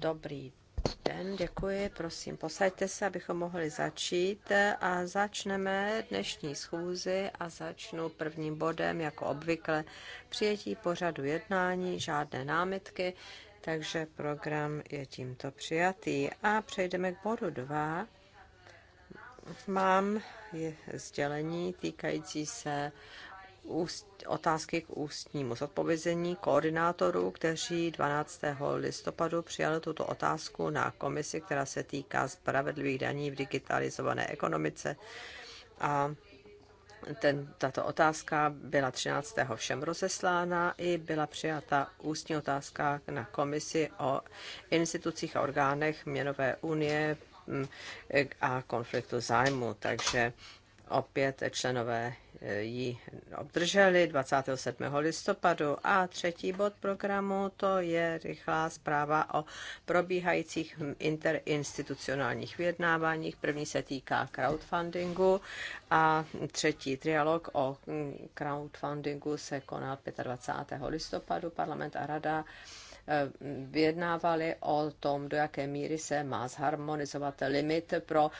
Dobrý den, děkuji, prosím, posaďte se, abychom mohli začít a začneme dnešní schůzi a začnu prvním bodem, jako obvykle, přijetí pořadu jednání, žádné námitky, takže program je tímto přijatý. A přejdeme k bodu 2. Mám je sdělení týkající se úst, otázky k ústnímu zodpovězení koordinátorů, kteří 12. listopadu přijali tuto otázku na komisi, která se týká spravedlivých daní v digitalizované ekonomice. A ten, tato otázka byla 13. všem rozeslána i byla přijata ústní otázka na komisi o institucích a orgánech měnové unie mm, a konfliktu zájmu. Takže opět členové eh, ji obdrželi 27. listopadu. A třetí bod programu to je rychlá zpráva o probíhajících interinstitucionálních vyjednáváních. První se týká crowdfundingu a třetí trialog o crowdfundingu se konal 25. listopadu. Parlament a rada Eh, vyjednávali o tom, do jaké míry se má zharmonizovat limit pro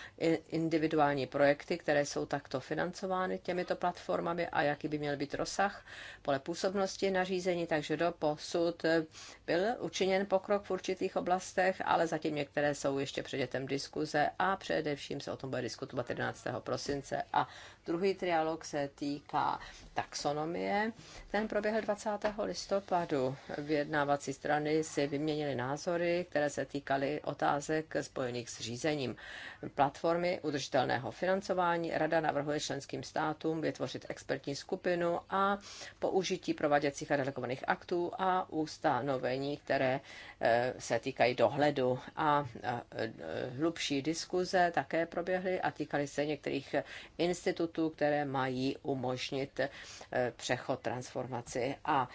individuální projekty, které jsou takto financovány těmito platformami a jaký by měl být rozsah pole působnosti nařízení, takže do posud eh, byl učiněn pokrok v určitých oblastech, ale zatím některé jsou ještě předmětem diskuze a především se o tom bude diskutovat 11. prosince a Druhý trialog se týká taxonomie. Ten proběhl 20. listopadu. Vyjednávací strany si vyměnily názory, které se týkaly otázek spojených s řízením platformy udržitelného financování. Rada navrhuje členským státům vytvořit expertní skupinu a použití prováděcích a delegovaných aktů a ustanovení, které eh, se týkají dohledu. A hlubší diskuze také proběhly a týkaly se některých institutů produktů, které mají umožnit eh, přechod transformaci. A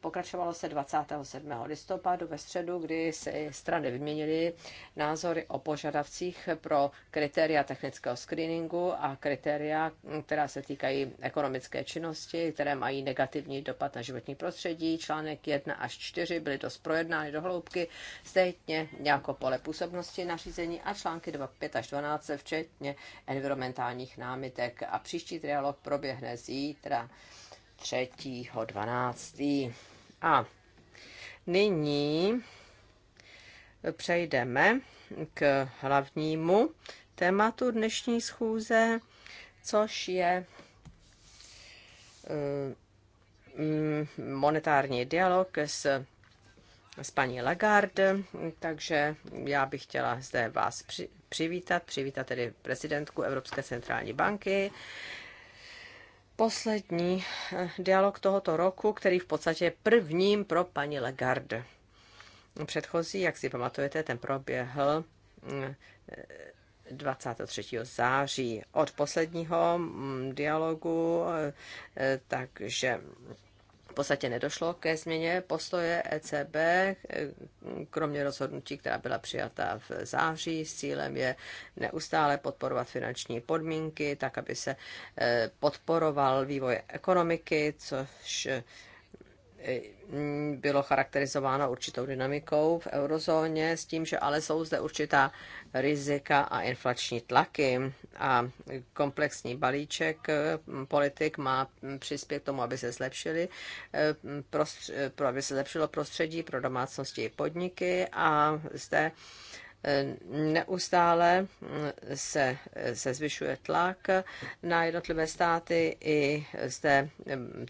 pokračovalo se 27. listopadu ve středu, kdy se strany vyměnily názory o požadavcích pro kritéria technického screeningu a kritéria, která se týkají ekonomické činnosti, které mají negativní dopad na životní prostředí. Článek 1 až 4 byly dost projednány do hloubky, stejně jako pole působnosti nařízení a články 2, 5 až 12, včetně environmentálních námitek a příští trialog proběhne zítra 3.12. A nyní přejdeme k hlavnímu tématu dnešní schůze, což je eh, monetární dialog s, s paní Lagarde, takže já bych chtěla zde vás při, přivítat, přivítat tedy prezidentku Evropské centrální banky. Poslední eh, dialog tohoto roku, který v podstatě je prvním pro paní Lagarde. Předchozí, jak si pamatujete, ten proběhl 23. Eh, září od posledního mm, dialogu, eh, takže podstatě nedošlo ke změně postoje ECB, kromě rozhodnutí, která byla přijata v září s cílem je neustále podporovat finanční podmínky, tak aby se eh, podporoval vývoj ekonomiky, což eh, bylo charakterizováno určitou dynamikou v eurozóně, s tím, že ale jsou zde určitá rizika a inflační tlaky. A komplexní balíček eh, politik má přispět k tomu, aby se, zlepšili, eh, prostř, aby se zlepšilo prostředí pro domácnosti i podniky a zde neustále se, se zvyšuje tlak na jednotlivé státy i zde, mm,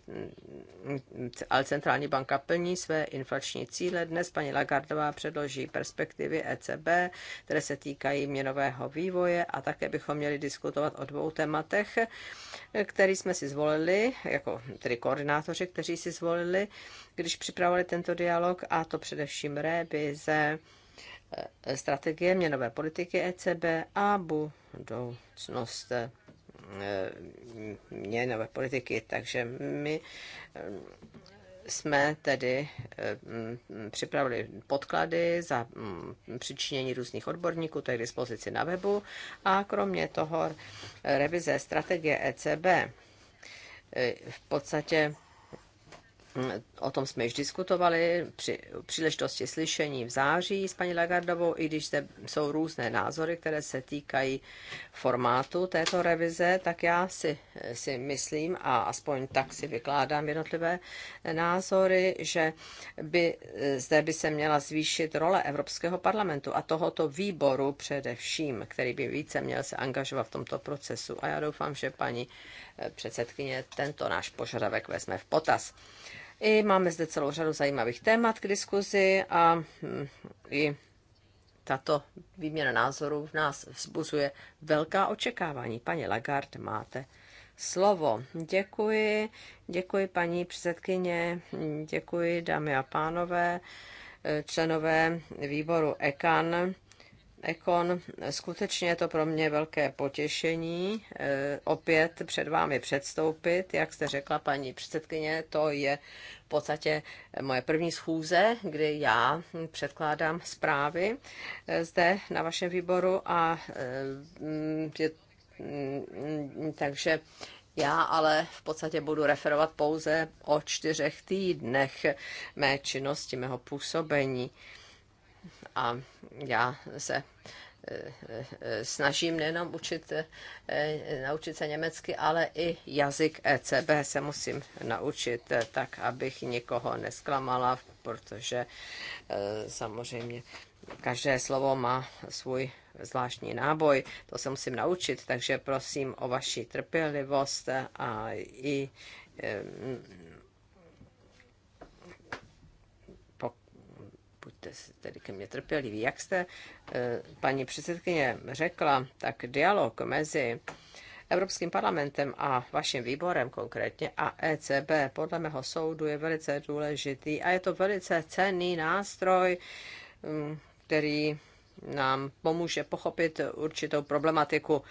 ale centrální banka plní své inflační cíle. Dnes paní Lagardová předloží perspektivy ECB, které se týkají měnového vývoje a také bychom měli diskutovat o dvou tématech, který jsme si zvolili, jako tedy koordinátoři, kteří si zvolili, když připravovali tento dialog, a to především revize Eh, strategie měnové politiky ECB a budoucnost eh, měnové politiky. Takže my eh, jsme tedy připravili podklady za mm, přičinění různých odborníků, to je k dispozici na webu. A kromě toho revize strategie ECB v podstatě Mm, o tom jsme již diskutovali při příležitosti slyšení v září s paní Lagardovou, i když zde jsou různé názory, které se týkají formátu této revize, tak já si, si myslím, a aspoň tak si vykládám jednotlivé názory, že by, zde by se měla zvýšit role Evropského parlamentu a tohoto výboru především, který by více měl se angažovat v tomto procesu. A já doufám, že paní předsedkyně tento náš požadavek vezme v potaz. I máme zde celou řadu zajímavých témat k diskuzi a hm, i tato výměna názorů v nás vzbuzuje velká očekávání. Paní Lagarde, máte slovo. Děkuji, děkuji paní předsedkyně, děkuji dámy a pánové, členové výboru EKAN. Ekon. Skutečně je to pro mě velké potěšení eh, opět před vámi předstoupit. Jak jste řekla, paní předsedkyně, to je v podstatě moje první schůze, kdy já předkládám zprávy eh, zde na vašem výboru a eh, je, mm, takže já ale v podstatě budu referovat pouze o čtyřech týdnech mé činnosti, mého působení a já se eh, eh, snažím nejenom učit, eh, naučit se německy, ale i jazyk ECB se musím naučit tak, abych nikoho nesklamala, protože samozřejmě každé slovo má svůj zvláštní náboj, to se musím naučit, takže prosím o vaši trpělivost a i buďte tedy ke mně trpěliví. Jak jste, eh, paní předsedkyně, řekla, tak dialog mezi Evropským parlamentem a vaším výborem konkrétně a ECB podle mého soudu je velice důležitý a je to velice cenný nástroj, mm, který nám pomůže pochopit určitou problematiku,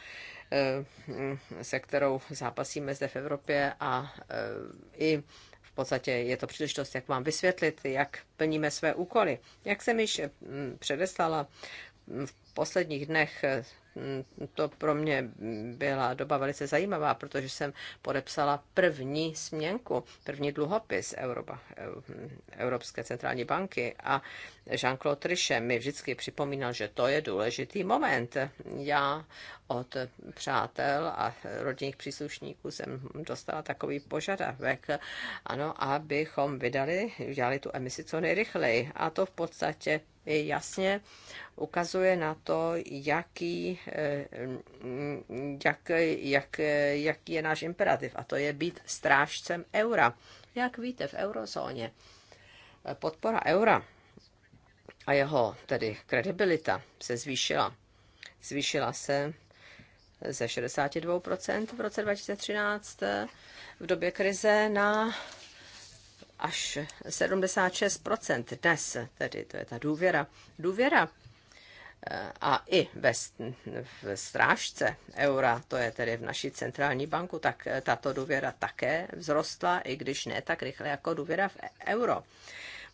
eh, mm, se kterou zápasíme zde v Evropě a eh, i v podstatě je to příležitost, jak vám vysvětlit, jak plníme své úkoly. Jak jsem již mm, předeslala, mm, v posledních dnech mm, to pro mě byla doba velice zajímavá, protože jsem podepsala první směnku, první dluhopis Europa, Evropské centrální banky a Jean-Claude Trichet mi vždycky připomínal, že to je důležitý moment. Já od přátel a rodinných příslušníků jsem dostala takový požadavek, ano, abychom vydali, udělali tu emisi co nejrychleji. A to v podstatě jasně ukazuje na to, jaký, eh, jak, jak, jaký je náš imperativ, a to je být strážcem eura. Jak víte, v eurozóně podpora eura a jeho tedy kredibilita se zvýšila. Zvýšila se ze 62% v roce 2013 eh, v době krize na až 76% dnes, tedy to je ta důvěra. Důvěra eh, a i ve, v strážce eura, to je tedy v naší centrální banku, tak eh, tato důvěra také vzrostla, i když ne tak rychle jako důvěra v e-, euro.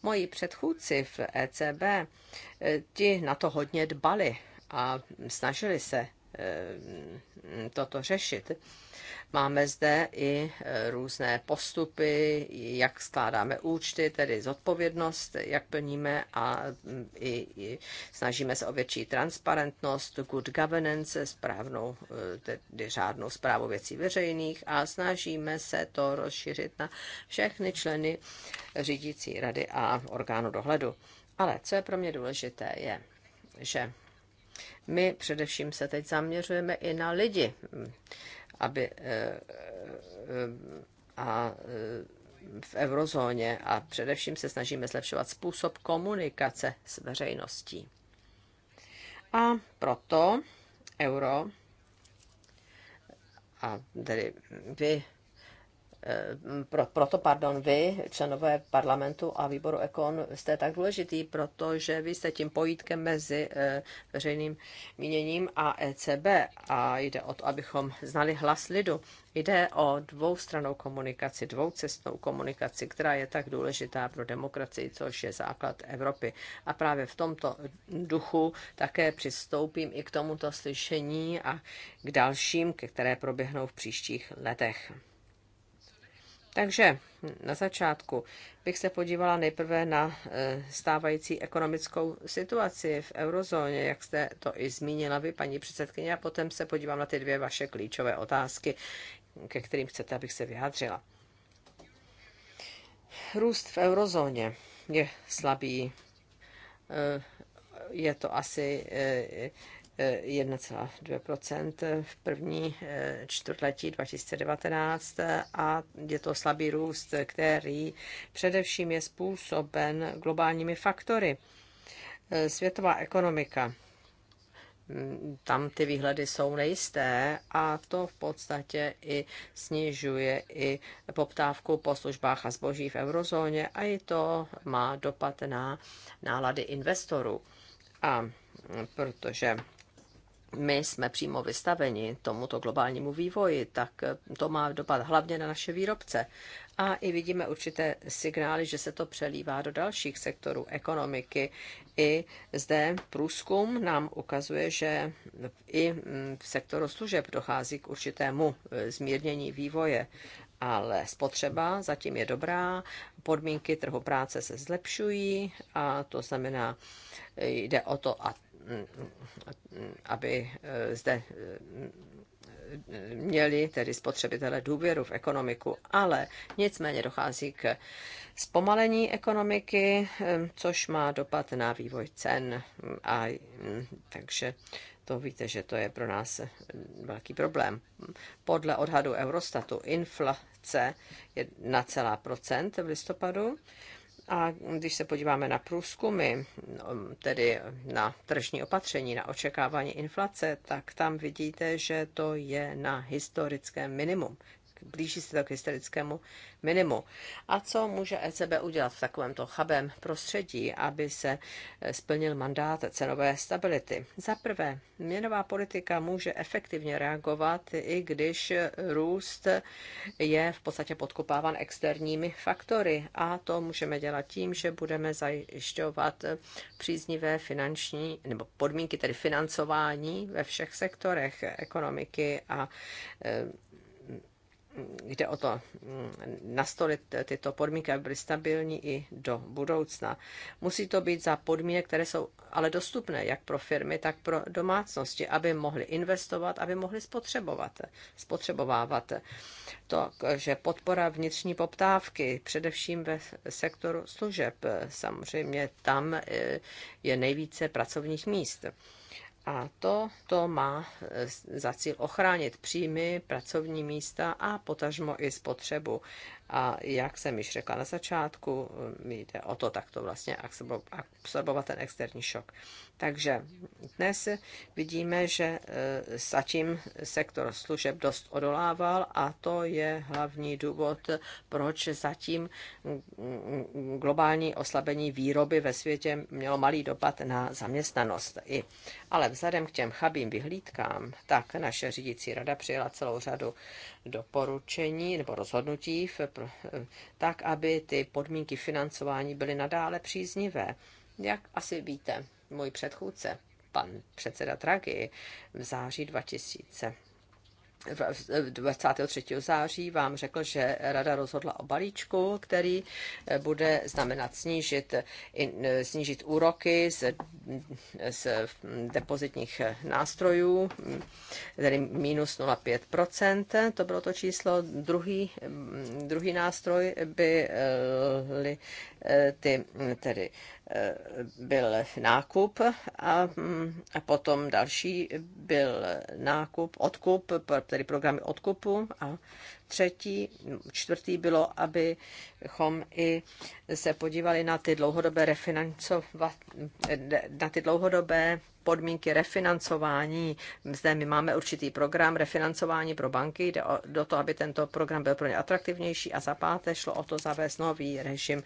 Moji předchůdci v ECB, eh, ti na to hodně dbali a snažili se Eh, toto řešit. Máme zde i eh, různé postupy, jak skládáme účty, tedy zodpovědnost, jak plníme a mm, i, i snažíme se o větší transparentnost, good governance, správnou, eh, tedy řádnou zprávu věcí veřejných a snažíme se to rozšířit na všechny členy řídící rady a orgánu dohledu. Ale co je pro mě důležité, je, že my především se teď zaměřujeme i na lidi, aby eh, eh, a eh, v eurozóně a především se snažíme zlepšovat způsob komunikace s veřejností. A proto euro a tedy vy Eh, pro, proto, pardon, vy, členové parlamentu a výboru Ekon, jste tak důležitý, protože vy jste tím pojítkem mezi eh, veřejným míněním a ECB a jde o to, abychom znali hlas lidu. Jde o dvoustranou komunikaci, dvoucestnou komunikaci, která je tak důležitá pro demokracii, což je základ Evropy. A právě v tomto duchu také přistoupím i k tomuto slyšení a k dalším, které proběhnou v příštích letech. Takže na začátku bych se podívala nejprve na e, stávající ekonomickou situaci v eurozóně, jak jste to i zmínila vy, paní předsedkyně, a potom se podívám na ty dvě vaše klíčové otázky, ke kterým chcete, abych se vyjádřila. Růst v eurozóně je slabý. E, je to asi e, 1,2 v první eh, čtvrtletí 2019 a je to slabý růst, který především je způsoben globálními faktory. Eh, světová ekonomika. Mm, tam ty výhledy jsou nejisté a to v podstatě i snižuje i poptávku po službách a zboží v eurozóně a i to má dopad na nálady investorů. A mm, protože my jsme přímo vystaveni tomuto globálnímu vývoji, tak to má dopad hlavně na naše výrobce. A i vidíme určité signály, že se to přelívá do dalších sektorů ekonomiky. I zde průzkum nám ukazuje, že i v sektoru služeb dochází k určitému e, zmírnění vývoje ale spotřeba zatím je dobrá, podmínky trhu práce se zlepšují a to znamená, e, jde o to, a aby eh, zde eh, měli tedy spotřebitelé důvěru v ekonomiku, ale nicméně dochází k zpomalení ekonomiky, eh, což má dopad na vývoj cen. A, hm, takže to víte, že to je pro nás velký problém. Podle odhadu Eurostatu inflace je na celá procent v listopadu a když se podíváme na průzkumy, um, tedy na tržní opatření, na očekávání inflace, tak tam vidíte, že to je na historickém minimum blíží se to k historickému minimu. A co může ECB udělat v takovémto chabém prostředí, aby se eh, splnil mandát cenové stability? Za prvé, měnová politika může efektivně reagovat, i když růst je v podstatě podkopáván externími faktory. A to můžeme dělat tím, že budeme zajišťovat příznivé finanční nebo podmínky, tedy financování ve všech sektorech ekonomiky a eh, jde o to mm, nastolit tyto podmínky, aby byly stabilní i do budoucna. Musí to být za podmínek, které jsou ale dostupné jak pro firmy, tak pro domácnosti, aby mohly investovat, aby mohly spotřebovat, spotřebovávat. To, že podpora vnitřní poptávky, především ve sektoru služeb, samozřejmě tam eh, je nejvíce pracovních míst. A to, to má e, za cíl ochránit příjmy, pracovní místa a potažmo i spotřebu. A jak jsem již řekla na začátku, mi um, jde o to takto vlastně absorbovat ten externí šok. Takže dnes vidíme, že eh, zatím sektor služeb dost odolával a to je hlavní důvod, proč zatím mm, mm, globální oslabení výroby ve světě mělo malý dopad na zaměstnanost. I. Ale vzhledem k těm chabým vyhlídkám, tak naše řídící rada přijela celou řadu doporučení nebo rozhodnutí v tak aby ty podmínky financování byly nadále příznivé. Jak asi víte, můj předchůdce, pan předseda Draghi, v září 2000 23. září vám řekl, že rada rozhodla o balíčku, který eh, bude znamenat snížit, eh, snížit úroky z, z mm, depozitních eh, nástrojů, mm, tedy minus 0,5%, to bylo to číslo. Druhý, mm, druhý nástroj by ty tedy Eh, byl nákup a, mm, a potom další byl nákup, odkup, tedy programy odkupu a třetí, čtvrtý bylo, abychom i se podívali na ty dlouhodobé refinancovat, na ty dlouhodobé podmínky refinancování. Zde my máme určitý program refinancování pro banky, jde o, do to, aby tento program byl pro ně atraktivnější a za páté šlo o to zavést nový režim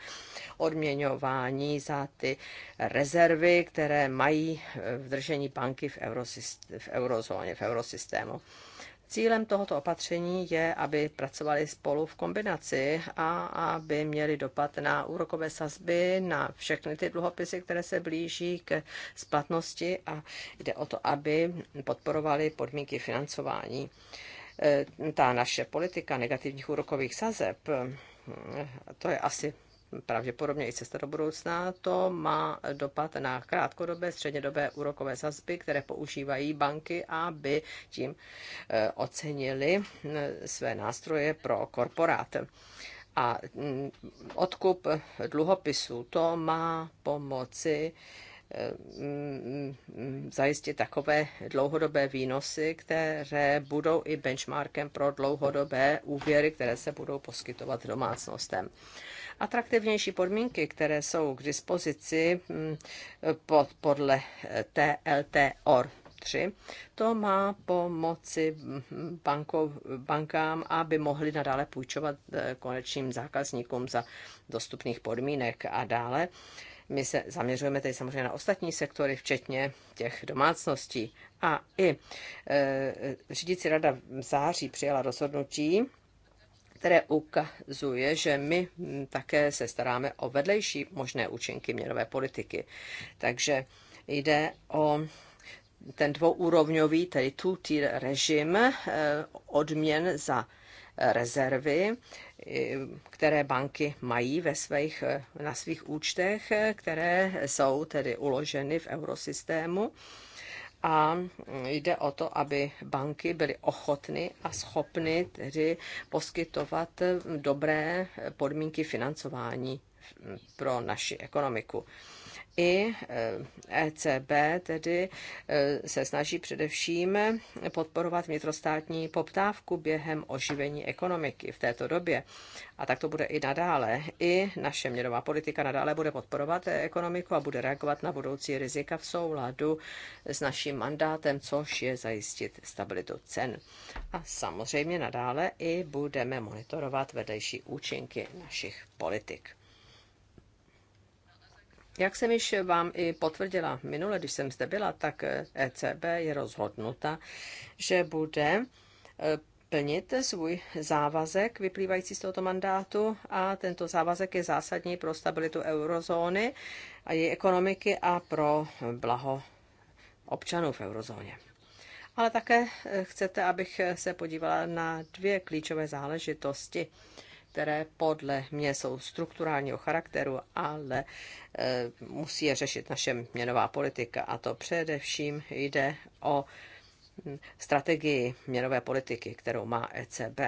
odměňování za ty rezervy, které mají eh, v držení banky v, eurosysté- v eurozóně, v eurosystému. Cílem tohoto opatření je, aby pracovali spolu v kombinaci a aby měli dopad na úrokové sazby, na všechny ty dluhopisy, které se blíží k splatnosti a jde o to, aby podporovali podmínky financování. E, ta naše politika negativních úrokových sazeb, e, to je asi pravděpodobně i cesta do budoucna, to má dopad na krátkodobé, střednědobé úrokové sazby, které používají banky, aby tím eh, ocenili eh, své nástroje pro korporát. A mm, odkup dluhopisů, to má pomoci eh, mm, mm, zajistit takové dlouhodobé výnosy, které budou i benchmarkem pro dlouhodobé úvěry, které se budou poskytovat domácnostem. Atraktivnější podmínky, které jsou k dispozici mm, pod, podle TLTOR, 3. To má pomoci mm, banko, bankám, aby mohli nadále půjčovat eh, konečným zákazníkům za dostupných podmínek a dále. My se zaměřujeme tady samozřejmě na ostatní sektory, včetně těch domácností. A i e, řídící rada v září přijala rozhodnutí které ukazuje, že my hm, také se staráme o vedlejší možné účinky měnové politiky. Takže jde o ten dvouúrovňový, tedy two-tier režim eh, odměn za rezervy, eh, které banky mají ve svých, eh, na svých účtech, které jsou tedy uloženy v eurosystému a jde o to, aby banky byly ochotny a schopny tedy poskytovat dobré podmínky financování pro naši ekonomiku i ECB eh, e tedy eh, se snaží především podporovat vnitrostátní poptávku během oživení ekonomiky v této době. A tak to bude i nadále. I naše měnová politika nadále bude podporovat ekonomiku a bude reagovat na budoucí rizika v souladu s naším mandátem, což je zajistit stabilitu cen. A samozřejmě nadále i budeme monitorovat vedlejší účinky našich politik. Jak jsem již vám i potvrdila minule, když jsem zde byla, tak ECB je rozhodnuta, že bude eh, plnit svůj závazek vyplývající z tohoto mandátu a tento závazek je zásadní pro stabilitu eurozóny a její ekonomiky a pro blaho občanů v eurozóně. Ale také eh, chcete, abych se podívala na dvě klíčové záležitosti, které podle mě jsou strukturálního charakteru, ale e, musí je řešit naše měnová politika. A to především jde o hm, strategii měnové politiky, kterou má ECB.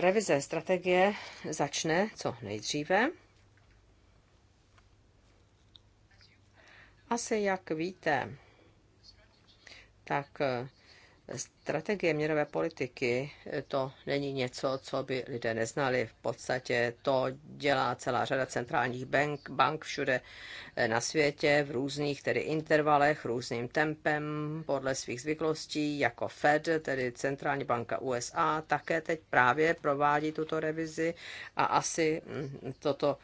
Revize strategie začne co nejdříve. Asi jak víte, tak Strategie měnové politiky eh, to není něco, co by lidé neznali. V podstatě to dělá celá řada centrálních bank, bank všude eh, na světě v různých tedy intervalech, různým tempem podle svých zvyklostí, jako Fed, tedy centrální banka USA, také teď právě provádí tuto revizi a asi mm, toto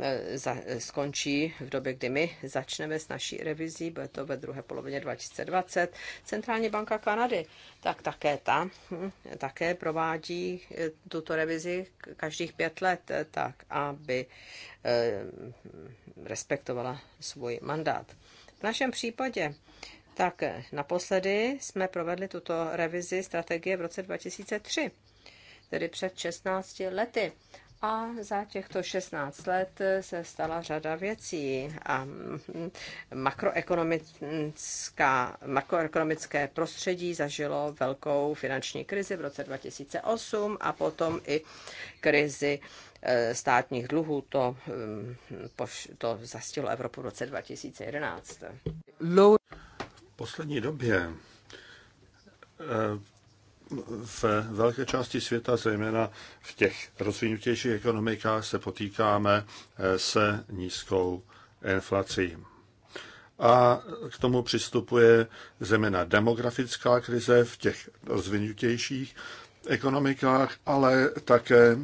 E, skončí v době, kdy my začneme s naší revizí, bude to ve druhé polovině 2020. Centrální banka Kanady, tak také ta hm, také provádí e, tuto revizi každých pět let, e, tak aby respektovala svůj mandát. V našem případě tak naposledy jsme provedli tuto revizi strategie v roce 2003, tedy před 16 lety. A za těchto 16 let se stala řada věcí a makroekonomická, makroekonomické prostředí zažilo velkou finanční krizi v roce 2008 a potom i krizi eh, státních dluhů. To, mm, to zastihlo Evropu v roce 2011. V poslední době eh, v velké části světa, zejména v těch rozvinutějších ekonomikách, se potýkáme eh, se nízkou inflací. A k tomu přistupuje zejména demografická krize v těch rozvinutějších ekonomikách, ale také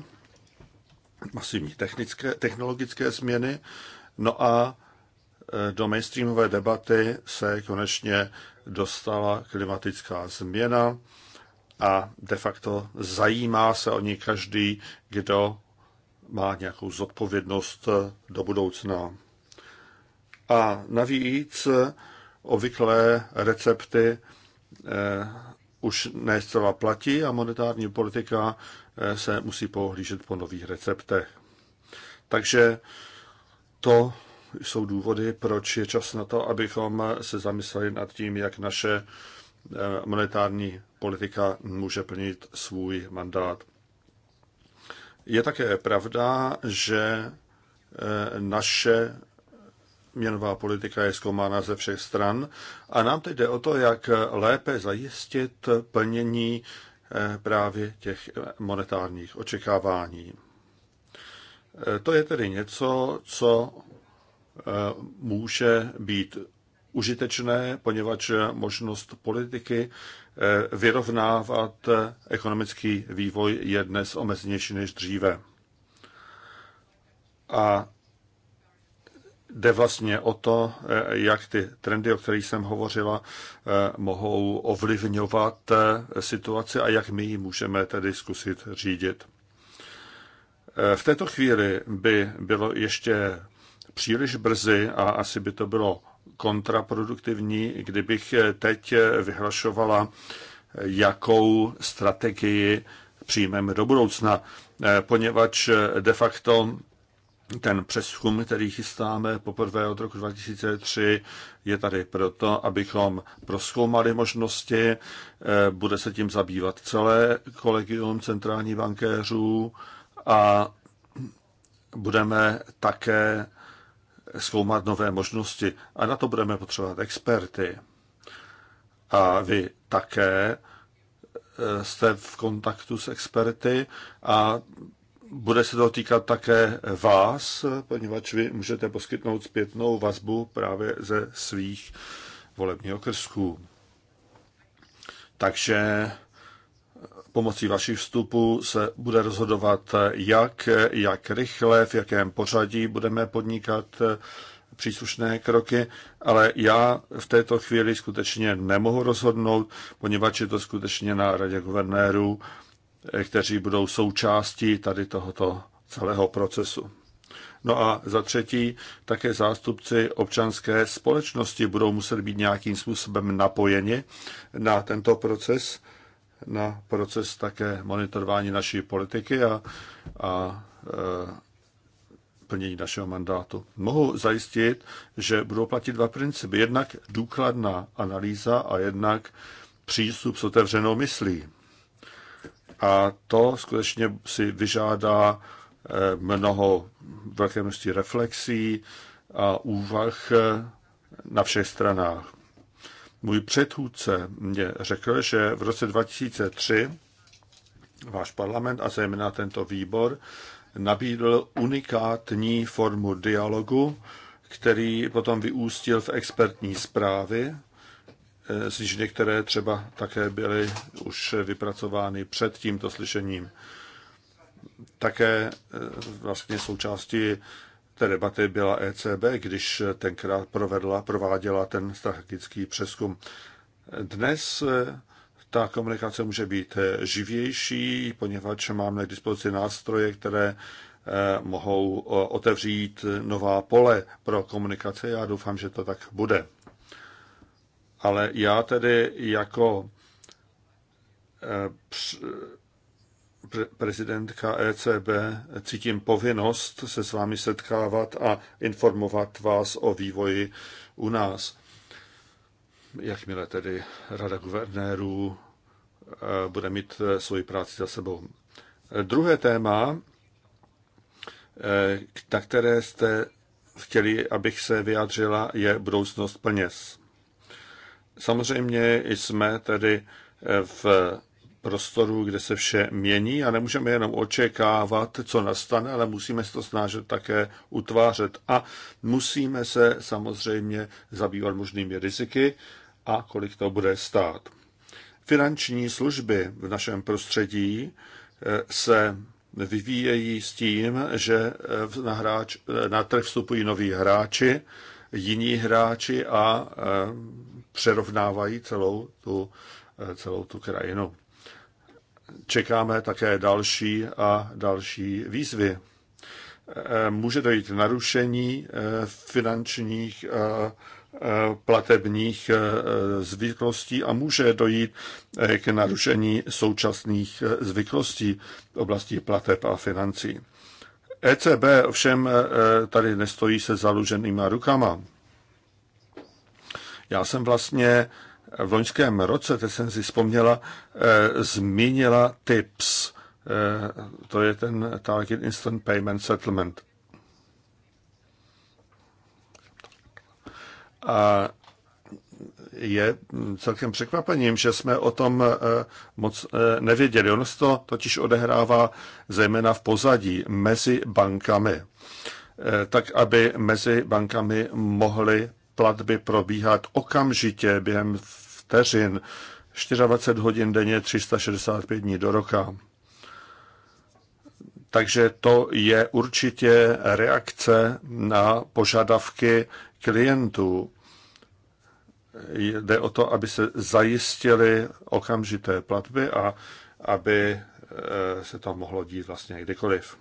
masivní technické, technologické změny. No a eh, do mainstreamové debaty se konečně dostala klimatická změna, a de facto zajímá se o ně každý, kdo má nějakou zodpovědnost eh, do budoucna. A navíc eh, obvyklé recepty eh, už ne zcela platí a monetární politika se musí pohlížet po nových receptech. Takže to jsou důvody, proč je čas na to, abychom se zamysleli nad tím, jak naše Eh, monetární politika může plnit svůj mandát. Je také pravda, že eh, naše měnová politika je zkoumána ze všech stran a nám teď jde o to, jak lépe zajistit plnění eh, právě těch monetárních očekávání. To je tedy něco, co může být užitečné, poněvadž možnost politiky eh, vyrovnávat ekonomický vývoj je dnes omezenější než dříve. A jde vlastně o to, eh, jak ty trendy, o kterých jsem hovořila, eh, mohou ovlivňovat situaci a jak my ji můžeme tedy zkusit řídit. V této chvíli by bylo ještě příliš brzy a asi by to bylo kontraproduktivní, kdybych teď vyhlašovala, jakou strategii přijmeme do budoucna, poněvadž de facto ten přeskum, který chystáme poprvé od roku 2003, je tady proto, abychom proskoumali možnosti. Bude se tím zabývat celé kolegium centrální bankéřů a budeme také zkoumat nové možnosti a na to budeme potřebovat experty. A vy také eh, jste v kontaktu s experty a bude se to týkat také vás, poněvadž vy můžete poskytnout zpětnou vazbu právě ze svých volebních okrsků. Takže Pomocí vašich vstupů se bude rozhodovat, jak, jak rychle, v jakém pořadí budeme podnikat eh, příslušné kroky, ale já v této chvíli skutečně nemohu rozhodnout, poněvadž je to skutečně na radě guvernérů, eh, kteří budou součástí tady tohoto celého procesu. No a za třetí, také zástupci občanské společnosti budou muset být nějakým způsobem napojeni na tento proces na proces také monitorování naší politiky a, a e, plnění našeho mandátu. Mohu zajistit, že budou platit dva principy. Jednak důkladná analýza a jednak přístup s otevřenou myslí. A to skutečně si vyžádá e, mnoho velké množství reflexí a úvah e, na všech stranách. Můj předchůdce mě řekl, že v roce 2003 váš parlament a zejména tento výbor nabídl unikátní formu dialogu, který potom vyústil v expertní zprávy, eh, z níž některé třeba také byly už vypracovány před tímto slyšením. Také eh, vlastně součástí té debaty byla ECB, když tenkrát provedla, prováděla ten strategický přeskum. Dnes eh, ta komunikace může být eh, živější, poněvadž máme k dispozici nástroje, které eh, mohou otevřít nová pole pro komunikaci. Já doufám, že to tak bude. Ale já tedy jako prezidentka ECB, cítím povinnost se s vámi setkávat a informovat vás o vývoji u nás. Jakmile tedy Rada guvernérů eh, bude mít eh, svoji práci za sebou. Druhé téma, eh, na které jste chtěli, abych se vyjádřila, je budoucnost peněz. Samozřejmě jsme tedy v prostoru, kde se vše mění a nemůžeme jenom očekávat, co nastane, ale musíme se to snažit také utvářet a musíme se samozřejmě zabývat možnými riziky a kolik to bude stát. Finanční služby v našem prostředí eh, se vyvíjejí s tím, že eh, na, hráč, eh, na trh vstupují noví hráči, jiní hráči a přerovnávají celou tu, celou tu krajinu čekáme také další a další výzvy. E, může dojít narušení e, finančních e, platebních zvyklostí a může dojít k narušení současných zvyklostí v oblasti plateb a financí. ECB ovšem tady nestojí se založenýma rukama. Já jsem vlastně v loňském roce, teď jsem si vzpomněla, eh, zmínila TIPS. Eh, to je ten Target Instant Payment Settlement. A je celkem překvapením, že jsme o tom eh, moc nevěděli. Ono se to totiž odehrává zejména v pozadí mezi bankami, tak aby mezi bankami mohly platby probíhat okamžitě během vteřin, 24 hodin denně, 365 dní do roka. Takže to je určitě reakce na požadavky klientů. Jde o to, aby se zajistily okamžité platby a aby eh, se to mohlo dít vlastně kdykoliv.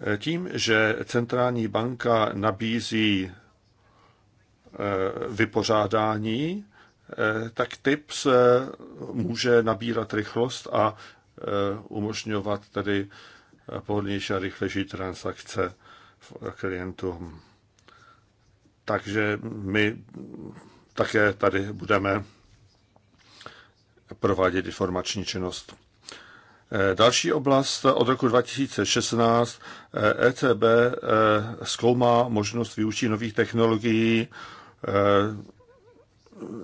Eh, tím, že centrální banka nabízí Eh, vypořádání, eh, tak TIPS může nabírat rychlost a eh, umožňovat tedy pohodlnější a rychlejší transakce klientům. Takže my také tady budeme provádět informační činnost. Další oblast od roku 2016 ECB e zkoumá možnost využití nových technologií Eh,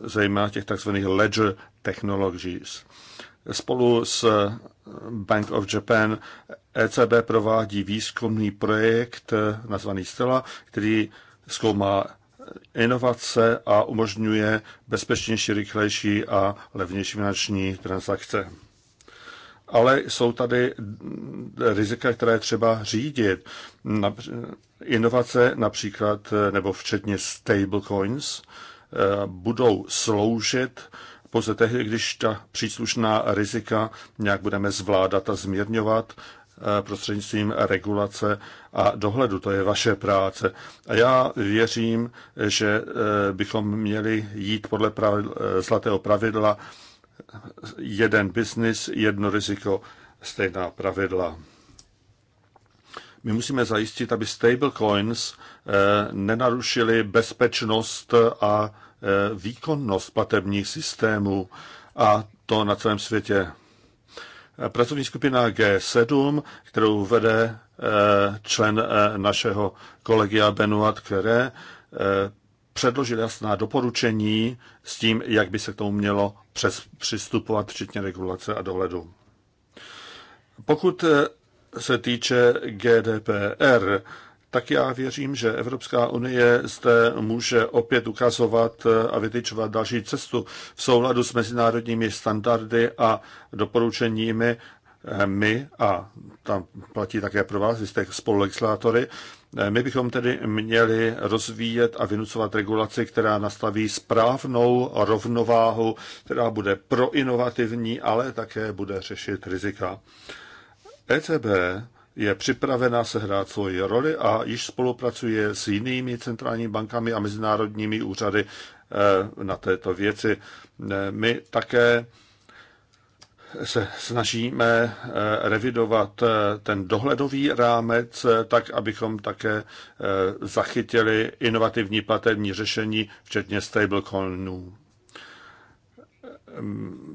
zejména těch tzv. ledger technologies. Spolu s Bank of Japan ECB provádí výzkumný projekt eh, nazvaný Stella, který zkoumá inovace a umožňuje bezpečnější, rychlejší a levnější finanční transakce ale jsou tady rizika, které třeba řídit. Inovace například, nebo včetně stablecoins, eh, budou sloužit pouze tehdy, když ta příslušná rizika nějak budeme zvládat a zmírňovat eh, prostřednictvím regulace a dohledu. To je vaše práce. A já věřím, že eh, bychom měli jít podle pravidla, zlatého pravidla jeden biznis, jedno riziko, stejná pravidla. My musíme zajistit, aby stablecoins eh, nenarušily bezpečnost a eh, výkonnost platebních systémů a to na celém světě. Eh, pracovní skupina G7, kterou vede člen našeho kolegia Benoit Queré, předložil jasná doporučení s tím, jak by se k tomu mělo přistupovat, včetně regulace a dohledu. Pokud eh, se týče GDPR, tak já věřím, že Evropská unie zde může opět ukazovat eh, a vytyčovat další cestu v souladu s mezinárodními standardy a doporučeními eh, my, a tam platí také pro vás, jste spolulegislátory, my bychom tedy měli rozvíjet a vynucovat regulaci, která nastaví správnou rovnováhu, která bude proinovativní, ale také bude řešit rizika. ECB je připravena sehrát svoji roli a již spolupracuje s jinými centrálními bankami a mezinárodními úřady eh, na této věci. Eh, my také se snažíme eh, revidovat eh, ten dohledový rámec eh, tak, abychom také zachytili inovativní platební řešení, včetně stablecoinů.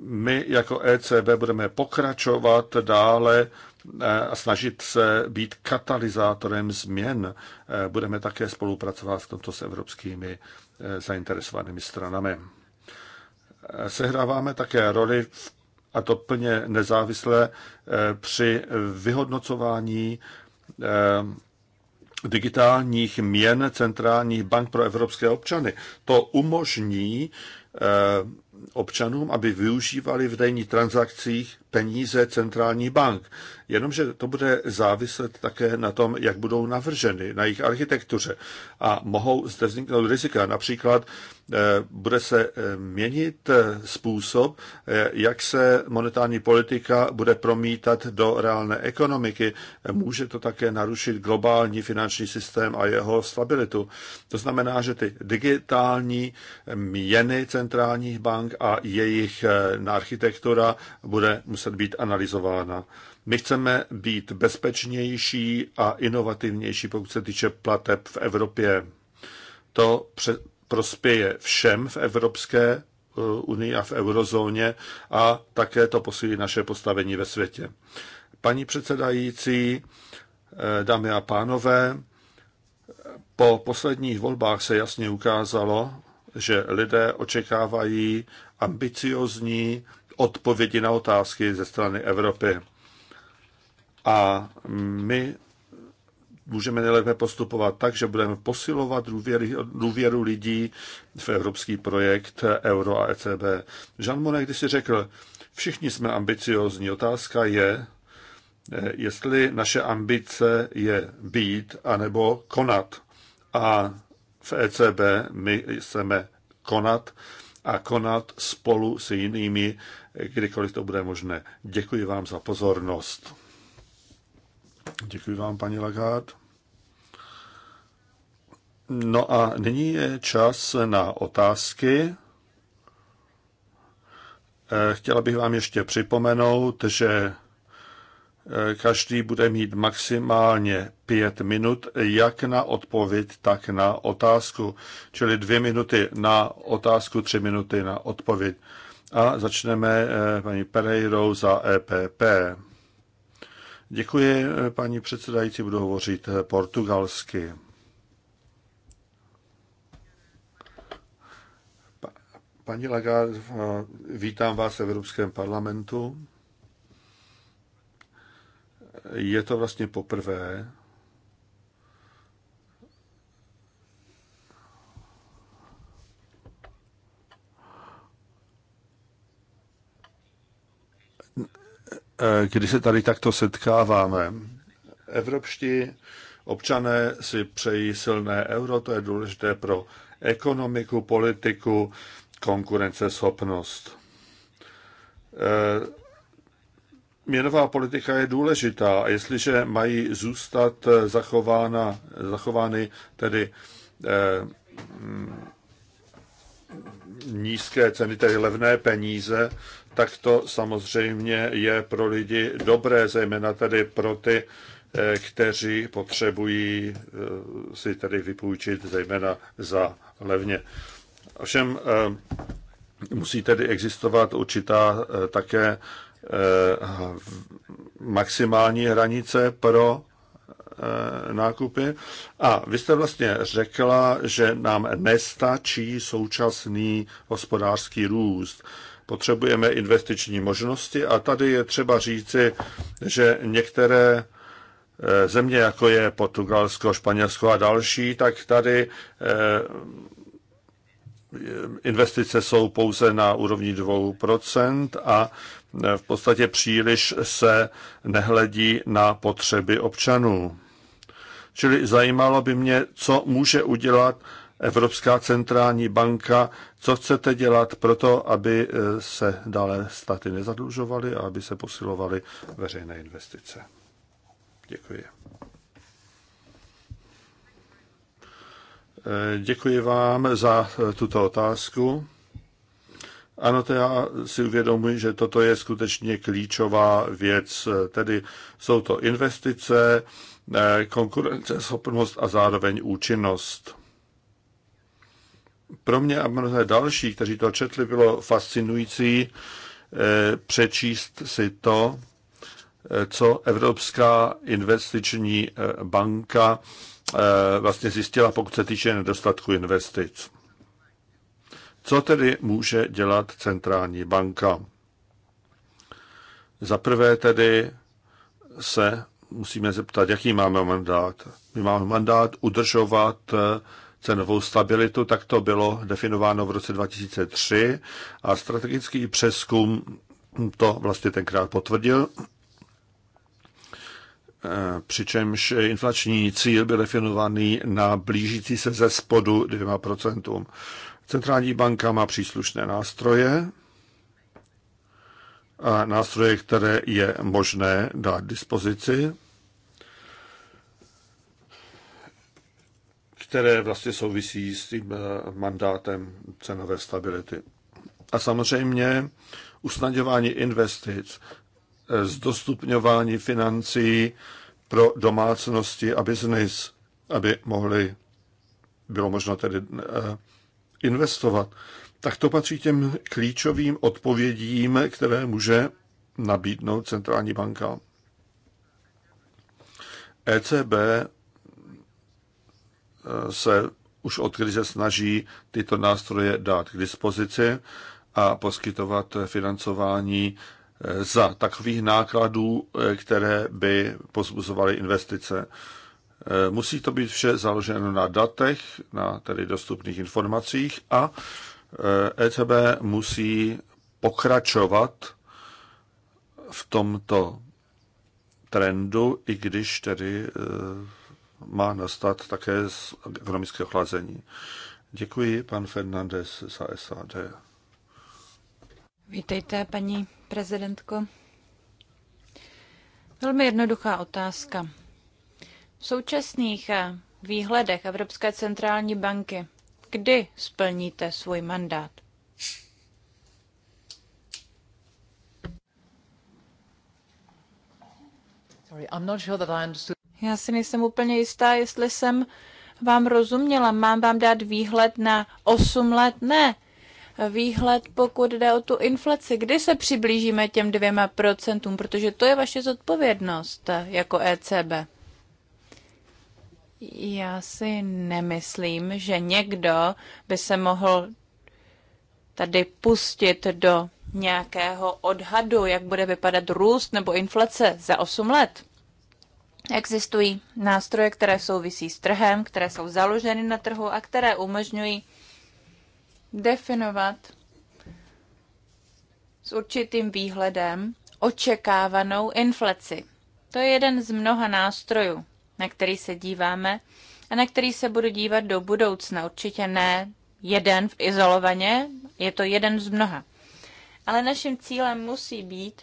My jako ECB budeme pokračovat dále a snažit se být katalyzátorem změn. Budeme také spolupracovat v tomto s evropskými zainteresovanými stranami. Sehráváme také roli v a to plně nezávisle eh, při vyhodnocování eh, digitálních měn centrálních bank pro evropské občany. To umožní eh, občanům, aby využívali v denních transakcích peníze centrální bank. Jenomže to bude záviset také na tom, jak budou navrženy, na jejich architektuře. A mohou zde vzniknout rizika. Například eh, bude se eh, měnit eh, způsob, jak se monetární politika bude promítat do reálné ekonomiky. Může to také narušit globální finanční systém a jeho stabilitu. To znamená, že ty digitální měny centrálních bank a jejich eh, architektura bude muset být analyzována. My chceme být bezpečnější a inovativnější, pokud se týče plateb v Evropě. To prospěje všem v Evropské eh, unii a v eurozóně a také to posílí naše postavení ve světě. Paní předsedající, eh, dámy a pánové, po posledních volbách se jasně ukázalo, že lidé očekávají ambiciozní odpovědi na otázky ze strany Evropy. A my můžeme nejlépe postupovat tak, že budeme posilovat důvěry, důvěru lidí v evropský projekt Euro a ECB. Jean Monnet když si řekl, všichni jsme ambiciozní, otázka je, jestli naše ambice je být anebo konat. A v ECB my chceme konat a konat spolu s jinými, kdykoliv to bude možné. Děkuji vám za pozornost. Děkuji vám, paní Lagarde. No a nyní je čas na otázky. Eh, chtěla bych vám ještě připomenout, že Eh, každý bude mít maximálně pět minut, jak na odpověď, tak na otázku. Čili dvě minuty na otázku, tři minuty na odpověď. A začneme eh, paní Pereirou za EPP. Děkuji, eh, paní předsedající, budu hovořit portugalsky. Paní Lagarde, vítám vás v Evropském parlamentu je to vlastně poprvé, když se tady takto setkáváme. Evropští občané si přejí silné euro, to je důležité pro ekonomiku, politiku, konkurenceschopnost. Eh, Měnová politika je důležitá a jestliže mají zůstat eh, zachována, zachovány tedy eh, mm, nízké ceny, tedy levné peníze, tak to samozřejmě je pro lidi dobré, zejména tedy pro ty, eh, kteří potřebují eh, si tedy vypůjčit zejména za levně. Ovšem eh, musí tedy existovat určitá eh, také eh, Eh, maximální hranice pro eh, nákupy. A vy jste vlastně řekla, že nám nestačí současný hospodářský růst. Potřebujeme investiční možnosti a tady je třeba říci, že některé eh, země, jako je Portugalsko, Španělsko a další, tak tady investice jsou pouze na úrovni 2% a v podstatě příliš se nehledí na potřeby občanů. Čili zajímalo by mě, co může udělat Evropská centrální banka, co chcete dělat pro to, aby eh, se dále státy nezadlužovaly a aby se posilovaly veřejné investice. Děkuji. Eh, děkuji vám za eh, tuto otázku. Ano, to já si uvědomuji, že toto je skutečně klíčová věc. Tedy jsou to investice, eh, konkurenceschopnost a zároveň účinnost. Pro mě a mnohé další, kteří to četli, bylo fascinující eh, přečíst si to, eh, co Evropská investiční banka vlastně zjistila, pokud se týče nedostatku investic. Co tedy může dělat centrální banka? Za prvé tedy se musíme zeptat, jaký máme mandát. My máme mandát udržovat eh, cenovou stabilitu, tak to bylo definováno v roce 2003 a strategický přeskum to vlastně tenkrát potvrdil. Eh, přičemž inflační cíl byl definovaný na blížící se ze spodu 2%. Centrální banka má příslušné nástroje, a nástroje, které je možné dát dispozici, které vlastně souvisí s tím eh, mandátem cenové stability. A samozřejmě usnadňování investic, eh, zdostupňování financí pro domácnosti a biznis, aby mohli, bylo možno tedy eh, investovat, tak to patří těm klíčovým odpovědím, které může nabídnout centrální banka. ECB eh, se už od krize snaží tyto nástroje dát k dispozici a poskytovat financování eh, za takových nákladů, eh, které by pozbuzovaly investice. Eh, musí to být vše založeno na datech, na tedy dostupných informacích a ECB eh, e musí pokračovat v tomto trendu, i když tedy eh, má nastat také ekonomické ochlazení. Děkuji, pan Fernandez za SAD. Vítejte, paní prezidentko. Velmi jednoduchá otázka v současných eh, výhledech Evropské centrální banky, kdy splníte svůj mandát? Já si nejsem úplně jistá, jestli jsem vám rozuměla. Mám vám dát výhled na 8 let? Ne. Výhled, pokud jde o tu inflaci. Kdy se přiblížíme těm dvěma procentům? Protože to je vaše zodpovědnost eh, jako ECB. Já si nemyslím, že někdo by se mohl tady pustit do nějakého odhadu, jak bude vypadat růst nebo inflace za 8 let. Existují nástroje, které souvisí s trhem, které jsou založeny na trhu a které umožňují definovat s určitým výhledem očekávanou inflaci. To je jeden z mnoha nástrojů na který se díváme a na který se budu dívat do budoucna. Určitě ne jeden v izolovaně, je to jeden z mnoha. Ale naším cílem musí být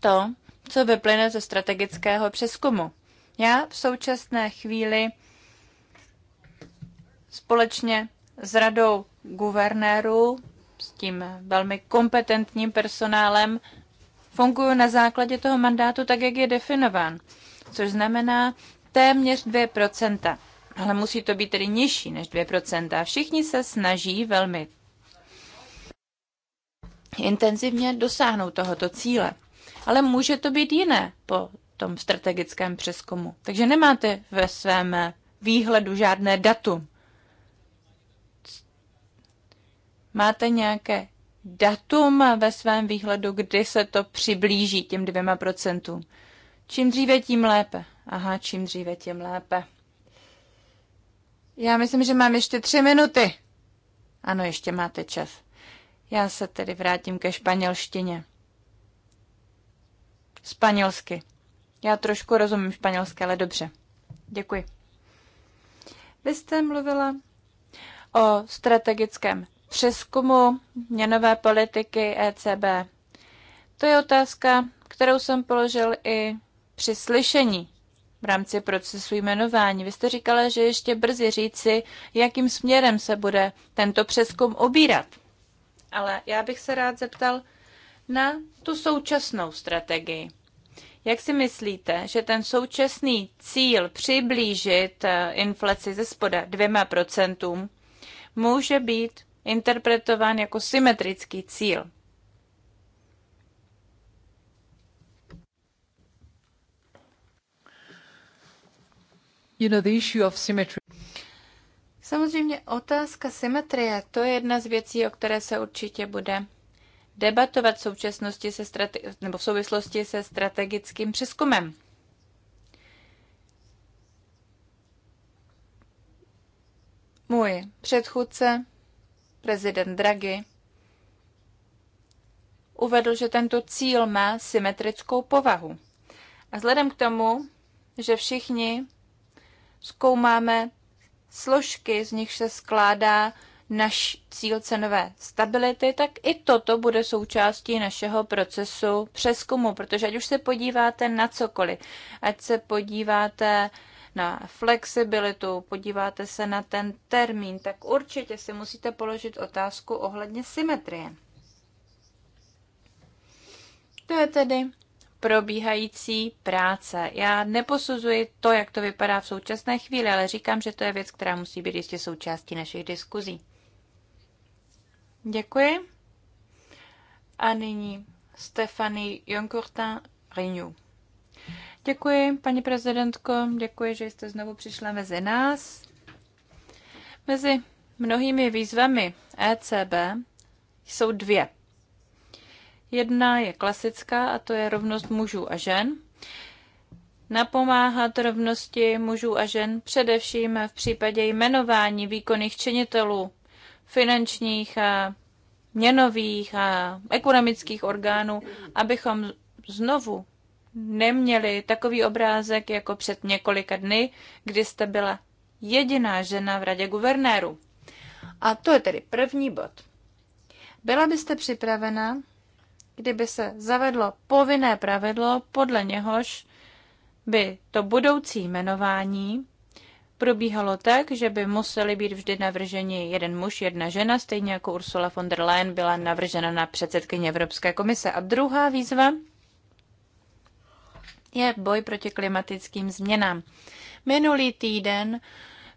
to, co vyplyne ze strategického přeskumu. Já v současné chvíli společně s radou guvernérů, s tím velmi kompetentním personálem, fungují na základě toho mandátu tak, jak je definován, což znamená téměř 2%. Ale musí to být tedy nižší než 2%. Všichni se snaží velmi intenzivně dosáhnout tohoto cíle. Ale může to být jiné po tom strategickém přeskumu. Takže nemáte ve svém výhledu žádné datum. Máte nějaké datum ve svém výhledu, kdy se to přiblíží těm dvěma procentům. Čím dříve, tím lépe. Aha, čím dříve, tím lépe. Já myslím, že mám ještě tři minuty. Ano, ještě máte čas. Já se tedy vrátím ke španělštině. Španělsky. Já trošku rozumím španělsky, ale dobře. Děkuji. Vy jste mluvila o strategickém přeskumu měnové politiky ECB. To je otázka, kterou jsem položil i při slyšení v rámci procesu jmenování. Vy jste říkala, že ještě brzy říci, jakým směrem se bude tento přeskum obírat. Ale já bych se rád zeptal na tu současnou strategii. Jak si myslíte, že ten současný cíl přiblížit eh, inflaci ze spoda dvěma procentům může být interpretován jako symetrický cíl. You know, the issue of symmetry. Samozřejmě otázka symetrie, to je jedna z věcí, o které se určitě bude debatovat v současnosti se strate- nebo v souvislosti se strategickým přeskumem. Můj předchůdce prezident Draghi, uvedl, že tento cíl má symetrickou povahu. A vzhledem k tomu, že všichni zkoumáme složky, z nich se skládá naš cíl cenové stability, tak i toto bude součástí našeho procesu přeskumu, protože ať už se podíváte na cokoliv, ať se podíváte na flexibilitu, podíváte se na ten termín, tak určitě si musíte položit otázku ohledně symetrie. To je tedy probíhající práce. Já neposuzuji to, jak to vypadá v současné chvíli, ale říkám, že to je věc, která musí být jistě součástí našich diskuzí. Děkuji. A nyní Stefany Jonkurta Renew. Děkuji, paní prezidentko, děkuji, že jste znovu přišla mezi nás. Mezi mnohými výzvami ECB jsou dvě. Jedna je klasická a to je rovnost mužů a žen. Napomáhat rovnosti mužů a žen především v případě jmenování výkonných činitelů finančních a měnových a ekonomických orgánů, abychom znovu neměli takový obrázek jako před několika dny, kdy jste byla jediná žena v radě guvernéru. A to je tedy první bod. Byla byste připravena, kdyby se zavedlo povinné pravidlo, podle něhož by to budoucí jmenování probíhalo tak, že by museli být vždy navrženi jeden muž, jedna žena, stejně jako Ursula von der Leyen byla navržena na předsedkyni Evropské komise. A druhá výzva je boj proti klimatickým změnám. Minulý týden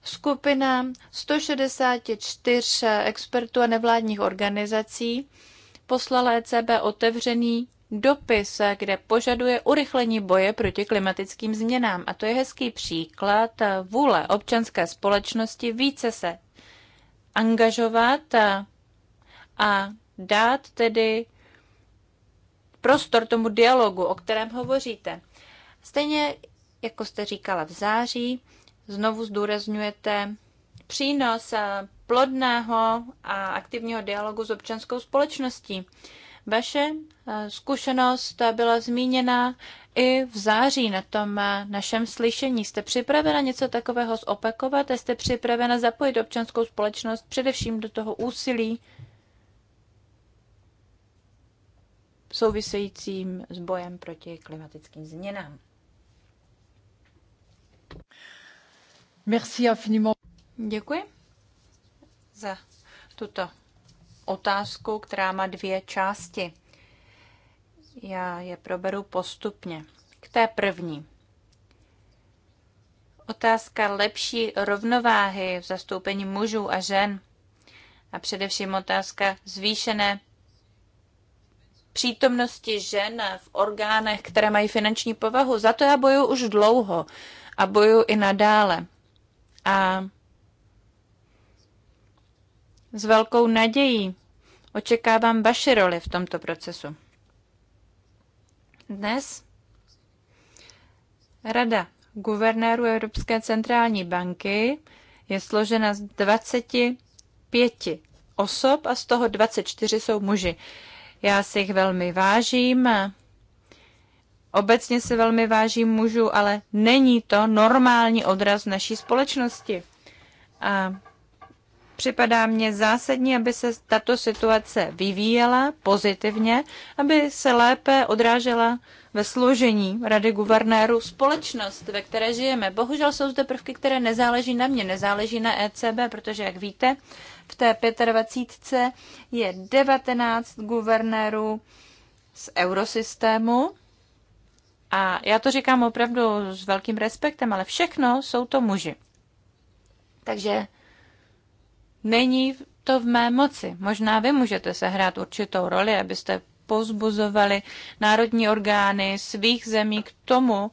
skupina 164 expertů a nevládních organizací poslala ECB otevřený dopis, kde požaduje urychlení boje proti klimatickým změnám. A to je hezký příklad vůle občanské společnosti více se angažovat a dát tedy prostor tomu dialogu, o kterém hovoříte. Stejně jako jste říkala v září, znovu zdůrazňujete přínos eh, plodného a aktivního dialogu s občanskou společností. Vaše eh, zkušenost byla zmíněna i v září na tom eh, našem slyšení. Jste připravena něco takového zopakovat? Jste připravena zapojit občanskou společnost především do toho úsilí souvisejícím s bojem proti klimatickým změnám? Děkuji za tuto otázku, která má dvě části. Já je proberu postupně. K té první. Otázka lepší rovnováhy v zastoupení mužů a žen a především otázka zvýšené přítomnosti žen v orgánech, které mají finanční povahu. Za to já boju už dlouho a bojuju i nadále. A s velkou nadějí očekávám vaši roli v tomto procesu. Dnes Rada guvernérů Evropské centrální banky je složena z 25 osob a z toho 24 jsou muži. Já si jich velmi vážím. Obecně si velmi vážím mužů, ale není to normální odraz naší společnosti. A připadá mně zásadní, aby se tato situace vyvíjela pozitivně, aby se lépe odrážela ve složení Rady guvernérů společnost, ve které žijeme. Bohužel jsou zde prvky, které nezáleží na mě, nezáleží na ECB, protože, jak víte, v té 25 je 19 guvernérů z eurosystému a já to říkám opravdu s velkým respektem, ale všechno jsou to muži. Takže není to v mé moci. Možná vy můžete sehrát určitou roli, abyste pozbuzovali národní orgány svých zemí k tomu,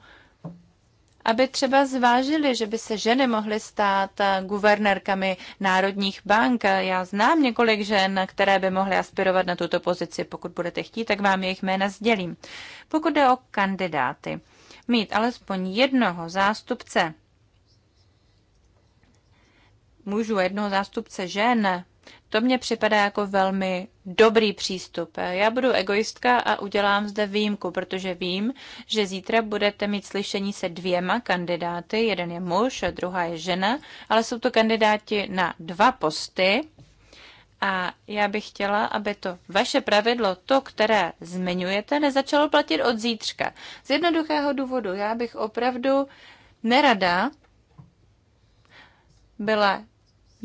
aby třeba zvážili, že by se ženy mohly stát eh, guvernérkami národních bank. Já znám několik žen, které by mohly aspirovat na tuto pozici. Pokud budete chtít, tak vám jejich jména sdělím. Pokud jde o kandidáty, mít alespoň jednoho zástupce mužů a jednoho zástupce žen to mně připadá jako velmi dobrý přístup. Já budu egoistka a udělám zde výjimku, protože vím, že zítra budete mít slyšení se dvěma kandidáty. Jeden je muž, a druhá je žena, ale jsou to kandidáti na dva posty. A já bych chtěla, aby to vaše pravidlo, to, které zmiňujete, nezačalo platit od zítřka. Z jednoduchého důvodu, já bych opravdu nerada byla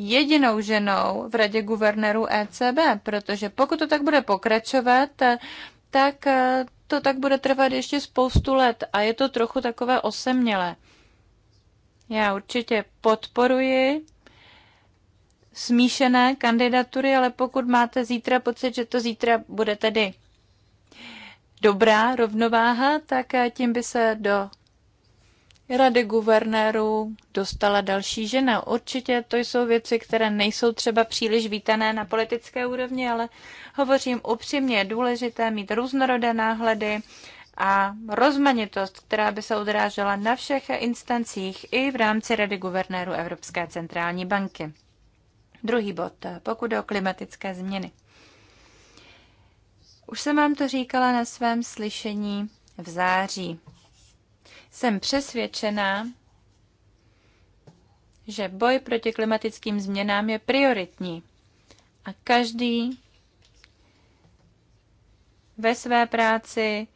jedinou ženou v radě guvernérů ECB, protože pokud to tak bude pokračovat, tak eh, to tak bude trvat ještě spoustu let a je to trochu takové osemnělé. Já určitě podporuji smíšené kandidatury, ale pokud máte zítra pocit, že to zítra bude tedy dobrá rovnováha, tak eh, tím by se do rady guvernérů dostala další žena. Určitě to jsou věci, které nejsou třeba příliš vítané na politické úrovni, ale hovořím upřímně, je důležité mít různorodé náhledy a rozmanitost, která by se odrážela na všech instancích i v rámci Rady guvernérů Evropské centrální banky. Druhý bod, pokud o klimatické změny. Už jsem vám to říkala na svém slyšení v září. Jsem přesvědčená, že boj proti klimatickým změnám je prioritní a každý ve své práci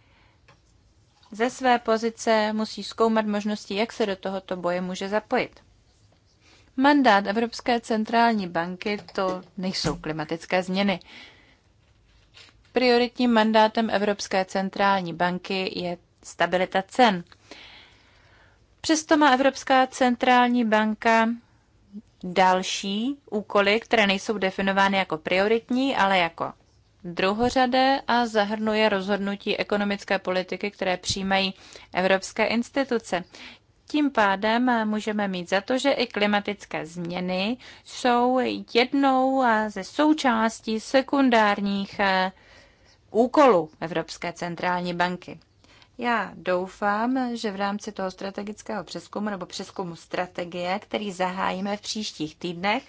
ze své pozice musí zkoumat možnosti, jak se do tohoto boje může zapojit. Mandát Evropské centrální banky to nejsou klimatické změny. Prioritním mandátem Evropské centrální banky je stabilita cen. Přesto má Evropská centrální banka další úkoly, které nejsou definovány jako prioritní, ale jako druhořadé a zahrnuje rozhodnutí ekonomické politiky, které přijímají evropské instituce. Tím pádem můžeme mít za to, že i klimatické změny jsou jednou ze součástí sekundárních úkolů Evropské centrální banky. Já doufám, že v rámci toho strategického přeskumu nebo přeskumu strategie, který zahájíme v příštích týdnech,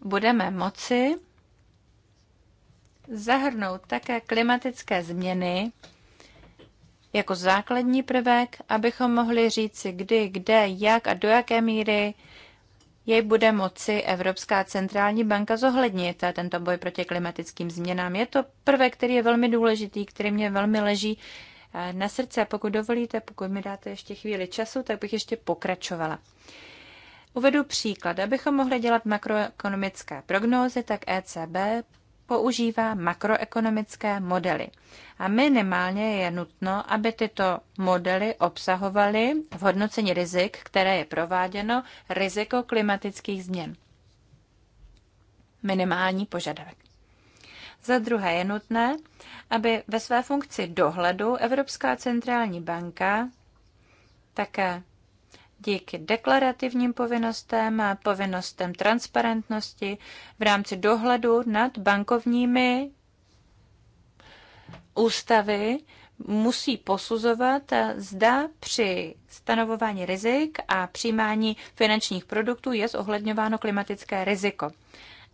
budeme moci zahrnout také klimatické změny jako základní prvek, abychom mohli říci, kdy, kde, jak a do jaké míry jej bude moci Evropská centrální banka zohlednit eh, tento boj proti klimatickým změnám. Je to prvek, který je velmi důležitý, který mě velmi leží eh, na srdce. A pokud dovolíte, pokud mi dáte ještě chvíli času, tak bych ještě pokračovala. Uvedu příklad. Abychom mohli dělat makroekonomické prognózy, tak ECB používá makroekonomické modely. A minimálně je nutno, aby tyto modely obsahovaly v hodnocení rizik, které je prováděno, riziko klimatických změn. Minimální požadavek. Za druhé je nutné, aby ve své funkci dohledu Evropská centrální banka také díky deklarativním povinnostem a povinnostem transparentnosti v rámci dohledu nad bankovními ústavy musí posuzovat, zda při stanovování rizik a přijímání finančních produktů je zohledňováno klimatické riziko.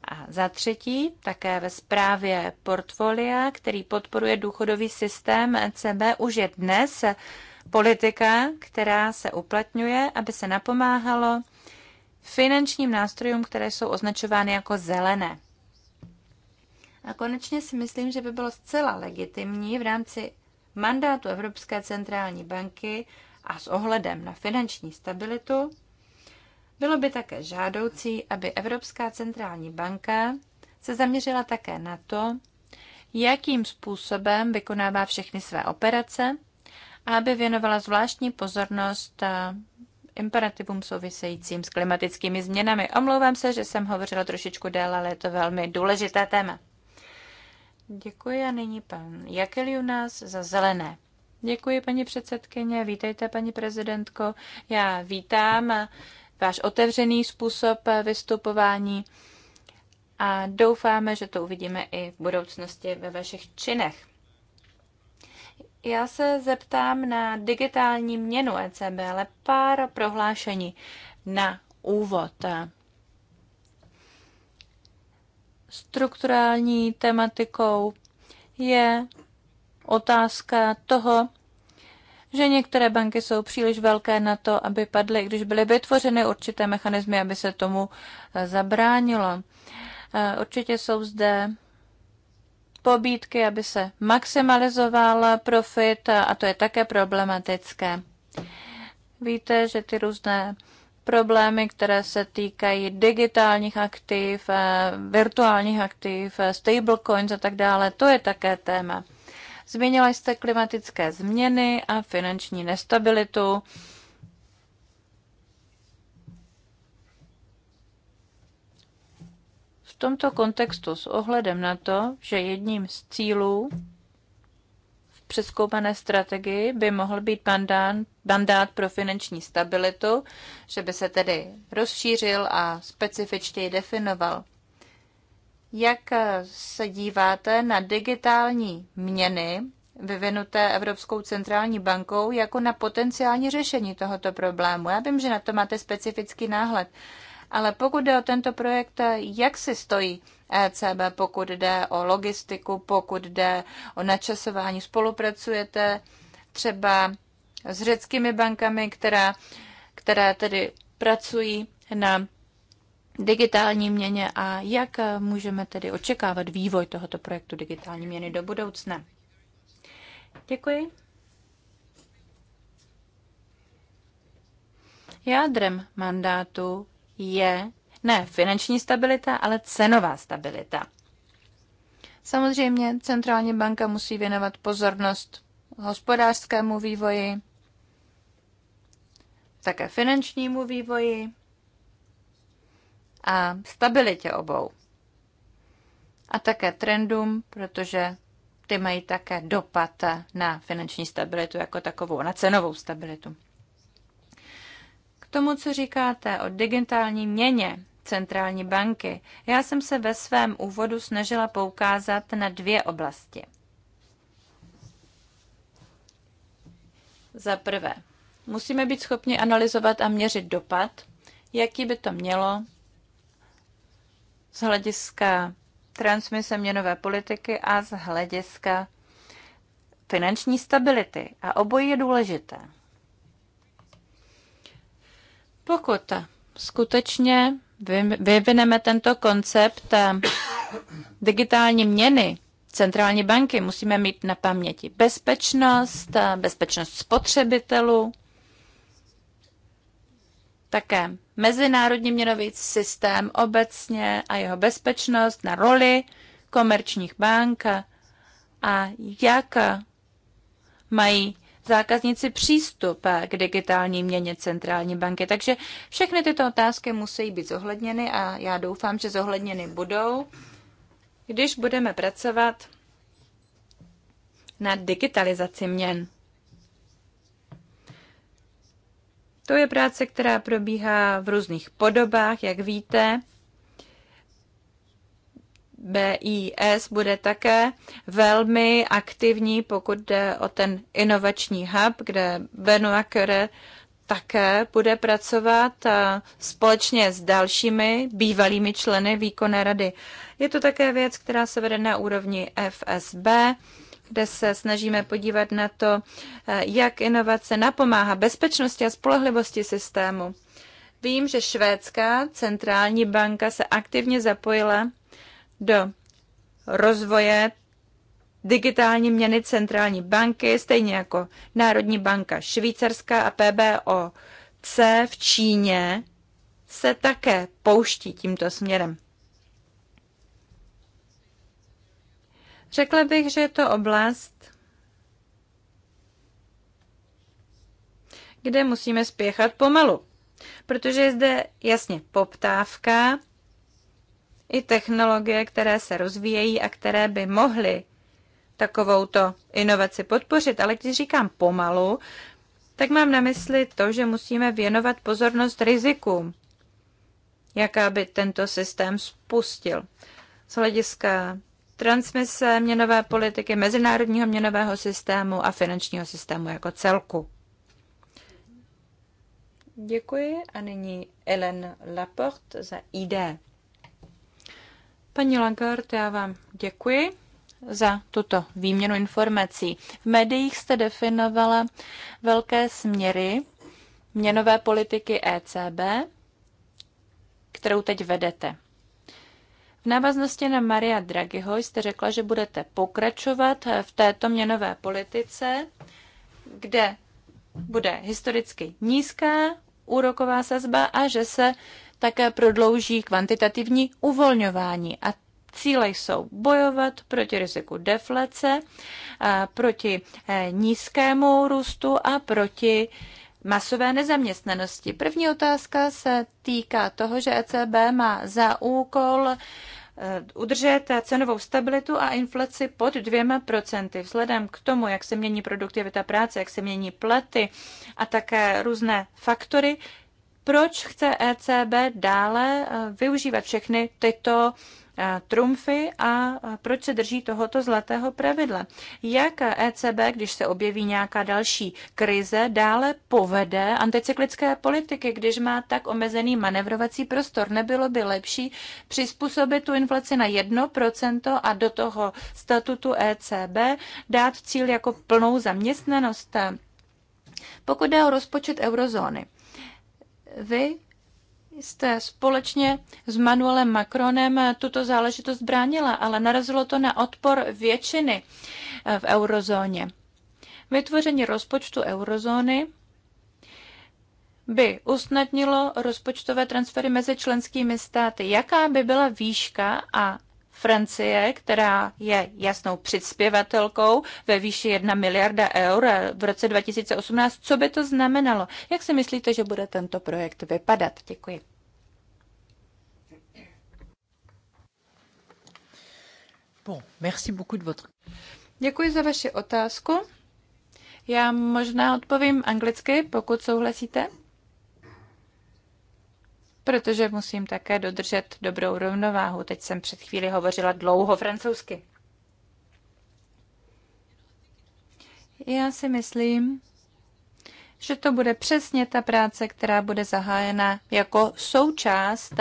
A za třetí, také ve zprávě portfolia, který podporuje důchodový systém CB, už je dnes politika, která se uplatňuje, aby se napomáhalo finančním nástrojům, které jsou označovány jako zelené. A konečně si myslím, že by bylo zcela legitimní v rámci mandátu Evropské centrální banky a s ohledem na finanční stabilitu, bylo by také žádoucí, aby Evropská centrální banka se zaměřila také na to, jakým způsobem vykonává všechny své operace aby věnovala zvláštní pozornost eh, imperativům souvisejícím s klimatickými změnami. Omlouvám se, že jsem hovořila trošičku déle, ale je to velmi důležité téma. Děkuji a nyní pan Jakel nás za zelené. Děkuji, paní předsedkyně, vítejte, paní prezidentko. Já vítám váš otevřený způsob vystupování a doufáme, že to uvidíme i v budoucnosti ve vašich činech. Já se zeptám na digitální měnu ECB, ale pár prohlášení na úvod. Strukturální tematikou je otázka toho, že některé banky jsou příliš velké na to, aby padly, když byly vytvořeny určité mechanismy, aby se tomu zabránilo. Určitě jsou zde pobídky, aby se maximalizoval profit a to je také problematické. Víte, že ty různé problémy, které se týkají digitálních aktiv, eh, virtuálních aktiv, eh, stablecoins a tak dále, to je také téma. Zmínila jste klimatické změny a finanční nestabilitu. tomto kontextu s ohledem na to, že jedním z cílů v přeskoumané strategii by mohl být mandát, mandát pro finanční stabilitu, že by se tedy rozšířil a specifičtěji definoval. Jak se díváte na digitální měny vyvinuté Evropskou centrální bankou jako na potenciální řešení tohoto problému? Já vím, že na to máte specifický náhled, ale pokud jde o tento projekt, jak si stojí ECB, pokud jde o logistiku, pokud jde o načasování, spolupracujete třeba s řeckými bankami, která, které tedy pracují na digitální měně a jak můžeme tedy očekávat vývoj tohoto projektu digitální měny do budoucna. Děkuji. Jádrem mandátu je ne finanční stabilita, ale cenová stabilita. Samozřejmě centrální banka musí věnovat pozornost hospodářskému vývoji, také finančnímu vývoji a stabilitě obou. A také trendům, protože ty mají také dopad na finanční stabilitu jako takovou, na cenovou stabilitu tomu, co říkáte o digitální měně centrální banky, já jsem se ve svém úvodu snažila poukázat na dvě oblasti. Za prvé, musíme být schopni analyzovat a měřit dopad, jaký by to mělo z hlediska transmise měnové politiky a z hlediska finanční stability. A obojí je důležité. Pokud skutečně vyvineme tento koncept eh, digitální měny, centrální banky musíme mít na paměti bezpečnost, eh, bezpečnost spotřebitelů, také mezinárodní měnový systém obecně a jeho bezpečnost na roli komerčních bank a jak mají zákazníci přístup k digitální měně centrální banky. Takže všechny tyto otázky musí být zohledněny a já doufám, že zohledněny budou, když budeme pracovat na digitalizaci měn. To je práce, která probíhá v různých podobách, jak víte. BIS bude také velmi aktivní, pokud jde o ten inovační hub, kde Benoit Curé také bude pracovat společně s dalšími bývalými členy výkonné rady. Je to také věc, která se vede na úrovni FSB, kde se snažíme podívat na to, e, jak inovace napomáhá bezpečnosti a spolehlivosti systému. Vím, že švédská centrální banka se aktivně zapojila do rozvoje digitální měny centrální banky, stejně jako Národní banka Švýcarská a PBOC v Číně se také pouští tímto směrem. Řekla bych, že je to oblast, kde musíme spěchat pomalu, protože je zde jasně poptávka, i technologie, které se rozvíjejí a které by mohly takovouto inovaci podpořit. Ale když říkám pomalu, tak mám na mysli to, že musíme věnovat pozornost rizikům, jaká by tento systém spustil. Z hlediska transmise měnové politiky, mezinárodního měnového systému a finančního systému jako celku. Děkuji a nyní Ellen Laporte za ID. Paní Lagarde, já vám děkuji za tuto výměnu informací. V médiích jste definovala velké směry měnové politiky ECB, kterou teď vedete. V návaznosti na Maria Draghiho jste řekla, že budete pokračovat v této měnové politice, kde bude historicky nízká úroková sazba a že se také prodlouží kvantitativní uvolňování. A cíle jsou bojovat proti riziku deflace, proti e, nízkému růstu a proti masové nezaměstnanosti. První otázka se týká toho, že ECB má za úkol e, udržet cenovou stabilitu a inflaci pod dvěma procenty. Vzhledem k tomu, jak se mění produktivita práce, jak se mění platy a také různé faktory, proč chce ECB dále eh, využívat všechny tyto eh, trumfy a eh, proč se drží tohoto zlatého pravidla. Jak ECB, e když se objeví nějaká další krize, dále povede anticyklické politiky, když má tak omezený manevrovací prostor? Nebylo by lepší přizpůsobit tu inflaci na 1% a do toho statutu ECB dát cíl jako plnou zaměstnanost? Pokud jde o rozpočet eurozóny, vy jste společně s Manuelem Macronem tuto záležitost bránila, ale narazilo to na odpor většiny eh, v eurozóně. Vytvoření rozpočtu eurozóny by usnadnilo rozpočtové transfery mezi členskými státy. Jaká by byla výška a Francie, která je jasnou přispěvatelkou ve výši 1 miliarda eur v roce 2018. Co by to znamenalo? Jak si myslíte, že bude tento projekt vypadat? Děkuji. Bon, merci beaucoup de votre... Děkuji za vaši otázku. Já možná odpovím anglicky, pokud souhlasíte protože musím také dodržet dobrou rovnováhu. Teď jsem před chvíli hovořila dlouho francouzsky. Já si myslím, že to bude přesně ta práce, která bude zahájena jako součást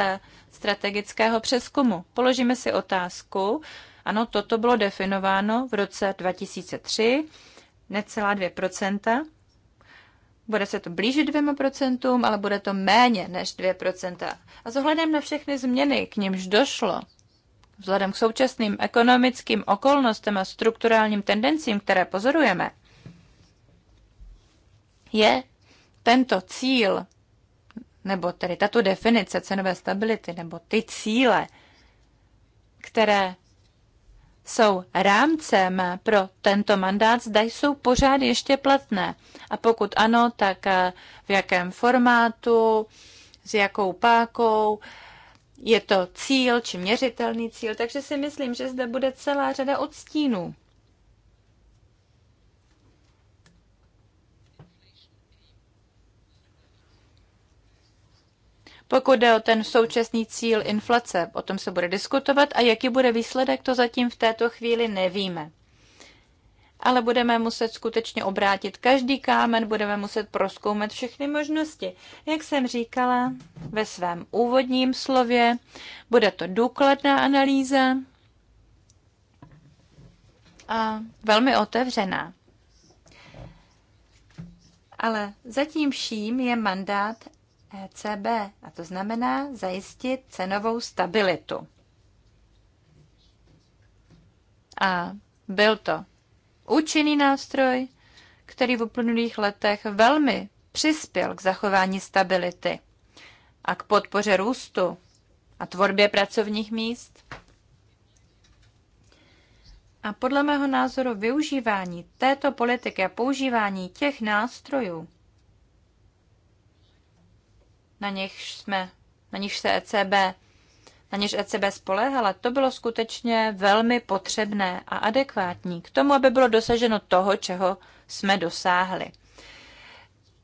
strategického přeskumu. Položíme si otázku, ano, toto bylo definováno v roce 2003, necelá 2%, bude se to blížit dvěma procentům, ale bude to méně než 2%. A zohledem na všechny změny, k nimž došlo, vzhledem k současným ekonomickým okolnostem a strukturálním tendencím, které pozorujeme, je tento cíl, nebo tedy tato definice cenové stability, nebo ty cíle, které jsou rámcem pro tento mandát, zda jsou pořád ještě platné. A pokud ano, tak eh, v jakém formátu, s jakou pákou, je to cíl či měřitelný cíl. Takže si myslím, že zde bude celá řada odstínů. Pokud jde o ten současný cíl inflace, o tom se bude diskutovat a jaký bude výsledek, to zatím v této chvíli nevíme. Ale budeme muset skutečně obrátit každý kámen, budeme muset proskoumat všechny možnosti. Jak jsem říkala ve svém úvodním slově, bude to důkladná analýza a velmi otevřená. Ale zatím vším je mandát ECB, a to znamená zajistit cenovou stabilitu. A byl to účinný nástroj, který v uplynulých letech velmi přispěl k zachování stability a k podpoře růstu a tvorbě pracovních míst. A podle mého názoru využívání této politiky a používání těch nástrojů, na nich jsme, na nich se ECB, na něž ECB spoléhala, to bylo skutečně velmi potřebné a adekvátní k tomu, aby bylo dosaženo toho, čeho jsme dosáhli.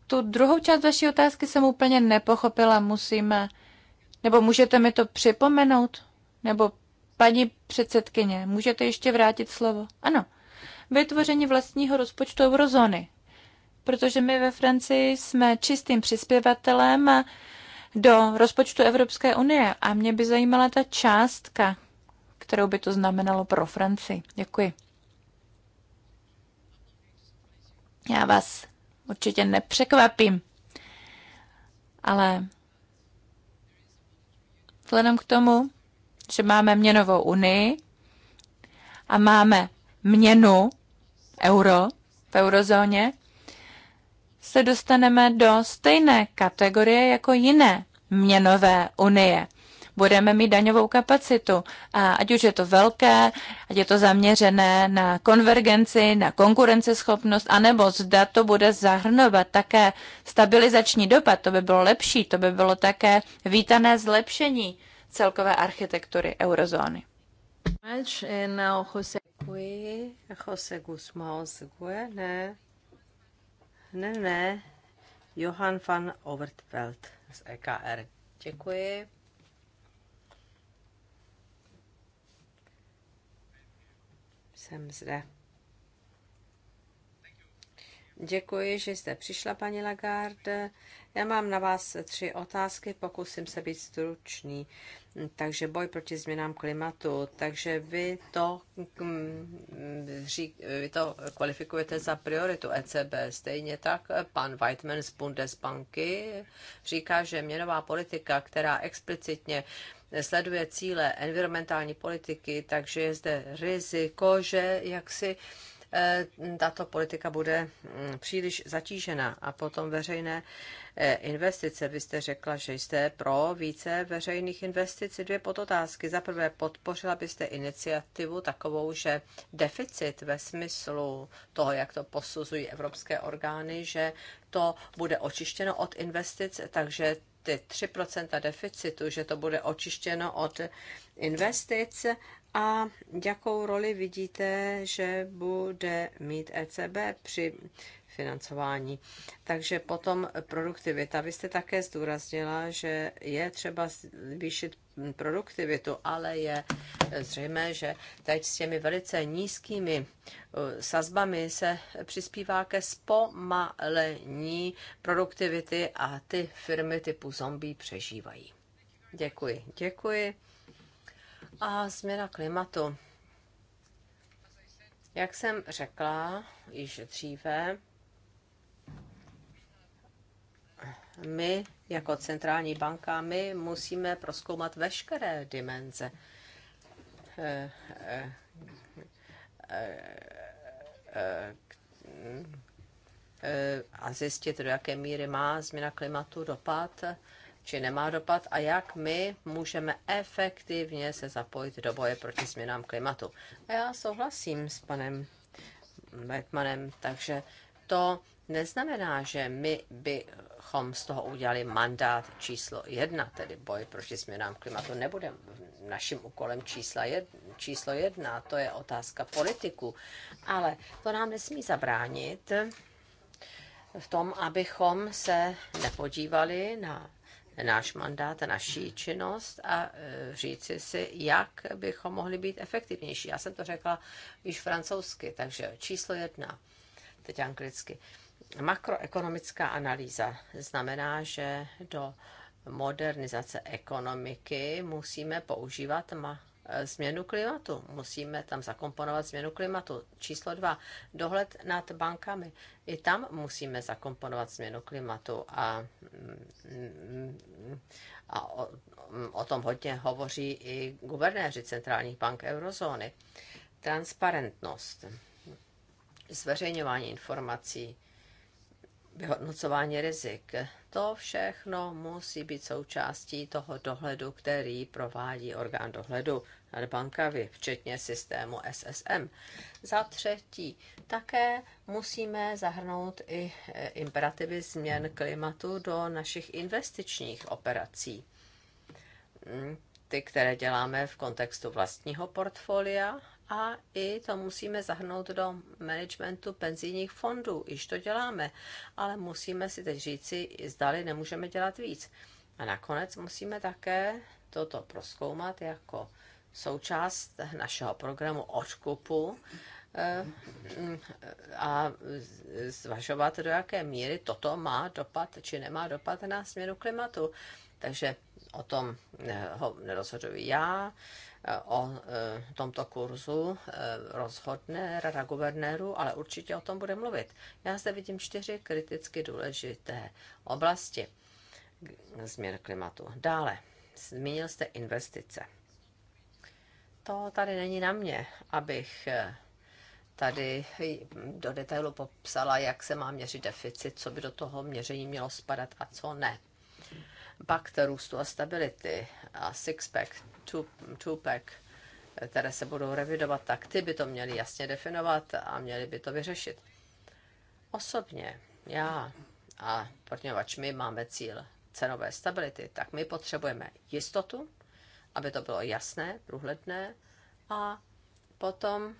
Tu druhou část vaší otázky jsem úplně nepochopila, musíme, nebo můžete mi to připomenout, nebo paní předsedkyně, můžete ještě vrátit slovo? Ano, vytvoření vlastního rozpočtu eurozóny protože my ve Francii jsme čistým přispěvatelem do rozpočtu Evropské unie a mě by zajímala ta částka, kterou by to znamenalo pro Francii. Děkuji. Já vás určitě nepřekvapím, ale vzhledem k tomu, že máme měnovou unii a máme měnu euro v eurozóně, se dostaneme do stejné kategorie jako jiné měnové unie. Budeme mít daňovou kapacitu a ať už je to velké, ať je to zaměřené na konvergenci, na konkurenceschopnost, anebo zda to bude zahrnovat také stabilizační dopad, to by bylo lepší, to by bylo také vítané zlepšení celkové architektury eurozóny. Děkuji. Jose Guzmán ne? Ne, ne, Johan van Overtveld z EKR. Děkuji. Jsem zde. Děkuji, že jste přišla, paní Lagarde. Já mám na vás tři otázky, pokusím se být stručný. Takže boj proti změnám klimatu. Takže vy to, mm, vy to kvalifikujete za prioritu ECB. Stejně tak pan Weidman z Bundesbanky říká, že měnová politika, která explicitně sleduje cíle environmentální politiky, takže je zde riziko, že jaksi si Eh, tato politika bude mm, příliš zatížena. A potom veřejné eh, investice. Vy jste řekla, že jste pro více veřejných investic. Dvě podotázky. Za prvé, podpořila byste iniciativu takovou, že deficit ve smyslu toho, jak to posuzují evropské orgány, že to bude očištěno od investic, takže ty 3% deficitu, že to bude očištěno od investic a jakou roli vidíte, že bude mít ECB při financování. Takže potom produktivita. Vy jste také zdůraznila, že je třeba zvýšit produktivitu, ale je zřejmé, že teď s těmi velice nízkými eh, sazbami se přispívá ke zpomalení produktivity a ty firmy typu zombie přežívají. Děkuji. Děkuji a změna klimatu. Jak jsem řekla již dříve, my jako centrální banka, my musíme proskoumat veškeré dimenze a zjistit, do jaké míry má změna klimatu dopad či nemá dopad a jak my můžeme efektivně se zapojit do boje proti změnám klimatu. A já souhlasím s panem Beckmanem, takže to neznamená, že my bychom z toho udělali mandát číslo jedna, tedy boj proti změnám klimatu. Nebude naším úkolem čísla jedna, číslo jedna, to je otázka politiku. Ale to nám nesmí zabránit v tom, abychom se nepodívali na náš mandát, naší činnost a e, říci si, jak bychom mohli být efektivnější. Já jsem to řekla již francouzsky, takže číslo jedna, teď anglicky. Makroekonomická analýza znamená, že do modernizace ekonomiky musíme používat ma- Eh, změnu klimatu. Musíme tam zakomponovat změnu klimatu. Číslo dva, dohled nad bankami. I tam musíme zakomponovat změnu klimatu a, mm, mm, a o, mm, o tom hodně hovoří i guvernéři centrálních bank eurozóny. Transparentnost, zveřejňování informací, vyhodnocování rizik. To všechno musí být součástí toho dohledu, který provádí orgán dohledu bankavy, včetně systému SSM. Za třetí, také musíme zahrnout i eh, imperativy změn klimatu do našich investičních operací. Mm, ty, které děláme v kontextu vlastního portfolia a i to musíme zahrnout do managementu penzijních fondů. Již to děláme, ale musíme si teď říci, zdali nemůžeme dělat víc. A nakonec musíme také toto proskoumat jako součást našeho programu odkupu eh, a zvažovat, do jaké míry toto má dopad či nemá dopad na směnu klimatu. Takže o tom eh, ho nerozhoduji já, eh, o tomto kurzu rozhodne Rada guvernéru, ale určitě o tom bude mluvit. Já zde vidím čtyři kriticky důležité oblasti změn klimatu. Dále, zmínil jste investice to tady není na mě, abych eh, tady do detailu popsala, jak se má měřit deficit, co by do toho měření mělo spadat a co ne. Pakt růstu a stability a six-pack, two-pack, two eh, které se budou revidovat, tak ty by to měly jasně definovat a měly by to vyřešit. Osobně já a protože my máme cíl cenové stability, tak my potřebujeme jistotu, aby to bylo jasné, průhledné. A potom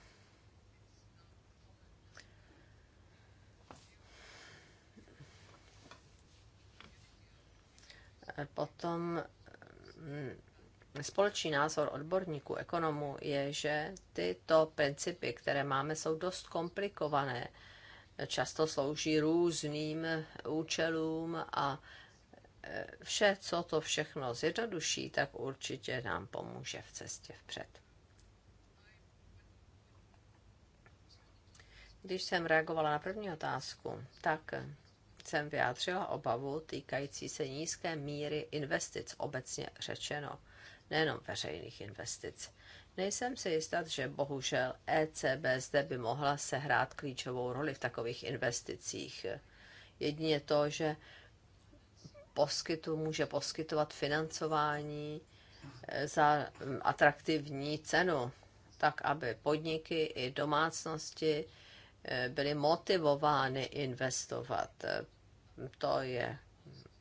potom mm, společný názor odborníků, ekonomů je, že tyto principy, které máme, jsou dost komplikované. Často slouží různým účelům a vše, co to všechno zjednoduší, tak určitě nám pomůže v cestě vpřed. Když jsem reagovala na první otázku, tak jsem vyjádřila obavu týkající se nízké míry investic, obecně řečeno, nejenom veřejných investic. Nejsem si jistá, že bohužel ECB zde by mohla sehrát klíčovou roli v takových investicích. Jedině to, že poskytu, může poskytovat financování eh, za mm, atraktivní cenu, tak aby podniky i domácnosti eh, byly motivovány investovat. Eh, to je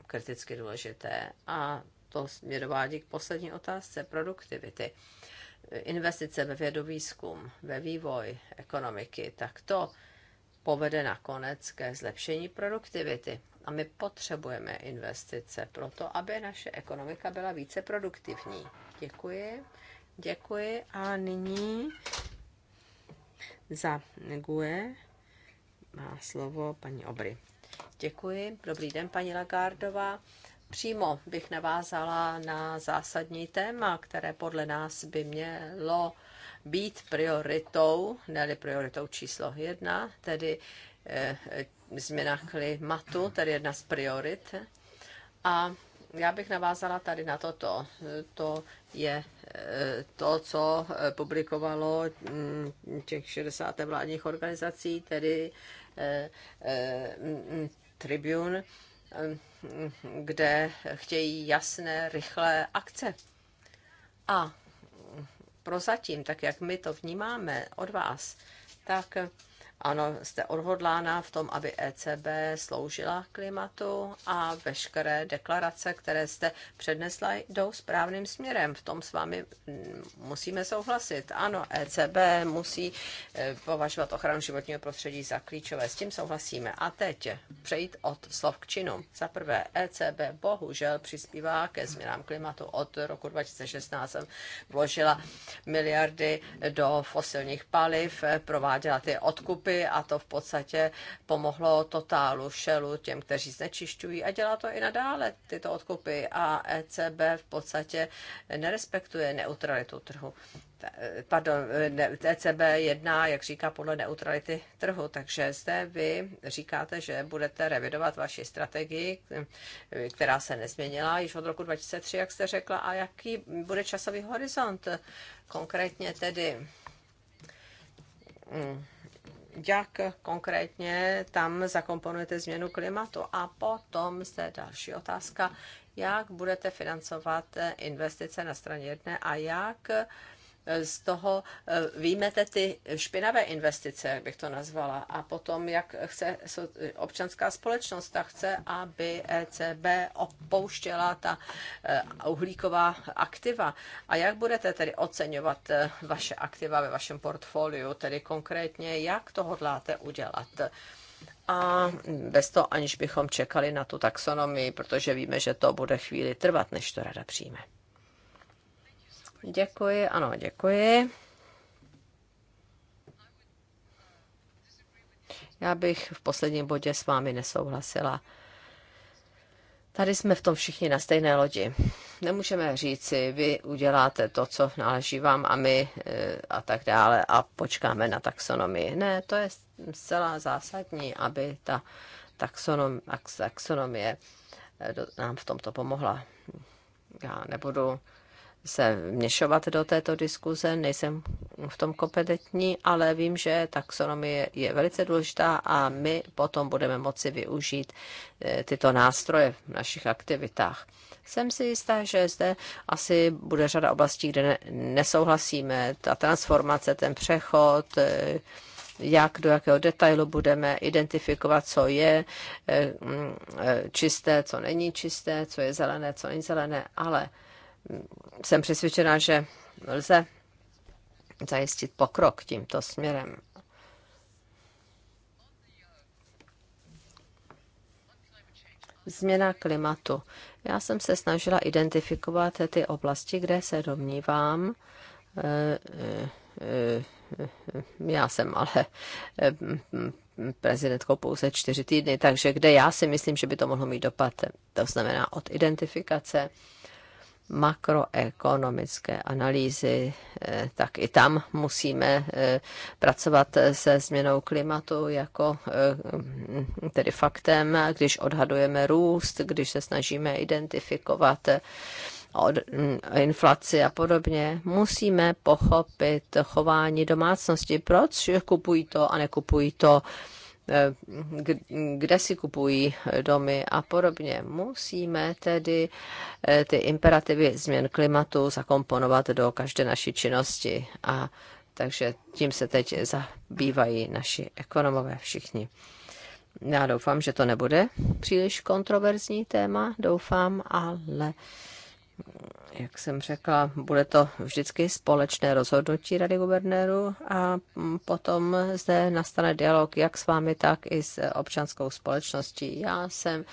kriticky důležité. A to mě dovádí k poslední otázce produktivity. Investice ve vědu výzkum, ve vývoj ekonomiky, tak to povede nakonec ke zlepšení produktivity. A my potřebujeme investice pro to, aby naše ekonomika byla více produktivní. Děkuji. Děkuji. A nyní za GUE má slovo paní Obry. Děkuji. Dobrý den, paní Lagardová. Přímo bych navázala na zásadní téma, které podle nás by mělo být prioritou, ne prioritou číslo jedna, tedy eh, změna klimatu, tedy jedna z priorit. A já bych navázala tady na toto. To je eh, to, co eh, publikovalo mm, těch 60 vládních organizací, tedy eh, mm, Tribune, kde chtějí jasné, rychlé akce. A prozatím, tak jak my to vnímáme od vás, tak ano, jste odhodlána v tom, aby ECB sloužila klimatu a veškeré deklarace, které jste přednesla, jdou správným směrem. V tom s vámi mm, musíme souhlasit. Ano, ECB musí eh, považovat ochranu životního prostředí za klíčové. S tím souhlasíme. A teď přejít od slov k činu. Za prvé, ECB bohužel přispívá ke změnám klimatu. Od roku 2016 jsem vložila miliardy do fosilních paliv, eh, prováděla ty odkupy výstupy a to v podstatě pomohlo totálu, šelu, těm, kteří znečišťují a dělá to i nadále tyto odkupy a ECB v podstatě nerespektuje neutralitu trhu. Pardon, ECB e jedná, jak říká, podle neutrality trhu, takže zde vy říkáte, že budete revidovat vaši strategii, která se nezměnila již od roku 2003, jak jste řekla, a jaký bude časový horizont konkrétně tedy? Mm jak konkrétně tam zakomponujete změnu klimatu. A potom se další otázka, jak budete financovat investice na straně jedné a jak z toho eh, výjmete ty špinavé investice, jak bych to nazvala, a potom, jak chce občanská společnost, ta chce, aby ECB opouštěla ta eh, uhlíková aktiva. A jak budete tedy oceňovat eh, vaše aktiva ve vašem portfoliu, tedy konkrétně, jak to hodláte udělat? a bez toho, aniž bychom čekali na tu taxonomii, protože víme, že to bude chvíli trvat, než to rada přijme. Děkuji, ano, děkuji. Já bych v posledním bodě s vámi nesouhlasila. Tady jsme v tom všichni na stejné lodi. Nemůžeme říci, vy uděláte to, co náleží vám a my eh, a tak dále a počkáme na taxonomii. Ne, to je zcela zásadní, aby ta taxonom, taxonomie eh, nám v tomto pomohla. Já nebudu se vměšovat do této diskuze, nejsem v tom kompetentní, ale vím, že taxonomie je velice důležitá a my potom budeme moci využít eh, tyto nástroje v našich aktivitách. Jsem si jistá, že zde asi bude řada oblastí, kde ne, nesouhlasíme. Ta transformace, ten přechod, eh, jak do jakého detailu budeme identifikovat, co je eh, mm, čisté, co není čisté, co je zelené, co není zelené, ale jsem přesvědčena, že lze zajistit pokrok tímto směrem. Změna klimatu. Já jsem se snažila identifikovat ty oblasti, kde se domnívám, eh, eh, eh, já jsem ale prezidentkou pouze čtyři týdny, takže kde já si myslím, že by to mohlo mít dopad, to znamená od identifikace makroekonomické analýzy, eh, tak i tam musíme eh, pracovat se změnou klimatu jako eh, tedy faktem, když odhadujeme růst, když se snažíme identifikovat od mm, inflaci a podobně, musíme pochopit chování domácnosti, proč kupují to a nekupují to Eh, kde si kupují domy a podobně. Musíme tedy eh, ty imperativy změn klimatu zakomponovat do každé naší činnosti a takže tím se teď zabývají naši ekonomové všichni. Já doufám, že to nebude příliš kontroverzní téma, doufám, ale jak jsem řekla, bude to vždycky společné rozhodnutí Rady guvernéru a potom zde nastane dialog jak s vámi, tak i s občanskou společností. Já jsem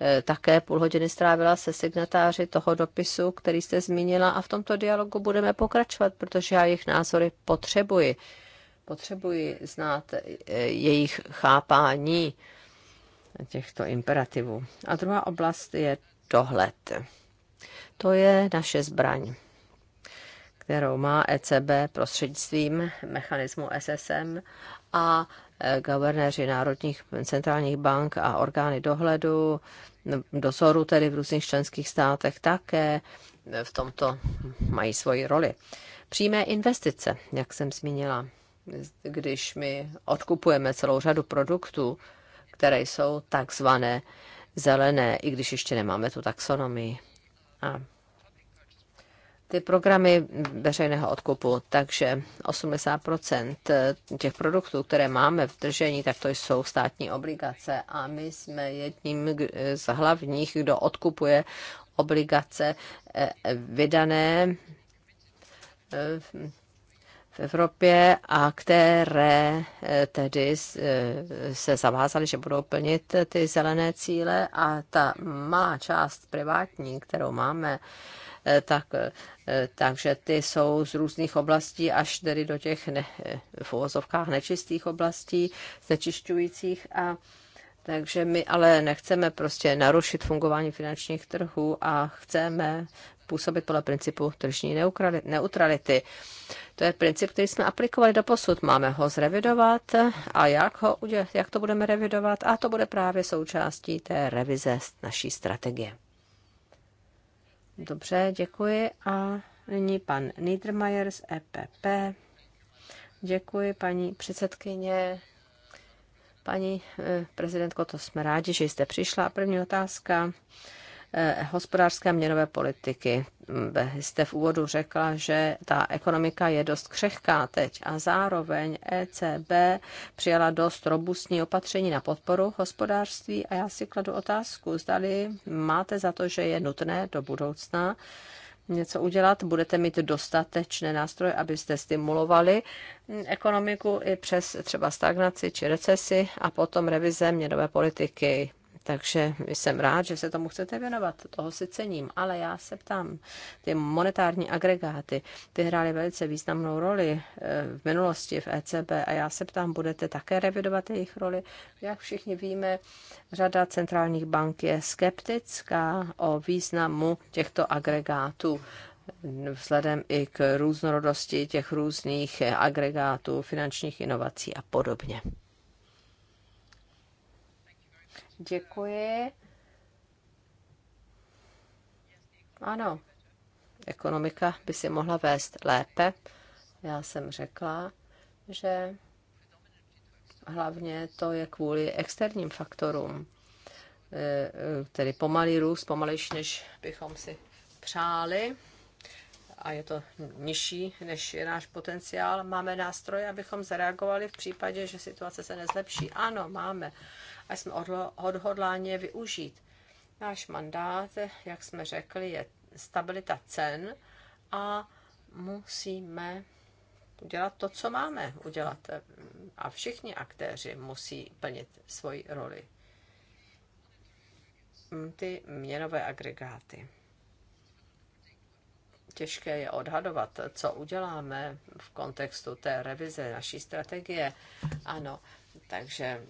eh, také půl hodiny strávila se signatáři toho dopisu, který jste zmínila a v tomto dialogu budeme pokračovat, protože já jejich názory potřebuji. Potřebuji znát eh, jejich chápání těchto imperativů. A druhá oblast je dohled to je naše zbraň, kterou má ECB prostřednictvím mechanismu SSM a e, guvernéři národních centrálních bank a orgány dohledu, dozoru tedy v různých členských státech také e, v tomto mají svoji roli. Přímé investice, jak jsem zmínila, když my odkupujeme celou řadu produktů, které jsou takzvané zelené, i když ještě nemáme tu taxonomii a ty programy veřejného odkupu, takže 80% těch produktů, které máme v držení, tak to jsou státní obligace a my jsme jedním z hlavních, kdo odkupuje obligace eh, vydané eh, v Evropě a které eh, tedy eh, se zavázaly, že budou plnit ty zelené cíle a ta malá část privátní, kterou máme, eh, tak, takže ty jsou z různých oblastí až tedy do těch ne, v uvozovkách nečistých oblastí, znečišťujících a takže my ale nechceme prostě narušit fungování finančních trhů a chceme působit podle principu tržní neutrality. To je princip, který jsme aplikovali do posud. Máme ho zrevidovat a jak, ho, jak to budeme revidovat? A to bude právě součástí té revize naší strategie. Dobře, děkuji. A nyní pan Niedermayer z EPP. Děkuji, paní předsedkyně. Paní eh, prezidentko, to jsme rádi, že jste přišla. První otázka Eh, hospodářské měnové politiky. Jste v úvodu řekla, že ta ekonomika je dost křehká teď a zároveň ECB přijala dost robustní opatření na podporu hospodářství a já si kladu otázku, zdali máte za to, že je nutné do budoucna něco udělat, budete mít dostatečné nástroje, abyste stimulovali ekonomiku i přes třeba stagnaci či recesi a potom revize měnové politiky takže jsem rád, že se tomu chcete věnovat, toho si cením, ale já se ptám, ty monetární agregáty, ty hrály velice významnou roli eh, v minulosti v ECB a já se ptám, budete také revidovat jejich roli? Jak všichni víme, řada centrálních bank je skeptická o významu těchto agregátů vzhledem i k různorodosti těch různých agregátů, finančních inovací a podobně. Děkuji. Ano, ekonomika by si mohla vést lépe. Já jsem řekla, že hlavně to je kvůli externím faktorům, eh, eh, tedy pomalý růst, pomalejší, než bychom si přáli a je to nižší, než je náš potenciál. Máme nástroje, abychom zareagovali v případě, že situace se nezlepší. Ano, máme a jsme odhodláni využít. Náš mandát, jak jsme řekli, je stabilita cen a musíme udělat to, co máme udělat. A všichni aktéři musí plnit svoji roli. Ty měnové agregáty. Těžké je odhadovat, co uděláme v kontextu té revize naší strategie. Ano, takže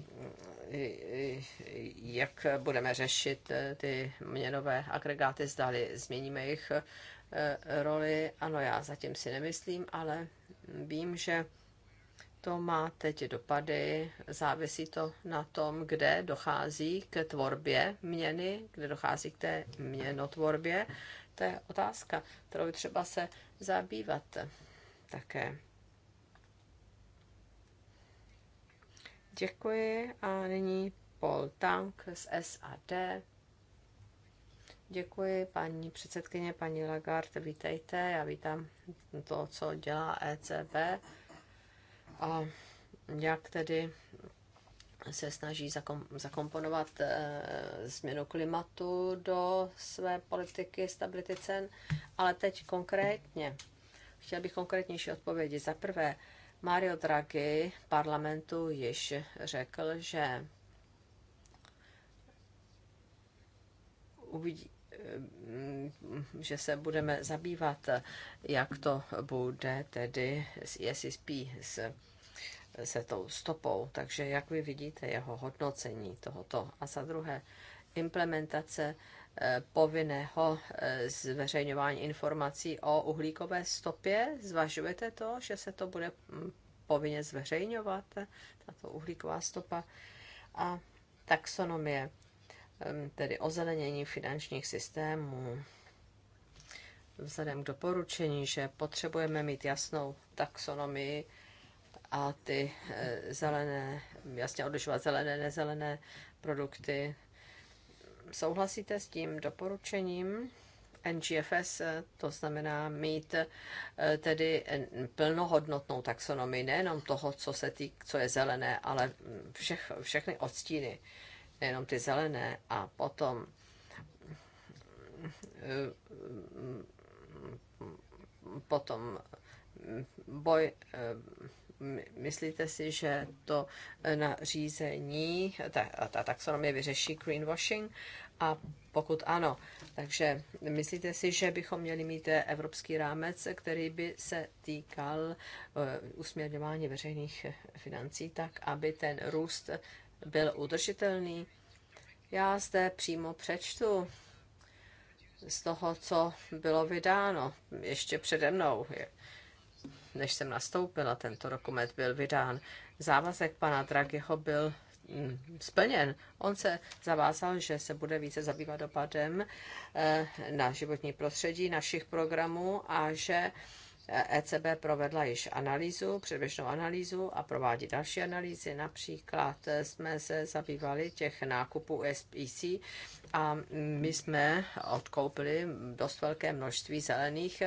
mm, jak budeme řešit eh, ty měnové agregáty, zdali změníme jejich eh, roli, ano, já zatím si nemyslím, ale vím, že to má teď dopady, závisí to na tom, kde dochází k tvorbě měny, kde dochází k té měnotvorbě. To je otázka, kterou třeba se zabývat také. Děkuji a nyní Paul Tank z SAD. Děkuji, paní předsedkyně, paní Lagarde, vítejte. Já vítám to, co dělá ECB a jak tedy se snaží zakom, zakomponovat e, změnu klimatu do své politiky stability cen. Ale teď konkrétně, chtěl bych konkrétnější odpovědi. Za prvé, e, Mario Draghi parlamentu již řekl, že uvidí, mm, že se budeme zabývat, jak to bude tedy s ESSP, s, se tou stopou. Takže jak vy vidíte jeho hodnocení tohoto. A za druhé, implementace Eh, povinného eh, zveřejňování informací o uhlíkové stopě? Zvažujete to, že se to bude mm, povinně zveřejňovat, tato uhlíková stopa? A taxonomie, mm, tedy ozelenění finančních systémů. Vzhledem k doporučení, že potřebujeme mít jasnou taxonomii a ty eh, zelené, jasně odlišovat zelené, nezelené produkty, souhlasíte s tím doporučením NGFS, eh, to znamená mít eh, tedy eh, plnohodnotnou taxonomii nejenom toho, co, se tý, co je zelené, ale mm, všech, všechny odstíny, nejenom ty zelené a potom mm, potom mm, boj, myslíte si, že to nařízení, ta, ta taxonomie vyřeší greenwashing a pokud ano, takže myslíte si, že bychom měli mít eh, evropský rámec, který by se týkal eh, usměrňování veřejných eh, financí tak, aby ten růst byl udržitelný? Já zde přímo přečtu z toho, co bylo vydáno ještě přede mnou, než jsem nastoupila, tento dokument byl vydán. Závazek pana Draghiho byl Mm, splněn. On se zavázal, že se bude více zabývat dopadem eh, na životní prostředí našich programů a že ECB e provedla již analýzu, předběžnou analýzu a provádí další analýzy. Například eh, jsme se zabývali těch nákupů SPC a my jsme odkoupili dost velké množství zelených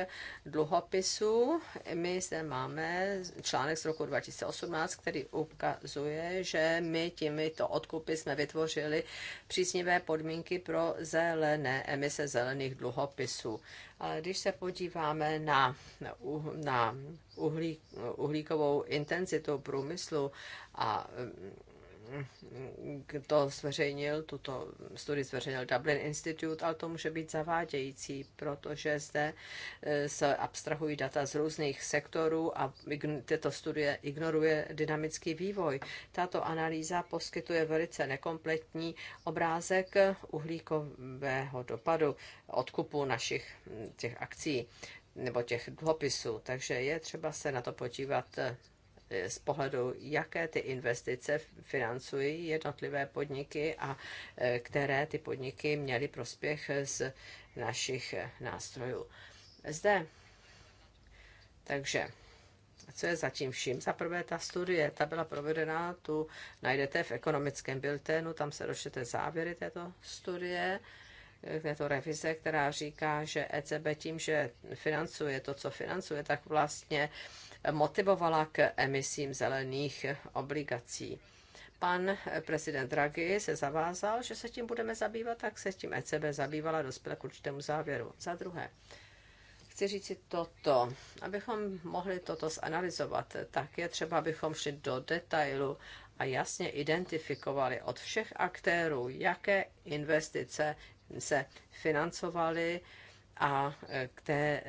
dluhopisů. My zde máme článek z roku 2018, který ukazuje, že my těmito odkupy jsme vytvořili příznivé podmínky pro zelené emise zelených dluhopisů. Ale když se podíváme na Uh, na uhlí, uhlíkovou intenzitu průmyslu a mm, to zveřejnil, tuto studii zveřejnil Dublin Institute, ale to může být zavádějící, protože zde eh, se abstrahují data z různých sektorů a tyto studie ignoruje dynamický vývoj. Tato analýza poskytuje velice nekompletní obrázek uhlíkového dopadu odkupu našich mm, těch akcí nebo těch dluhopisů. Takže je třeba se na to podívat eh, z pohledu, jaké ty investice financují jednotlivé podniky a eh, které ty podniky měly prospěch z našich eh, nástrojů. Zde. Takže co je zatím vším. Za prvé ta studie, ta byla provedena, tu najdete v ekonomickém biltenu, tam se dočtete závěry této studie této revize, která říká, že ECB tím, že financuje to, co financuje, tak vlastně motivovala k emisím zelených obligací. Pan prezident Draghi se zavázal, že se tím budeme zabývat, tak se tím ECB zabývala, dospěla k určitému závěru. Za druhé, chci říct si toto. Abychom mohli toto zanalizovat, tak je třeba, abychom šli do detailu a jasně identifikovali od všech aktérů, jaké investice se financovaly a eh, které,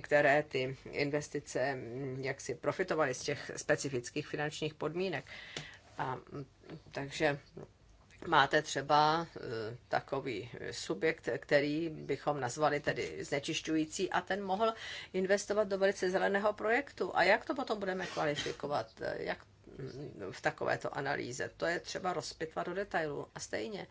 které ty investice mm, jaksi profitovaly z těch specifických finančních podmínek. A, mm, takže máte třeba eh, takový subjekt, který bychom nazvali tedy znečišťující a ten mohl investovat do velice zeleného projektu. A jak to potom budeme kvalifikovat? Eh, jak mm, v takovéto analýze? To je třeba rozpitvat do detailu. A stejně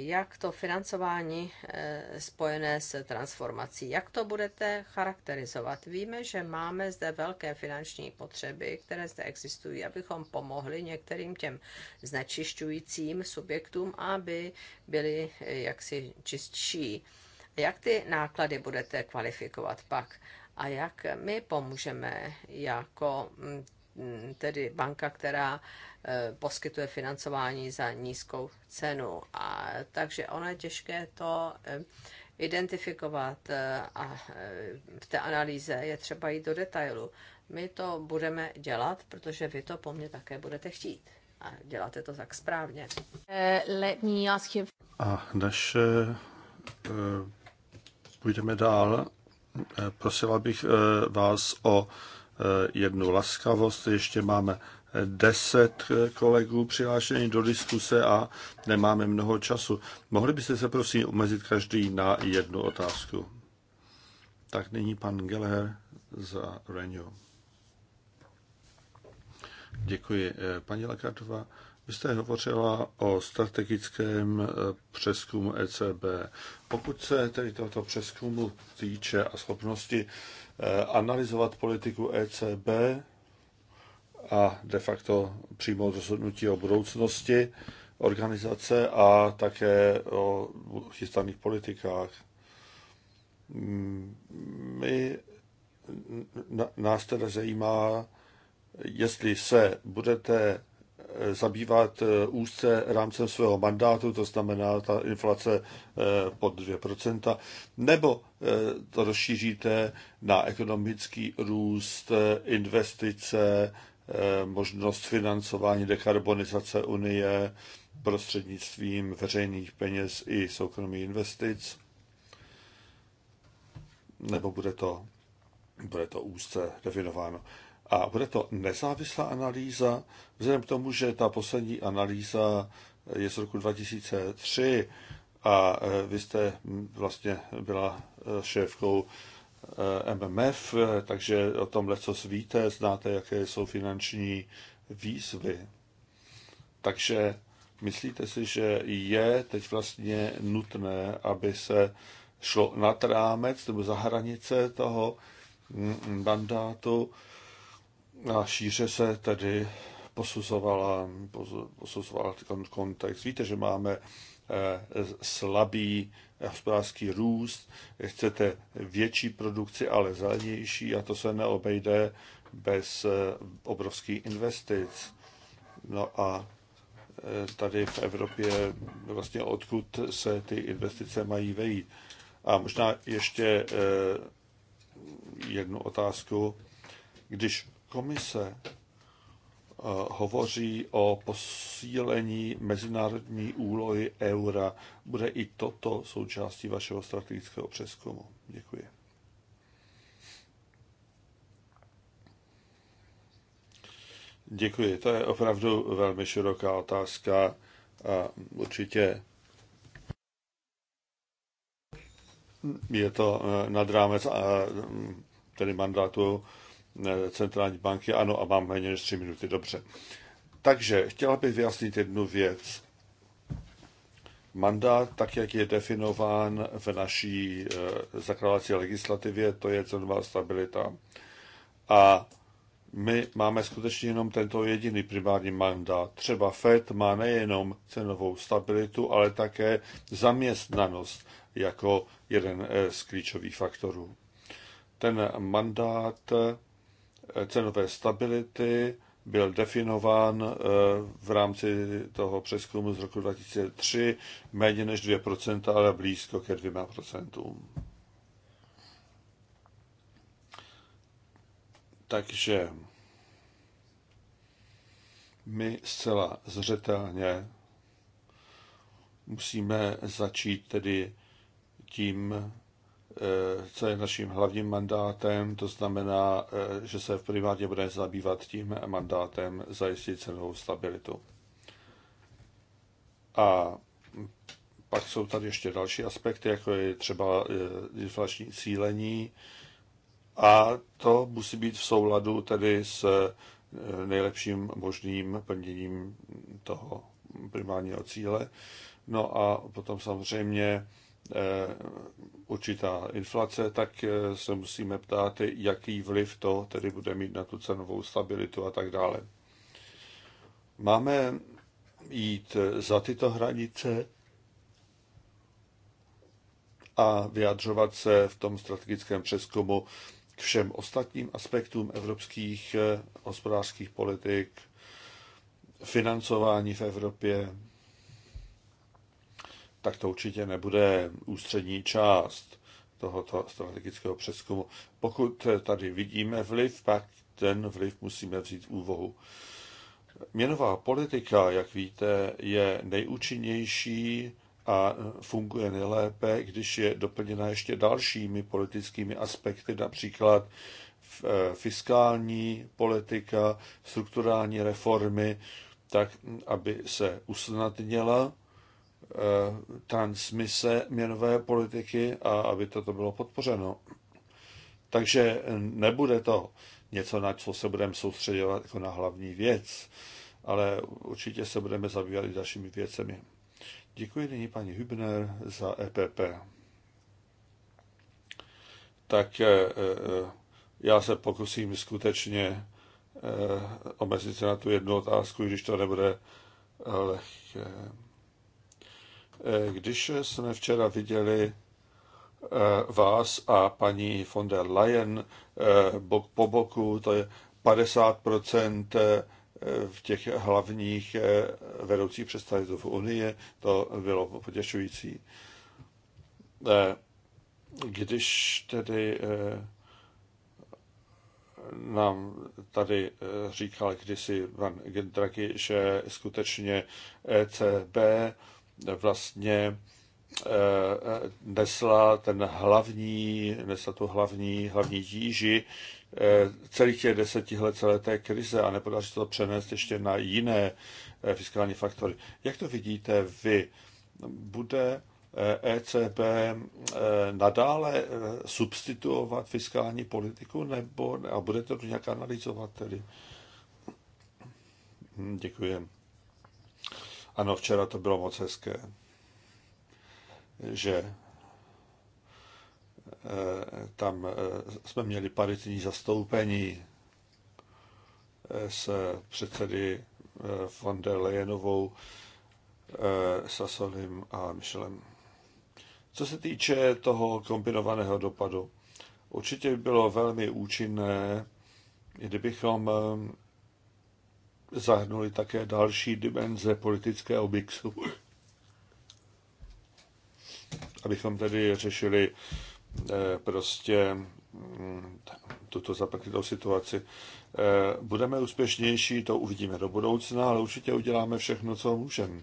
jak to financování eh, spojené s transformací, jak to budete charakterizovat? Víme, že máme zde velké finanční potřeby, které zde existují, abychom pomohli některým těm znečišťujícím subjektům, aby byli eh, jaksi čistší. Jak ty náklady budete kvalifikovat pak? A jak my pomůžeme jako mm, Mm, tedy banka, která eh, poskytuje financování za nízkou cenu. A, takže ono je těžké to eh, identifikovat eh, a v té analýze je třeba jít do detailu. My to budeme dělat, protože vy to po mně také budete chtít. A děláte to tak správně. A než půjdeme dál, prosila bych vás o Eh, jednu laskavost. Ještě máme eh, deset eh, kolegů přihlášených do diskuse a nemáme mnoho času. Mohli byste se prosím omezit každý na jednu otázku? Tak nyní pan Geller za Renew. Děkuji. Paní Lakartová, vy jste hovořila o strategickém přeskumu ECB. Pokud se tedy tohoto přeskumu týče a schopnosti Eh, analyzovat politiku ECB a de facto přijmout rozhodnutí o budoucnosti organizace a také o chystaných politikách. Mm, my, nás teda zajímá, jestli se budete Eh, zabývat eh, úzce rámcem svého mandátu, to znamená ta inflace eh, pod 2%, nebo to rozšíříte na ekonomický růst, investice, možnost financování dekarbonizace Unie prostřednictvím veřejných peněz i soukromých investic, nebo bude to, bude to úzce definováno. A bude to nezávislá analýza, vzhledem k tomu, že ta poslední analýza je z roku 2003 a e, vy jste vlastně byla e, šéfkou e, MMF, takže o tom co víte, znáte, jaké jsou finanční výzvy. Takže myslíte si, že je teď vlastně nutné, aby se šlo nad rámec nebo za hranice toho mandátu, a šíře se tedy posuzovala, posuzovala kontext. Víte, že máme eh, slabý eh, hospodářský růst, chcete větší produkci, ale zelenější a to se neobejde bez eh, obrovských investic. No a tady v Evropě vlastně odkud se ty investice mají vejít. A možná ještě jednu otázku. Když Komise eh, hovoří o posílení mezinárodní úlohy eura. Bude i toto součástí vašeho strategického přeskumu? Děkuji. Děkuji. To je opravdu velmi široká otázka a určitě je to eh, nad rámec eh, tedy mandátu centrální banky. Ano, a mám méně než tři minuty, dobře. Takže chtěla bych vyjasnit jednu věc. Mandát, tak jak je definován v naší eh, zakládací legislativě, to je cenová stabilita. A my máme skutečně jenom tento jediný primární mandát. Třeba FED má nejenom cenovou stabilitu, ale také zaměstnanost jako jeden eh, z klíčových faktorů. Ten mandát cenové stability byl definován eh, v rámci toho přeskumu z roku 2003 méně než 2%, ale blízko ke 2%. Takže my zcela zřetelně musíme začít tedy tím Eh, co je naším hlavním mandátem, to znamená, eh, že se v primárně bude zabývat tím mandátem zajistit cenovou stabilitu. A pak jsou tady ještě další aspekty, jako je třeba eh, inflační cílení a to musí být v souladu tedy s nejlepším možným plněním toho primárního cíle. No a potom samozřejmě Eh, určitá inflace, tak eh, se musíme ptát, jaký vliv to tedy bude mít na tu cenovou stabilitu a tak dále. Máme jít eh, za tyto hranice a vyjadřovat se v tom strategickém přeskumu k všem ostatním aspektům evropských hospodářských politik, financování v Evropě, tak to určitě nebude ústřední část tohoto strategického přeskumu. Pokud tady vidíme vliv, pak ten vliv musíme vzít v úvahu. Měnová politika, jak víte, je nejúčinnější a funguje nejlépe, když je doplněna ještě dalšími politickými aspekty, například eh, fiskální politika, strukturální reformy, tak mm, aby se usnadnila Eh, transmise měnové politiky a aby toto bylo podpořeno. Takže nebude to něco, na co se budeme soustředovat jako na hlavní věc, ale určitě se budeme zabývat i dalšími věcemi. Děkuji nyní paní Hübner za EPP. Tak eh, eh, já se pokusím skutečně omezit se na tu jednu otázku, když to nebude lehké. Eh, když jsme včera viděli eh, vás a paní von der Leyen eh, bok po boku, to je 50 v těch hlavních vedoucích představitelů v Unii, to bylo potěšující. Když tedy nám tady říkal kdysi pan Draghi, že skutečně ECB vlastně eh, eh, nesla ten hlavní, nesla tu hlavní, hlavní díži eh, celých těch deseti let celé té krize a nepodaří se to přenést ještě na jiné fiskální faktory. Jak to vidíte vy? Bude ECB e nadále substituovat fiskální politiku nebo a budete to nějak analyzovat tedy? Hm, děkuji. Ano, včera to bylo moc hezké, že eh, tam eh, jsme měli paritní zastoupení eh, s předsedy von der Leyenovou, Sasolim a Michelem. Co se týče toho kombinovaného dopadu, určitě by bylo velmi účinné, kdybychom zahrnuli také další dimenze politického mixu. Abychom tedy řešili eh, prostě mm, tuto zapeklitou situaci. Eh, budeme úspěšnější, to uvidíme do budoucna, ale určitě uděláme všechno, co můžeme.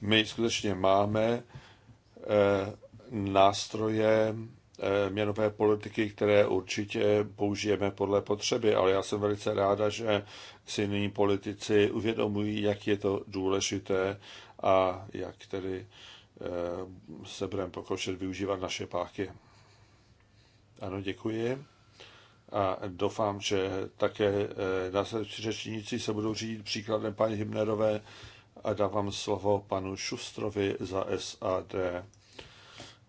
My skutečně máme eh, nástroje Eh, měnové politiky, které určitě použijeme podle potřeby, ale já jsem velice ráda, že si nyní politici uvědomují, jak je to důležité a jak tedy eh, se budeme pokoušet využívat naše páky. Ano, děkuji. A doufám, že také eh, následující řečníci se budou řídit příkladem paní Himnerové a dávám slovo panu Šustrovi za SAD.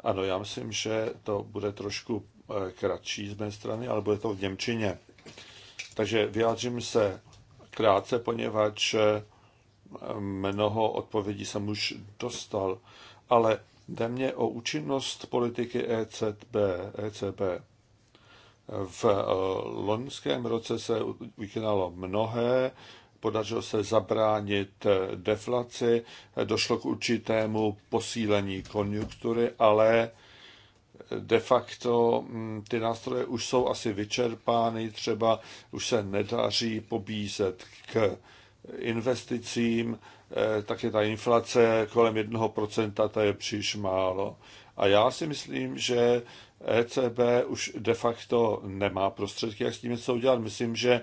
Ano, já myslím, že to bude trošku eh, kratší z mé strany, ale bude to v Němčině. Takže vyjádřím se krátce, poněvadž eh, mnoho odpovědí jsem už dostal, ale jde mě o účinnost politiky ECB. ECB. V eh, loňském roce se vykonalo mnohé, podařilo se zabránit deflaci, došlo k určitému posílení konjunktury, ale de facto mm, ty nástroje už jsou asi vyčerpány, třeba už se nedaří pobízet k investicím, eh, také ta inflace kolem 1%, to je příliš málo. A já si myslím, že ECB už de facto nemá prostředky, jak s tím něco udělat. Myslím, že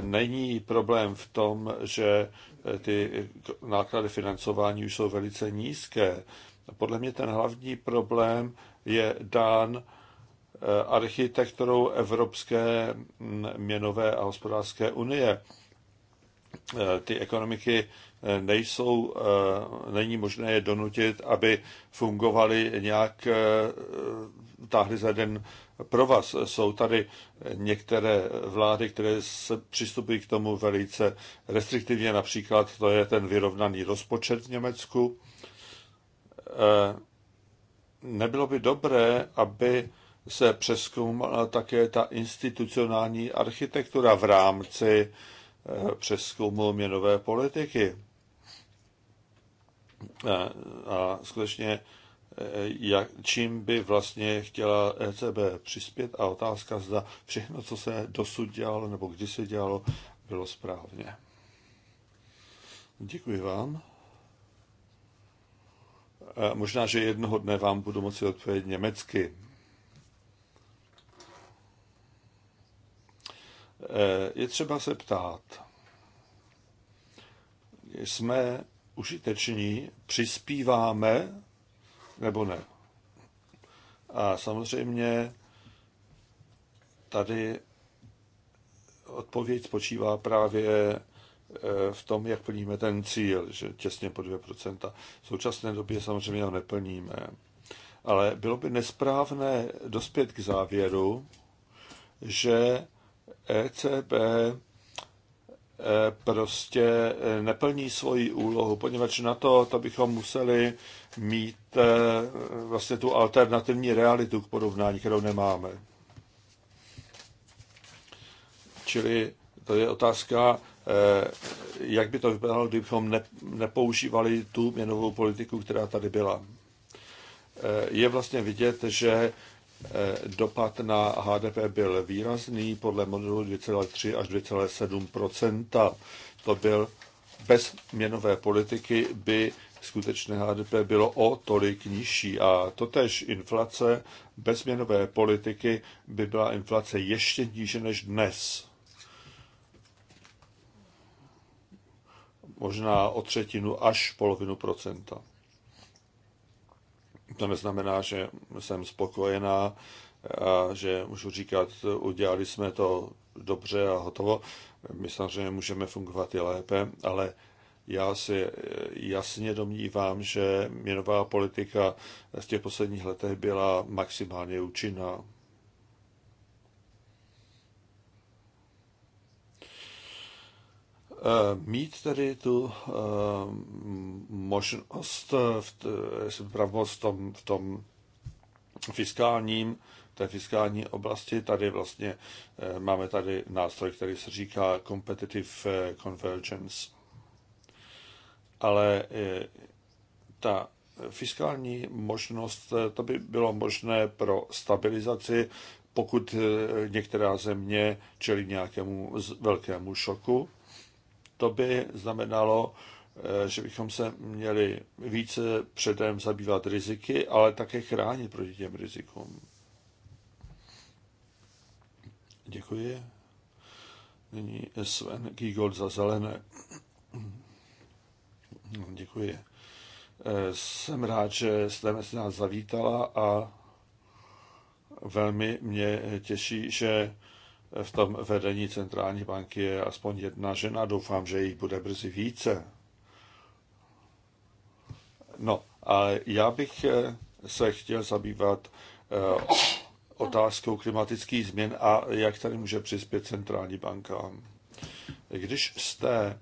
Není problém v tom, že eh, ty náklady financování už jsou velice nízké. Podle mě ten hlavní problém je dán eh, architekturou Evropské mm, měnové a hospodářské unie. Eh, ty ekonomiky nejsou, eh, není možné je donutit, aby fungovali nějak, eh, táhli za jeden vás Jsou tady některé vlády, které se přistupují k tomu velice restriktivně, například to je ten vyrovnaný rozpočet v Německu. Eh, nebylo by dobré, aby se přeskoumala také ta institucionální architektura v rámci přeskoumu měnové politiky. A skutečně, e, jak, čím by vlastně chtěla ECB přispět a otázka, zda všechno, co se dosud dělalo nebo kdy se dělalo, bylo správně. Děkuji vám. E, možná, že jednoho dne vám budu moci odpovědět německy. E, je třeba se ptát. Jsme užiteční, přispíváme nebo ne. A samozřejmě tady odpověď spočívá právě e, v tom, jak plníme ten cíl, že těsně po 2%. V současné době samozřejmě ho neplníme. Ale bylo by nesprávné dospět k závěru, že ECB Eh, prostě eh, neplní svoji úlohu, poněvadž na to, to bychom museli mít eh, vlastně tu alternativní realitu k porovnání, kterou nemáme. Čili to je otázka, jak by to vypadalo, kdybychom nepoužívali tu měnovou politiku, která tady byla. Je vlastně vidět, že Eh, dopad na HDP byl výrazný podle modelu 2,3 až 2,7 To byl bez měnové politiky by skutečné HDP bylo o tolik nižší a totež inflace bez měnové politiky by byla inflace ještě níže než dnes. Možná o třetinu až polovinu procenta. To neznamená, že jsem spokojená a že můžu říkat, udělali jsme to dobře a hotovo. My samozřejmě můžeme fungovat i lépe, ale já si jasně domnívám, že měnová politika v těch posledních letech byla maximálně účinná. Eh, mít tedy tu eh, možnost, eh, pravomoc v tom, v tom fiskálním, té fiskální oblasti, tady vlastně máme tady nástroj, který se říká competitive convergence. Ale ta fiskální možnost, to by bylo možné pro stabilizaci, pokud některá země čelí nějakému velkému šoku, to by znamenalo, eh, že bychom se měli více předem zabývat riziky, ale také chránit proti těm rizikům. Děkuji. Nyní Sven Gigold za zelené. No, děkuji. Eh, jsem rád, že jste mezi nás zavítala a velmi mě těší, že v tom vedení centrální banky je aspoň jedna žena, doufám, že jich bude brzy více. No, a já bych eh, se chtěl zabývat eh, otázkou klimatických změn a jak tady může přispět centrální banka. Když jste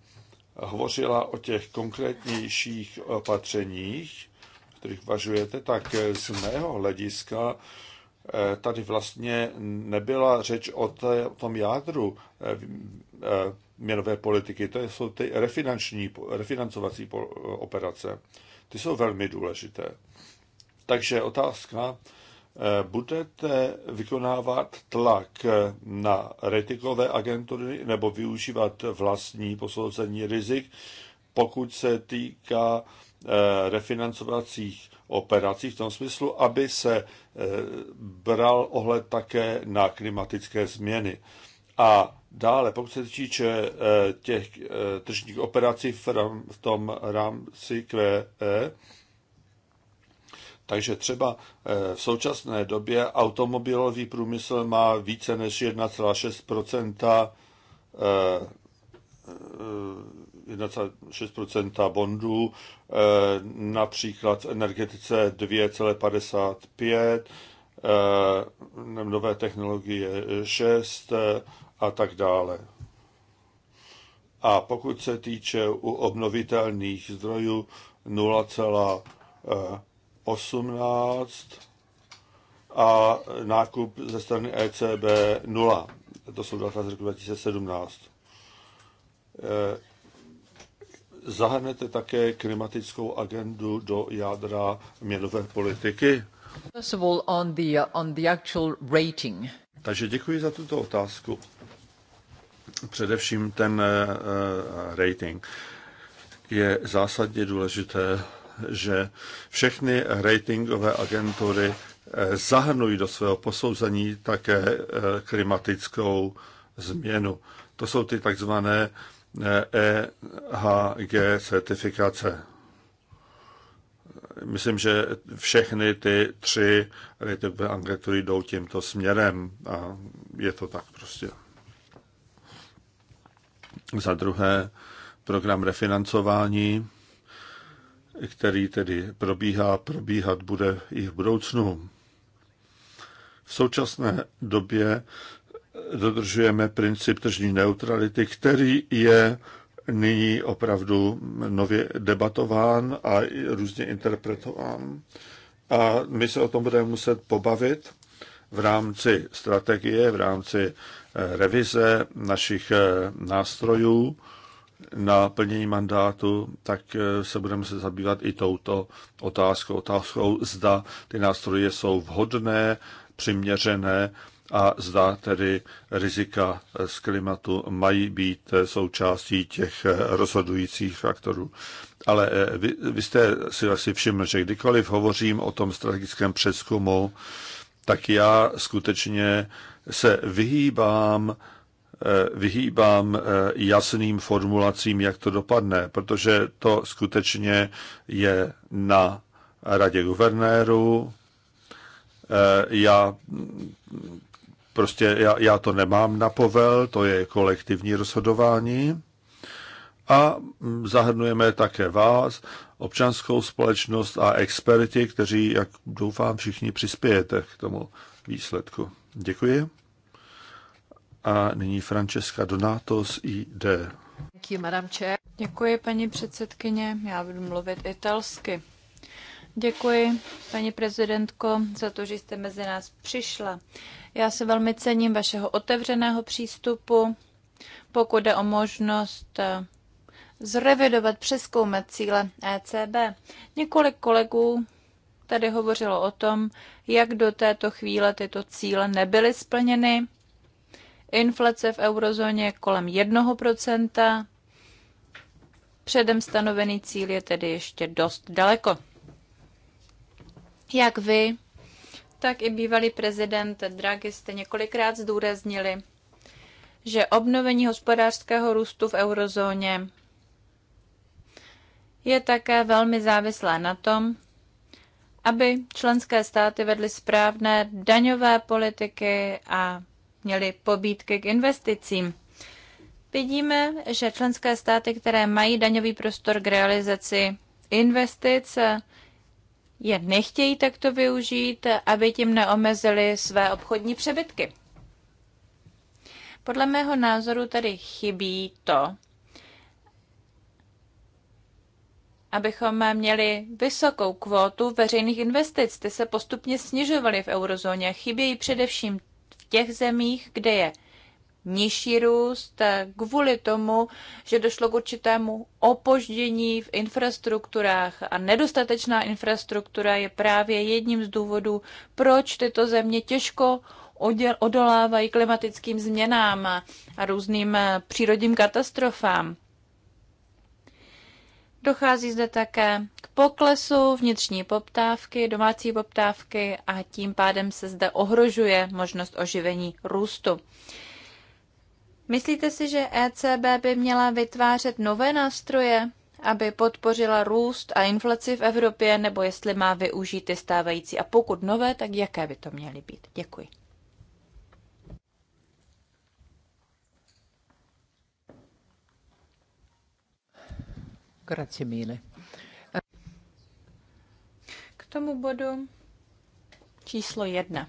hovořila o těch konkrétnějších opatřeních, kterých važujete, tak eh, z mého hlediska Eh, tady vlastně nebyla řeč o, tom jádru eh, eh, měnové politiky. To jsou ty refinanční, refinancovací operace. Ty jsou velmi důležité. Takže otázka, budete vykonávat tlak na ratingové agentury nebo využívat vlastní posouzení rizik, pokud se týká refinancovacích operací v tom smyslu, aby se eh, bral ohled také na klimatické změny. A dále, pokud se týče eh, těch eh, tržních operací v tom rámci QE, takže třeba v současné době automobilový průmysl má více než 1,6 1,6 bondů, eh, například v energetice 2,55, eh, nové technologie 6 eh, a tak dále. A pokud se týče u obnovitelných zdrojů 0,18 a nákup ze strany ECB 0. To jsou data z roku 2017 zahrnete také klimatickou agendu do jádra měnové politiky? First of all, on the, uh, on the actual rating. Takže děkuji za tuto otázku. Především ten uh, uh rating. Je zásadně důležité, že všechny ratingové agentury uh, zahrnují do svého posouzení také klimatickou změnu. To jsou ty takzvané uh, EHG e certifikace. Myslím, že všechny ty tři ratingové agentury jdou tímto směrem a je to tak prostě. Za druhé, program refinancování, který tedy probíhá, probíhat bude i v budoucnu. V současné době dodržujeme princip tržní neutrality, který je nyní opravdu nově debatován a různě interpretován. A my se o tom budeme muset pobavit v rámci strategie, v rámci eh, revize našich eh, nástrojů na plnění mandátu, tak eh, se budeme se zabývat i touto otázkou. Otázkou, zda ty nástroje jsou vhodné, přiměřené a zda tedy rizika z klimatu mají být součástí těch rozhodujících faktorů. Ale eh, vy, vy jste si asi všiml, že kdykoliv hovořím o tom strategickém přeskumu, tak já skutečně se vyhýbám eh, vyhýbám eh, jasným formulacím, jak to dopadne, protože to skutečně je na radě guvernérů. Já Prostě já, já to nemám na povel, to je kolektivní rozhodování. A zahrnujeme také vás, občanskou společnost a experti, kteří, jak doufám, všichni přispějete k tomu výsledku. Děkuji. A nyní Francesca Donato z ID. Děkuji, paní předsedkyně. Já budu mluvit italsky. Děkuji, paní prezidentko, za to, že jste mezi nás přišla. Já si velmi cením vašeho otevřeného přístupu, pokud jde o možnost eh, zrevidovat, přeskoumat cíle ECB. Několik kolegů tady hovořilo o tom, jak do této chvíle tyto cíle nebyly splněny. Inflace v eurozóně je kolem 1%. Předem stanovený cíl je tedy ještě dost daleko. Jak vy, tak i bývalý prezident Draghi jste několikrát zdůraznili, že obnovení hospodářského růstu v eurozóně je také velmi závislé na tom, aby členské státy vedly správné daňové politiky a měly pobídky k investicím. Vidíme, že členské státy, které mají daňový prostor k realizaci investic, je nechtějí takto využít, aby tím neomezili své obchodní přebytky. Podle mého názoru tady chybí to, abychom měli vysokou kvótu veřejných investic. Ty se postupně snižovaly v eurozóně. Chybějí především v těch zemích, kde je nižší růst eh, kvůli tomu, že došlo k určitému opoždění v infrastrukturách a nedostatečná infrastruktura je právě jedním z důvodů, proč tyto země těžko odolávají klimatickým změnám a různým eh, přírodním katastrofám. Dochází zde také k poklesu vnitřní poptávky, domácí poptávky a tím pádem se zde ohrožuje možnost oživení růstu. Myslíte si, že ECB by měla vytvářet nové nástroje, aby podpořila růst a inflaci v Evropě, nebo jestli má využít ty stávající? A pokud nové, tak jaké by to měly být? Děkuji. Grazie mille. K tomu bodu číslo jedna.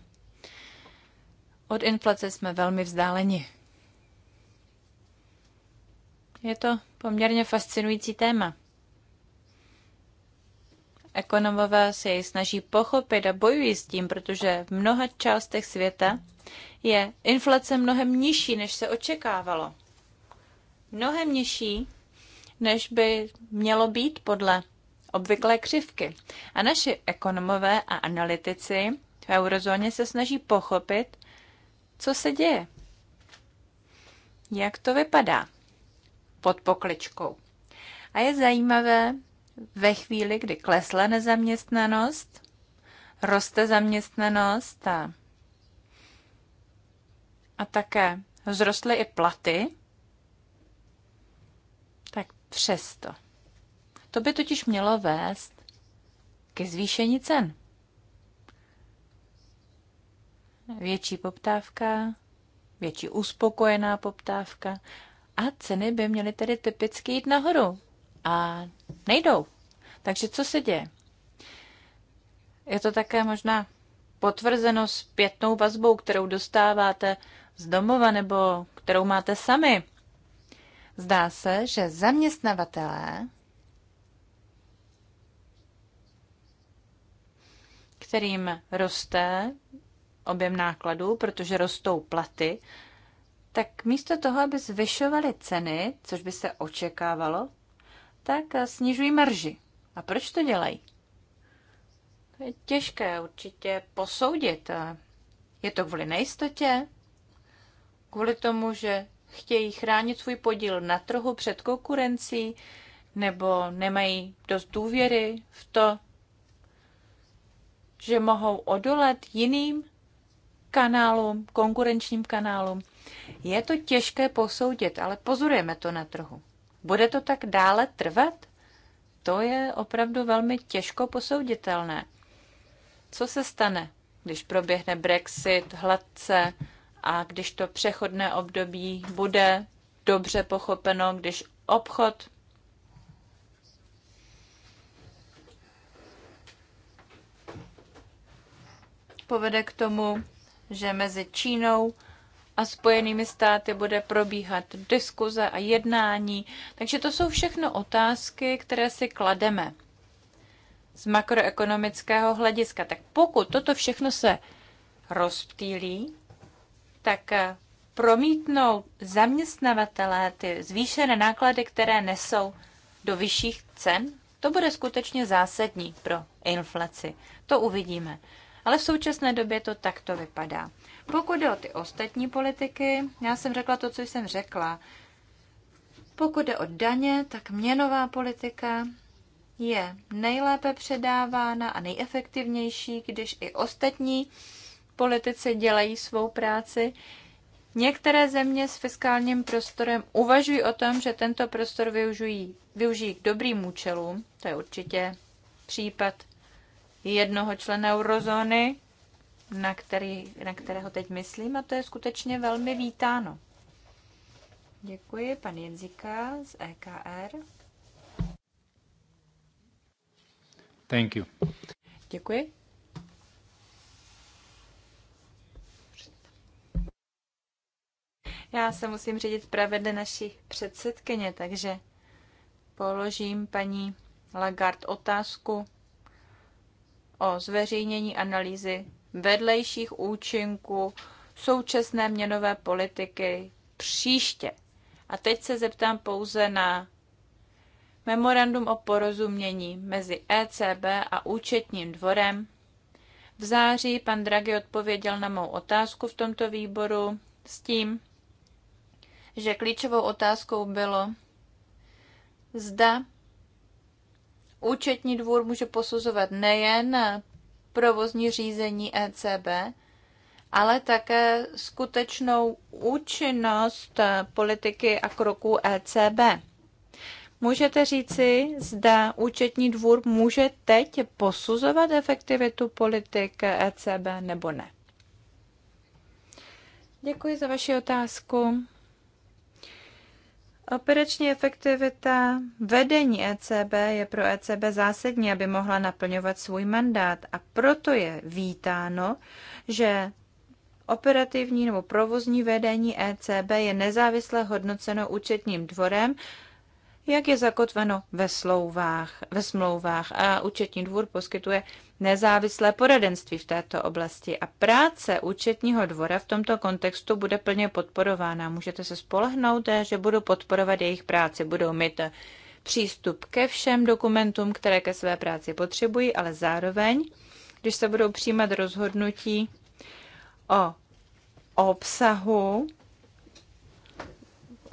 Od inflace jsme velmi vzdáleni. Je to poměrně fascinující téma. Ekonomové se jej snaží pochopit a bojují s tím, protože v mnoha částech světa je inflace mnohem nižší, než se očekávalo. Mnohem nižší, než by mělo být podle obvyklé křivky. A naši ekonomové a analytici v eurozóně se snaží pochopit, co se děje. Jak to vypadá? pod pokličkou. A je zajímavé, ve chvíli, kdy klesla nezaměstnanost, roste zaměstnanost a, a také vzrostly i platy, tak přesto. To by totiž mělo vést ke zvýšení cen. Větší poptávka, větší uspokojená poptávka a ceny by měly tedy typicky jít nahoru. A nejdou. Takže co se děje? Je to také možná potvrzeno zpětnou vazbou, kterou dostáváte z domova nebo kterou máte sami. Zdá se, že zaměstnavatelé, kterým roste objem nákladů, protože rostou platy, tak místo toho, aby zvyšovali ceny, což by se očekávalo, tak snižují marži. A proč to dělají? To je těžké určitě posoudit. Je to kvůli nejistotě? Kvůli tomu, že chtějí chránit svůj podíl na trhu před konkurencí? Nebo nemají dost důvěry v to, že mohou odolat jiným kanálům, konkurenčním kanálům? Je to těžké posoudit, ale pozorujeme to na trhu. Bude to tak dále trvat? To je opravdu velmi těžko posouditelné. Co se stane, když proběhne Brexit hladce a když to přechodné období bude dobře pochopeno, když obchod povede k tomu, že mezi Čínou a Spojenými státy bude probíhat diskuze a jednání. Takže to jsou všechno otázky, které si klademe z makroekonomického hlediska. Tak pokud toto všechno se rozptýlí, tak eh, promítnou zaměstnavatelé ty zvýšené náklady, které nesou do vyšších cen, to bude skutečně zásadní pro inflaci. To uvidíme. Ale v současné době to takto vypadá. Pokud jde o ty ostatní politiky, já jsem řekla to, co jsem řekla. Pokud jde o daně, tak měnová politika je nejlépe předávána a nejefektivnější, když i ostatní politici dělají svou práci. Některé země s fiskálním prostorem uvažují o tom, že tento prostor využijí, využijí k dobrým účelům. To je určitě případ jednoho člena eurozóny, na, který, na kterého teď myslím, a to je skutečně velmi vítáno. Děkuji, pan Jenzika z EKR. Thank you. Děkuji. Já se musím řídit pravidly naší předsedkyně, takže položím paní Lagarde otázku o zveřejnění analýzy vedlejších účinků současné měnové politiky příště. A teď se zeptám pouze na memorandum o porozumění mezi ECB a účetním dvorem. V září pan Draghi odpověděl na mou otázku v tomto výboru s tím, že klíčovou otázkou bylo, zda účetní dvůr může posuzovat nejen provozní řízení ECB, ale také skutečnou účinnost politiky a kroků ECB. Můžete říci, zda účetní dvůr může teď posuzovat efektivitu politik ECB nebo ne? Děkuji za vaši otázku. Operační efektivita vedení ECB je pro ECB zásadní, aby mohla naplňovat svůj mandát a proto je vítáno, že operativní nebo provozní vedení ECB je nezávisle hodnoceno účetním dvorem, jak je zakotveno ve, slouvách, ve smlouvách a účetní dvůr poskytuje nezávislé poradenství v této oblasti a práce účetního dvora v tomto kontextu bude plně podporována. Můžete se spolehnout, že budou podporovat jejich práci, budou mít přístup ke všem dokumentům, které ke své práci potřebují, ale zároveň, když se budou přijímat rozhodnutí o obsahu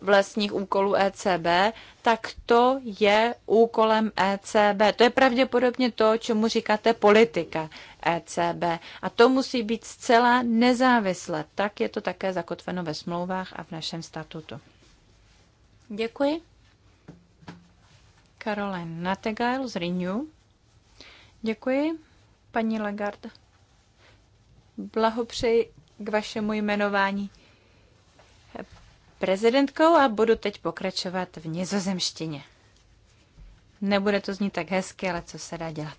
vlastních úkolů ECB, tak to je úkolem ECB. To je pravděpodobně to, čemu říkáte politika ECB. A to musí být zcela nezávislé. Tak je to také zakotveno ve smlouvách a v našem statutu. Děkuji. Caroline Nategail z Renew. Děkuji, paní Lagarde. Blahopřeji k vašemu jmenování prezidentkou a budu teď pokračovat v nizozemštině. Nebude to znít tak hezky, ale co se dá dělat.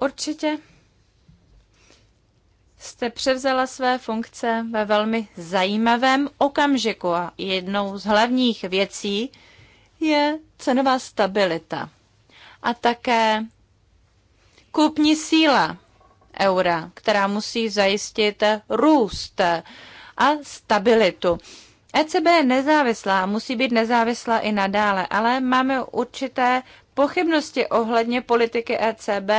Určitě jste převzala své funkce ve velmi zajímavém okamžiku a jednou z hlavních věcí je cenová stabilita a také kupní síla eura, která musí zajistit růst a stabilitu. ECB je nezávislá, musí být nezávislá i nadále, ale máme určité pochybnosti ohledně politiky ECB,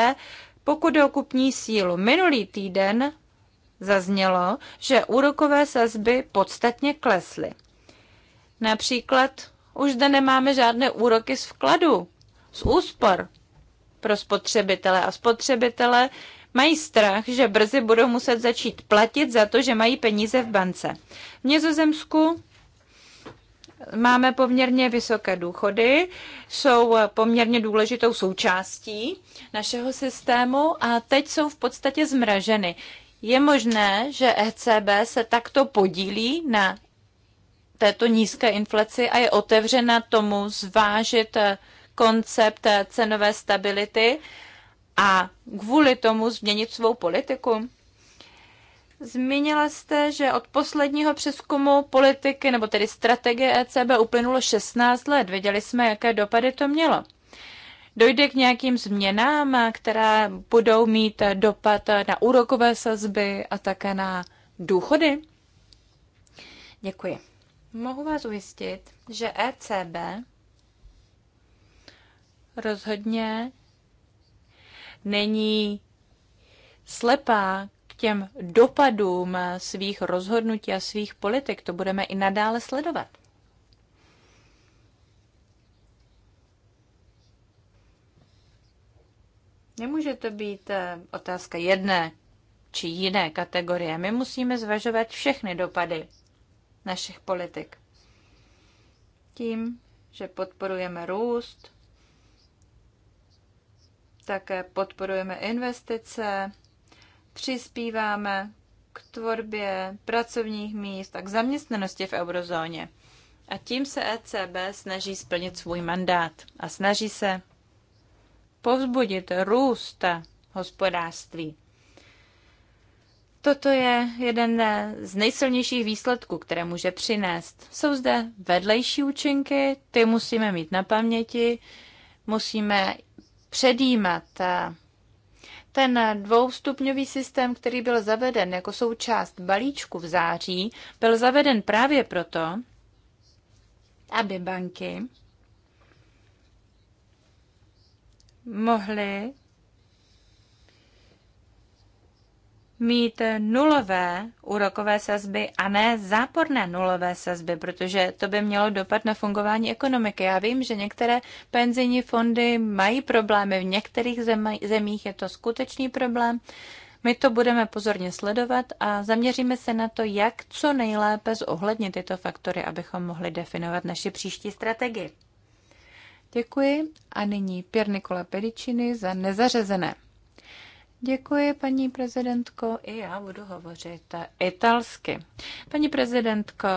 pokud jde o kupní sílu. Minulý týden zaznělo, že úrokové sazby podstatně klesly. Například už zde nemáme žádné úroky z vkladu, z úspor pro spotřebitele a spotřebitele Mají strach, že brzy budou muset začít platit za to, že mají peníze v bance. V Nězozemsku máme poměrně vysoké důchody, jsou poměrně důležitou součástí našeho systému a teď jsou v podstatě zmraženy. Je možné, že ECB se takto podílí na této nízké inflaci a je otevřena tomu zvážit koncept cenové stability a kvůli tomu změnit svou politiku? Zmínila jste, že od posledního přeskumu politiky, nebo tedy strategie ECB, uplynulo 16 let. Věděli jsme, jaké dopady to mělo. Dojde k nějakým změnám, které budou mít dopad na úrokové sazby a také na důchody? Děkuji. Mohu vás ujistit, že ECB rozhodně není slepá k těm dopadům svých rozhodnutí a svých politik. To budeme i nadále sledovat. Nemůže to být eh, otázka jedné či jiné kategorie. My musíme zvažovat všechny dopady našich politik. Tím, že podporujeme růst, také podporujeme investice, přispíváme k tvorbě pracovních míst a k zaměstnanosti v eurozóně. A tím se ECB snaží splnit svůj mandát a snaží se povzbudit růst hospodářství. Toto je jeden z nejsilnějších výsledků, které může přinést. Jsou zde vedlejší účinky, ty musíme mít na paměti, musíme předjímat. Eh, ten dvoustupňový systém, který byl zaveden jako součást balíčku v září, byl zaveden právě proto, aby banky mohly mít nulové úrokové sazby a ne záporné nulové sazby, protože to by mělo dopad na fungování ekonomiky. Já vím, že některé penzijní fondy mají problémy, v některých zemích je to skutečný problém. My to budeme pozorně sledovat a zaměříme se na to, jak co nejlépe zohlednit tyto faktory, abychom mohli definovat naši příští strategii. Děkuji a nyní Pěr Nikola Pedicini za nezařazené. Děkuji, paní prezidentko. I já budu hovořit italsky. Paní prezidentko,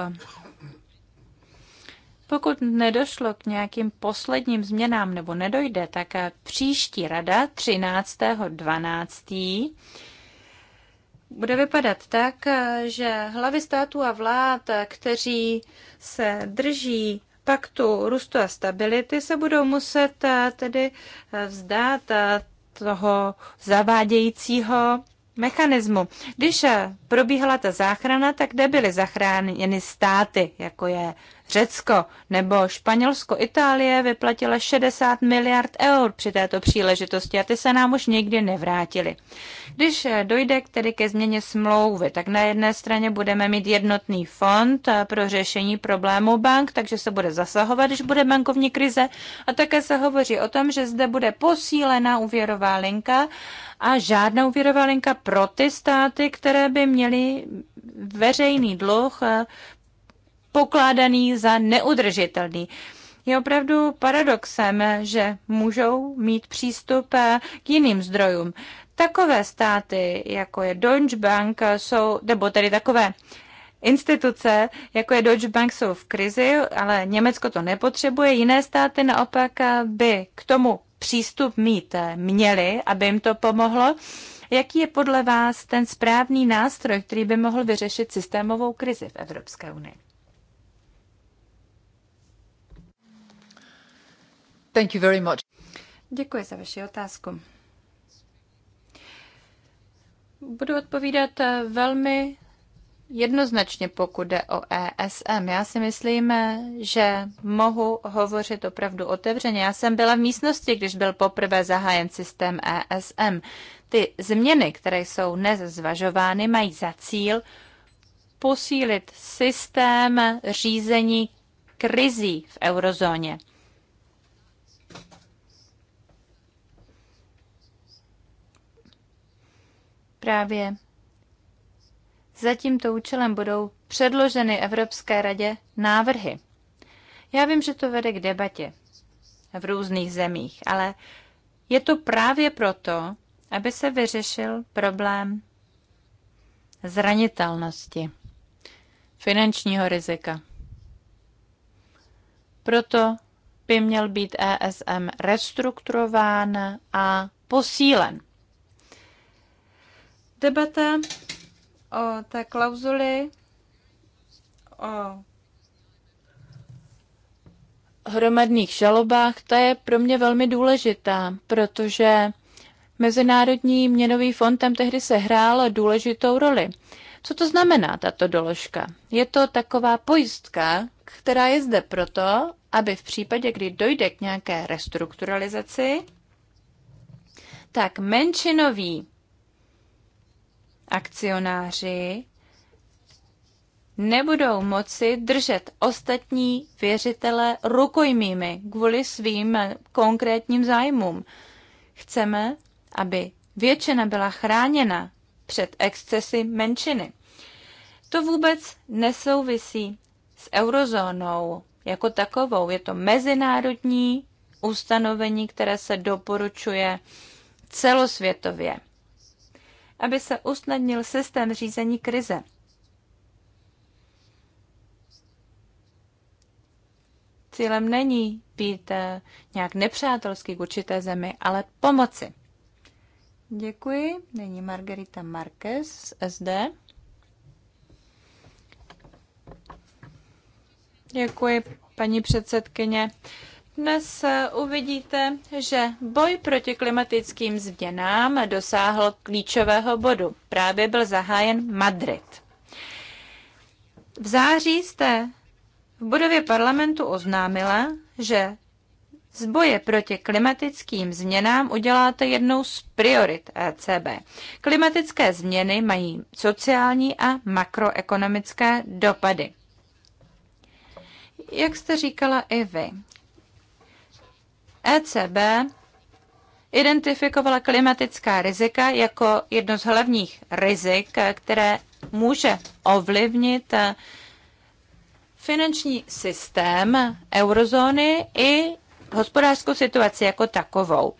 pokud nedošlo k nějakým posledním změnám nebo nedojde, tak příští rada 13.12. bude vypadat tak, že hlavy států a vlád, kteří se drží paktu růstu a stability, se budou muset tedy vzdát toho zavádějícího mechanismu. Když probíhala ta záchrana, tak kde byly zachráněny státy, jako je Řecko nebo Španělsko, Itálie vyplatila 60 miliard eur při této příležitosti a ty se nám už nikdy nevrátily. Když dojde k tedy ke změně smlouvy, tak na jedné straně budeme mít jednotný fond pro řešení problémů bank, takže se bude zasahovat, když bude bankovní krize a také se hovoří o tom, že zde bude posílená úvěrová linka a žádná úvěrová linka pro ty státy, které by měly veřejný dluh pokládaný za neudržitelný. Je opravdu paradoxem, že můžou mít přístup eh, k jiným zdrojům. Takové státy, jako je Deutsche Bank, jsou, nebo tedy takové instituce, jako je Deutsche Bank, jsou v krizi, ale Německo to nepotřebuje. Jiné státy naopak eh, by k tomu přístup mít eh, měli, aby jim to pomohlo. Jaký je podle vás ten správný nástroj, který by mohl vyřešit systémovou krizi v Evropské unii? Thank you very much. Děkuji za vaši otázku. Budu odpovídat eh, velmi jednoznačně, pokud jde o ESM. Já si myslím, eh, že mohu hovořit opravdu otevřeně. Já jsem byla v místnosti, když byl poprvé zahájen systém ESM. Ty změny, které jsou nezvažovány, mají za cíl posílit systém řízení krizí v eurozóně. právě za tímto účelem budou předloženy Evropské radě návrhy. Já vím, že to vede k debatě v různých zemích, ale je to právě proto, aby se vyřešil problém zranitelnosti, finančního rizika. Proto by měl být ESM restrukturován a posílen. Tibete, o té klauzuli o hromadných žalobách, ta je pro mě velmi důležitá, protože Mezinárodní měnový fond tam tehdy sehrál důležitou roli. Co to znamená tato doložka? Je to taková pojistka, která je zde proto, aby v případě, kdy dojde k nějaké restrukturalizaci, tak menšinový akcionáři nebudou moci držet ostatní věřitele rukojmími kvůli svým konkrétním zájmům. Chceme, aby většina byla chráněna před excesy menšiny. To vůbec nesouvisí s eurozónou jako takovou. Je to mezinárodní ustanovení, které se doporučuje celosvětově aby se usnadnil systém řízení krize. Cílem není být eh, nějak nepřátelský k určité zemi, ale pomoci. Děkuji. není Margarita Marquez z SD. Děkuji, paní předsedkyně. Dnes eh, uvidíte, že boj proti klimatickým změnám dosáhl klíčového bodu. Právě byl zahájen Madrid. V září jste v budově parlamentu oznámila, že z boje proti klimatickým změnám uděláte jednou z priorit ECB. Klimatické změny mají sociální a makroekonomické dopady. Jak jste říkala i vy, ECB identifikovala klimatická rizika jako jedno z hlavních rizik, které může ovlivnit eh, finanční systém eurozóny i hospodářskou situaci jako takovou.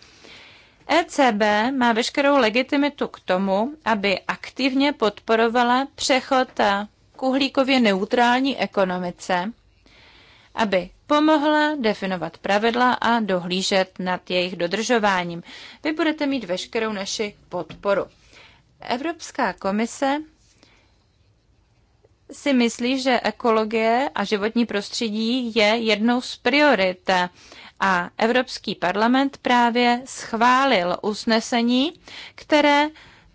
ECB má veškerou legitimitu k tomu, aby aktivně podporovala přechod eh, k uhlíkově neutrální ekonomice, aby pomohla definovat pravidla a dohlížet nad jejich dodržováním. Vy budete mít veškerou naši podporu. Evropská komise si myslí, že ekologie a životní prostředí je jednou z priorit a Evropský parlament právě schválil usnesení, které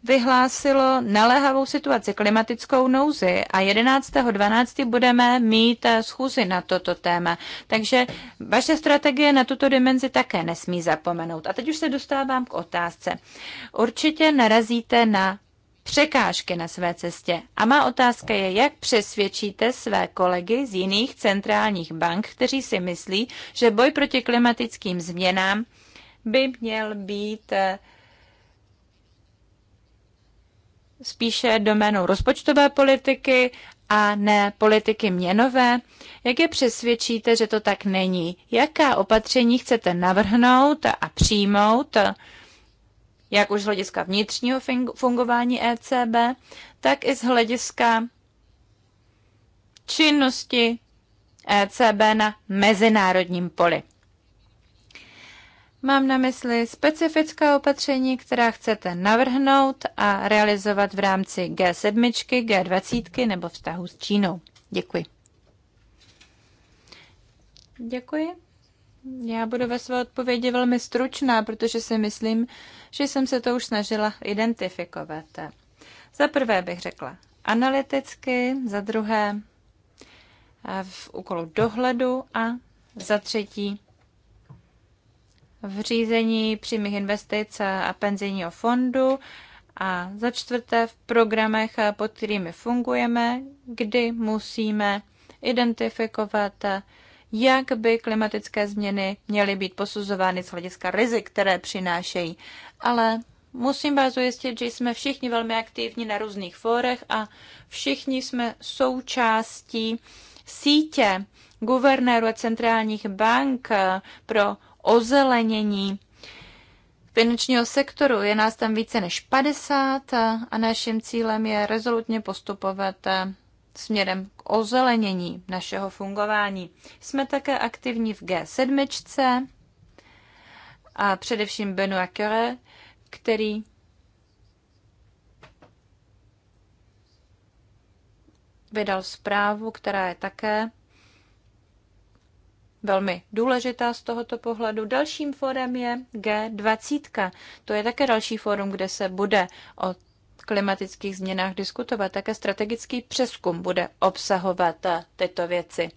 vyhlásilo naléhavou situaci, klimatickou nouzi a 11.12. budeme mít eh, schůzi na toto téma. Takže vaše strategie na tuto dimenzi také nesmí zapomenout. A teď už se dostávám k otázce. Určitě narazíte na překážky na své cestě. A má otázka je, jak přesvědčíte své kolegy z jiných centrálních bank, kteří si myslí, že boj proti klimatickým změnám by měl být eh, spíše doménou rozpočtové politiky a ne politiky měnové? Jak je přesvědčíte, že to tak není? Jaká opatření chcete navrhnout a přijmout, jak už z hlediska vnitřního fungování ECB, tak i z hlediska činnosti ECB na mezinárodním poli? Mám na mysli specifická opatření, která chcete navrhnout a realizovat v rámci G7, G20 nebo vztahu s Čínou. Děkuji. Děkuji. Já budu ve své odpovědi velmi stručná, protože si myslím, že jsem se to už snažila identifikovat. Za prvé bych řekla analyticky, za druhé v úkolu dohledu a za třetí v řízení přímých investic a penzijního fondu a za čtvrté v programech, pod kterými fungujeme, kdy musíme identifikovat, jak by klimatické změny měly být posuzovány z hlediska rizik, které přinášejí. Ale musím vás ujistit, že jsme všichni velmi aktivní na různých fórech a všichni jsme součástí sítě guvernéru a centrálních bank pro ozelenění finančního sektoru. Je nás tam více než 50 a naším cílem je rezolutně postupovat směrem k ozelenění našeho fungování. Jsme také aktivní v G7 a především Benoît Curé, který vydal zprávu, která je také velmi důležitá z tohoto pohledu. Dalším fórem je G20. To je také další fórum, kde se bude o klimatických změnách diskutovat. Také strategický přeskum bude obsahovat tyto věci.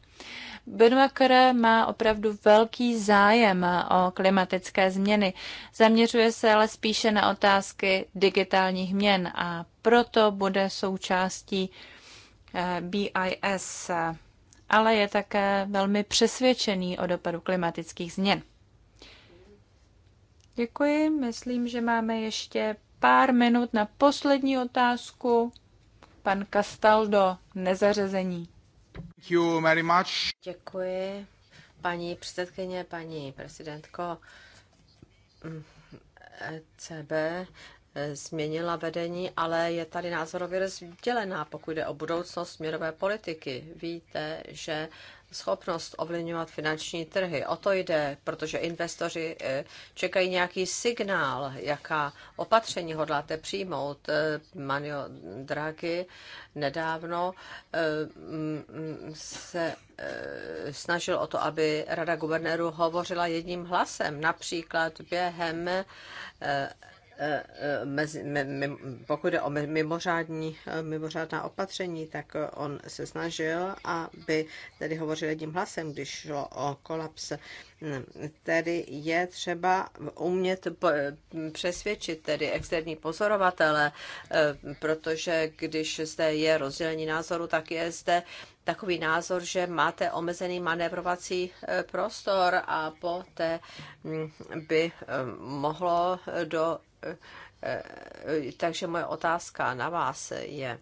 Benoakere má opravdu velký zájem o klimatické změny. Zaměřuje se ale spíše na otázky digitálních měn a proto bude součástí eh, BIS ale je také velmi přesvědčený o dopadu klimatických změn. Děkuji. Myslím, že máme ještě pár minut na poslední otázku. Pan Castaldo, nezařazení. Thank you very much. Děkuji, paní předsedkyně, paní prezidentko. Mm, e CB Eh, změnila vedení, ale je tady názorově rozdělená, pokud jde o budoucnost směrové politiky. Víte, že schopnost ovlivňovat finanční trhy, o to jde, protože investoři eh, čekají nějaký signál, jaká opatření hodláte přijmout. Eh, Manio Draghi nedávno se snažil o to, aby Rada guvernérů hovořila jedním hlasem, například během Eh, eh, mezi, pokud jde o mimořádní, eh, mimořádná opatření, tak on se snažil, aby tedy hovořil jedním hlasem, když šlo o kolaps. Hmm, tedy je třeba umět přesvědčit tedy externí pozorovatele, protože když zde je rozdělení názoru, tak je zde takový názor, že máte omezený manévrovací prostor a poté hmm, by mohlo do Eh, takže moje otázka na vás je,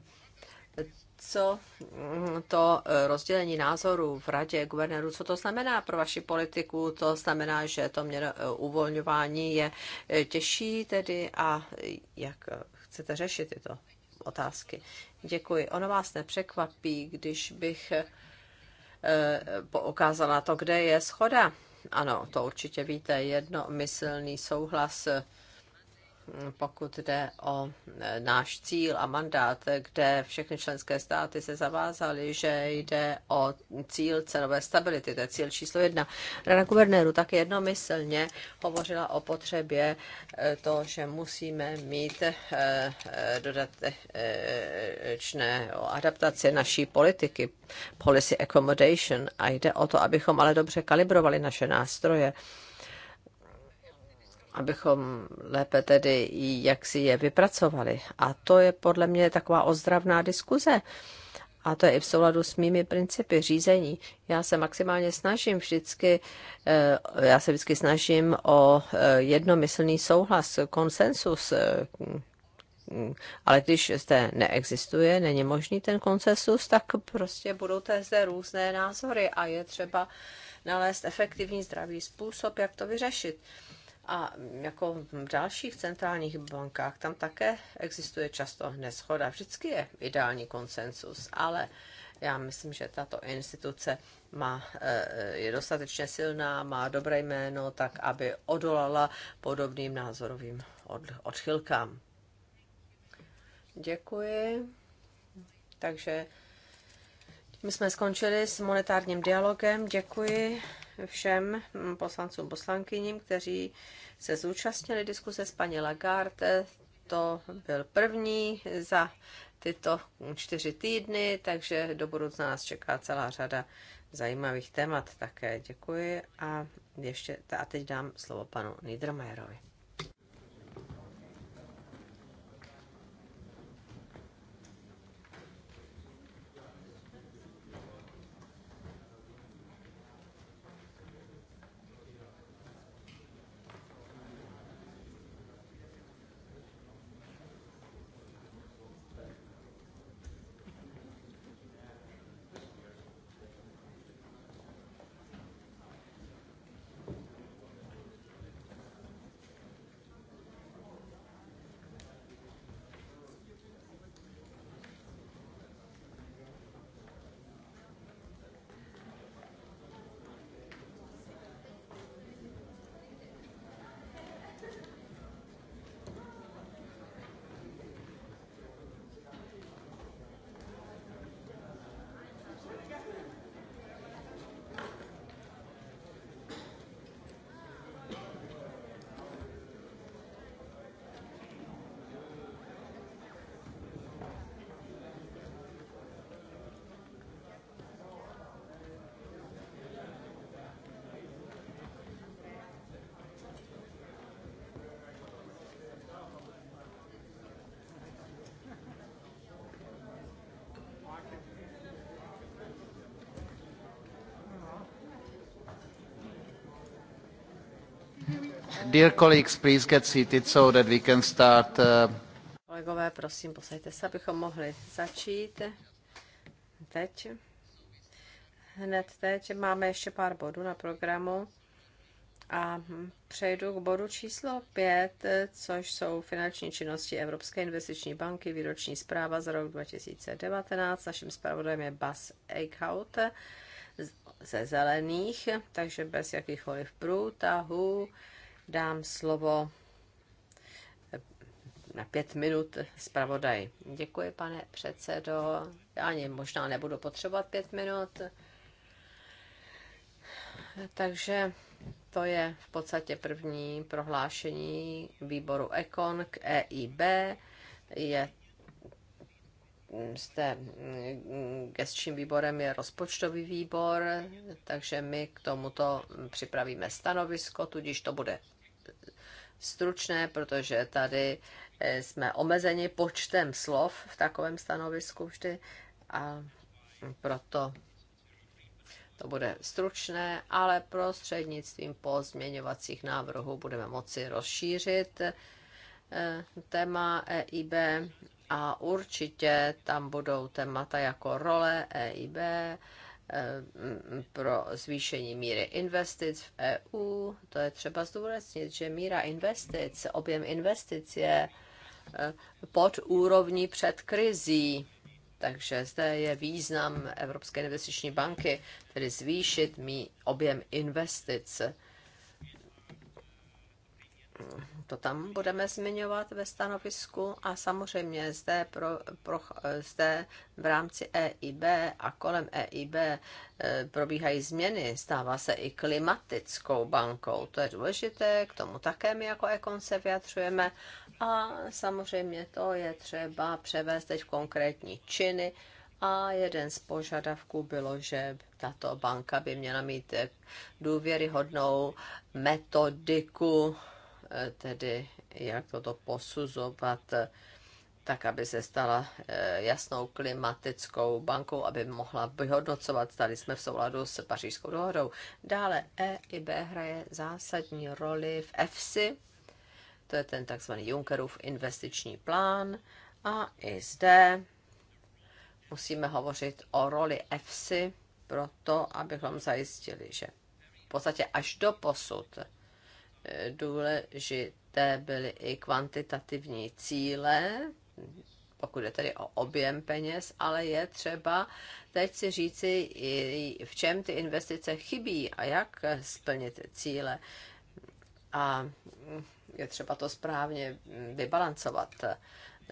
co mm, to eh, rozdělení názorů v radě guvernérů, co to znamená pro vaši politiku? To znamená, že to mě eh, uvolňování je těžší tedy a jak chcete řešit tyto otázky? Děkuji. Ono vás nepřekvapí, když bych ukázala to, kde je schoda. Ano, to určitě víte, jednomyslný souhlas pokud jde o e, náš cíl a mandát, kde všechny členské státy se zavázaly, že jde o cíl cenové stability, to je cíl číslo jedna. Rada guvernéru tak jednomyslně hovořila o potřebě e, to, že musíme mít e, dodatečné adaptaci naší politiky, policy accommodation, a jde o to, abychom ale dobře kalibrovali naše nástroje abychom lépe tedy jak si je vypracovali. A to je podle mě taková ozdravná diskuze. A to je i v souladu s mými principy řízení. Já se maximálně snažím vždycky, eh, já se vždycky snažím o eh, jednomyslný souhlas, konsensus, eh, mm, ale když zde neexistuje, není možný ten konsensus, tak prostě budou té zde různé názory a je třeba nalézt efektivní zdravý způsob, jak to vyřešit. A jako v dalších centrálních bankách, tam také existuje často neschoda. Vždycky je ideální konsensus, ale já myslím, že tato instituce má, eh, je dostatečně silná, má dobré jméno, tak aby odolala podobným názorovým odchylkám. Děkuji. Takže my jsme skončili s monetárním dialogem. Děkuji všem poslancům, poslankyním, kteří se zúčastnili diskuse s paní Lagarde. To byl první za tyto čtyři týdny, takže do budoucna nás čeká celá řada zajímavých témat také. Děkuji a ještě a teď dám slovo panu Niedermayerovi. Dear colleagues, please get seated so that we can start. Uh, Kolegové, prosím, posaďte se, abychom mohli začít. Teď. Hned teď máme ještě pár bodů na programu. A přejdu k bodu číslo 5, což jsou finanční činnosti Evropské investiční banky, výroční zpráva za rok 2019. Naším zpravodajem je Bas Eichhout ze zelených, takže bez jakýchkoliv průtahů dám slovo na pět minut zpravodaj. Děkuji, pane předsedo. Ani možná nebudu potřebovat pět minut. Takže to je v podstatě první prohlášení výboru Econ k EIB. Je jste gestčním výborem je rozpočtový výbor, takže my k tomuto připravíme stanovisko, tudíž to bude stručné, protože tady eh, jsme omezeni počtem slov v takovém stanovisku vždy a proto to bude stručné, ale prostřednictvím pozměňovacích návrhů budeme moci rozšířit eh, téma EIB a určitě tam budou témata jako role EIB, Eh, pro zvýšení míry investic v EU. To je třeba zdůraznit, že míra investic, objem investic je eh, pod úrovní před krizí. Takže zde je význam Evropské investiční banky, tedy zvýšit mý objem investic to tam budeme zmiňovat ve stanovisku a samozřejmě zde, pro, pro, zde v rámci EIB a kolem EIB eh, probíhají změny, stává se i klimatickou bankou, to je důležité, k tomu také my jako Ekon se vyjadřujeme a samozřejmě to je třeba převést teď konkrétní činy, a jeden z požadavků bylo, že tato banka by měla mít eh, důvěryhodnou metodiku tedy jak toto posuzovat, tak aby se stala eh, jasnou klimatickou bankou, aby mohla vyhodnocovat, Tady jsme v souladu s pařížskou dohodou. Dále E i B hraje zásadní roli v EFSI, to je ten takzvaný Junckerův investiční plán. A i zde musíme hovořit o roli EFSI pro to, abychom zajistili, že v podstatě až do posud důležité byly i kvantitativní cíle, pokud je tedy o objem peněz, ale je třeba teď si říci, v čem ty investice chybí a jak splnit cíle. A je třeba to správně vybalancovat.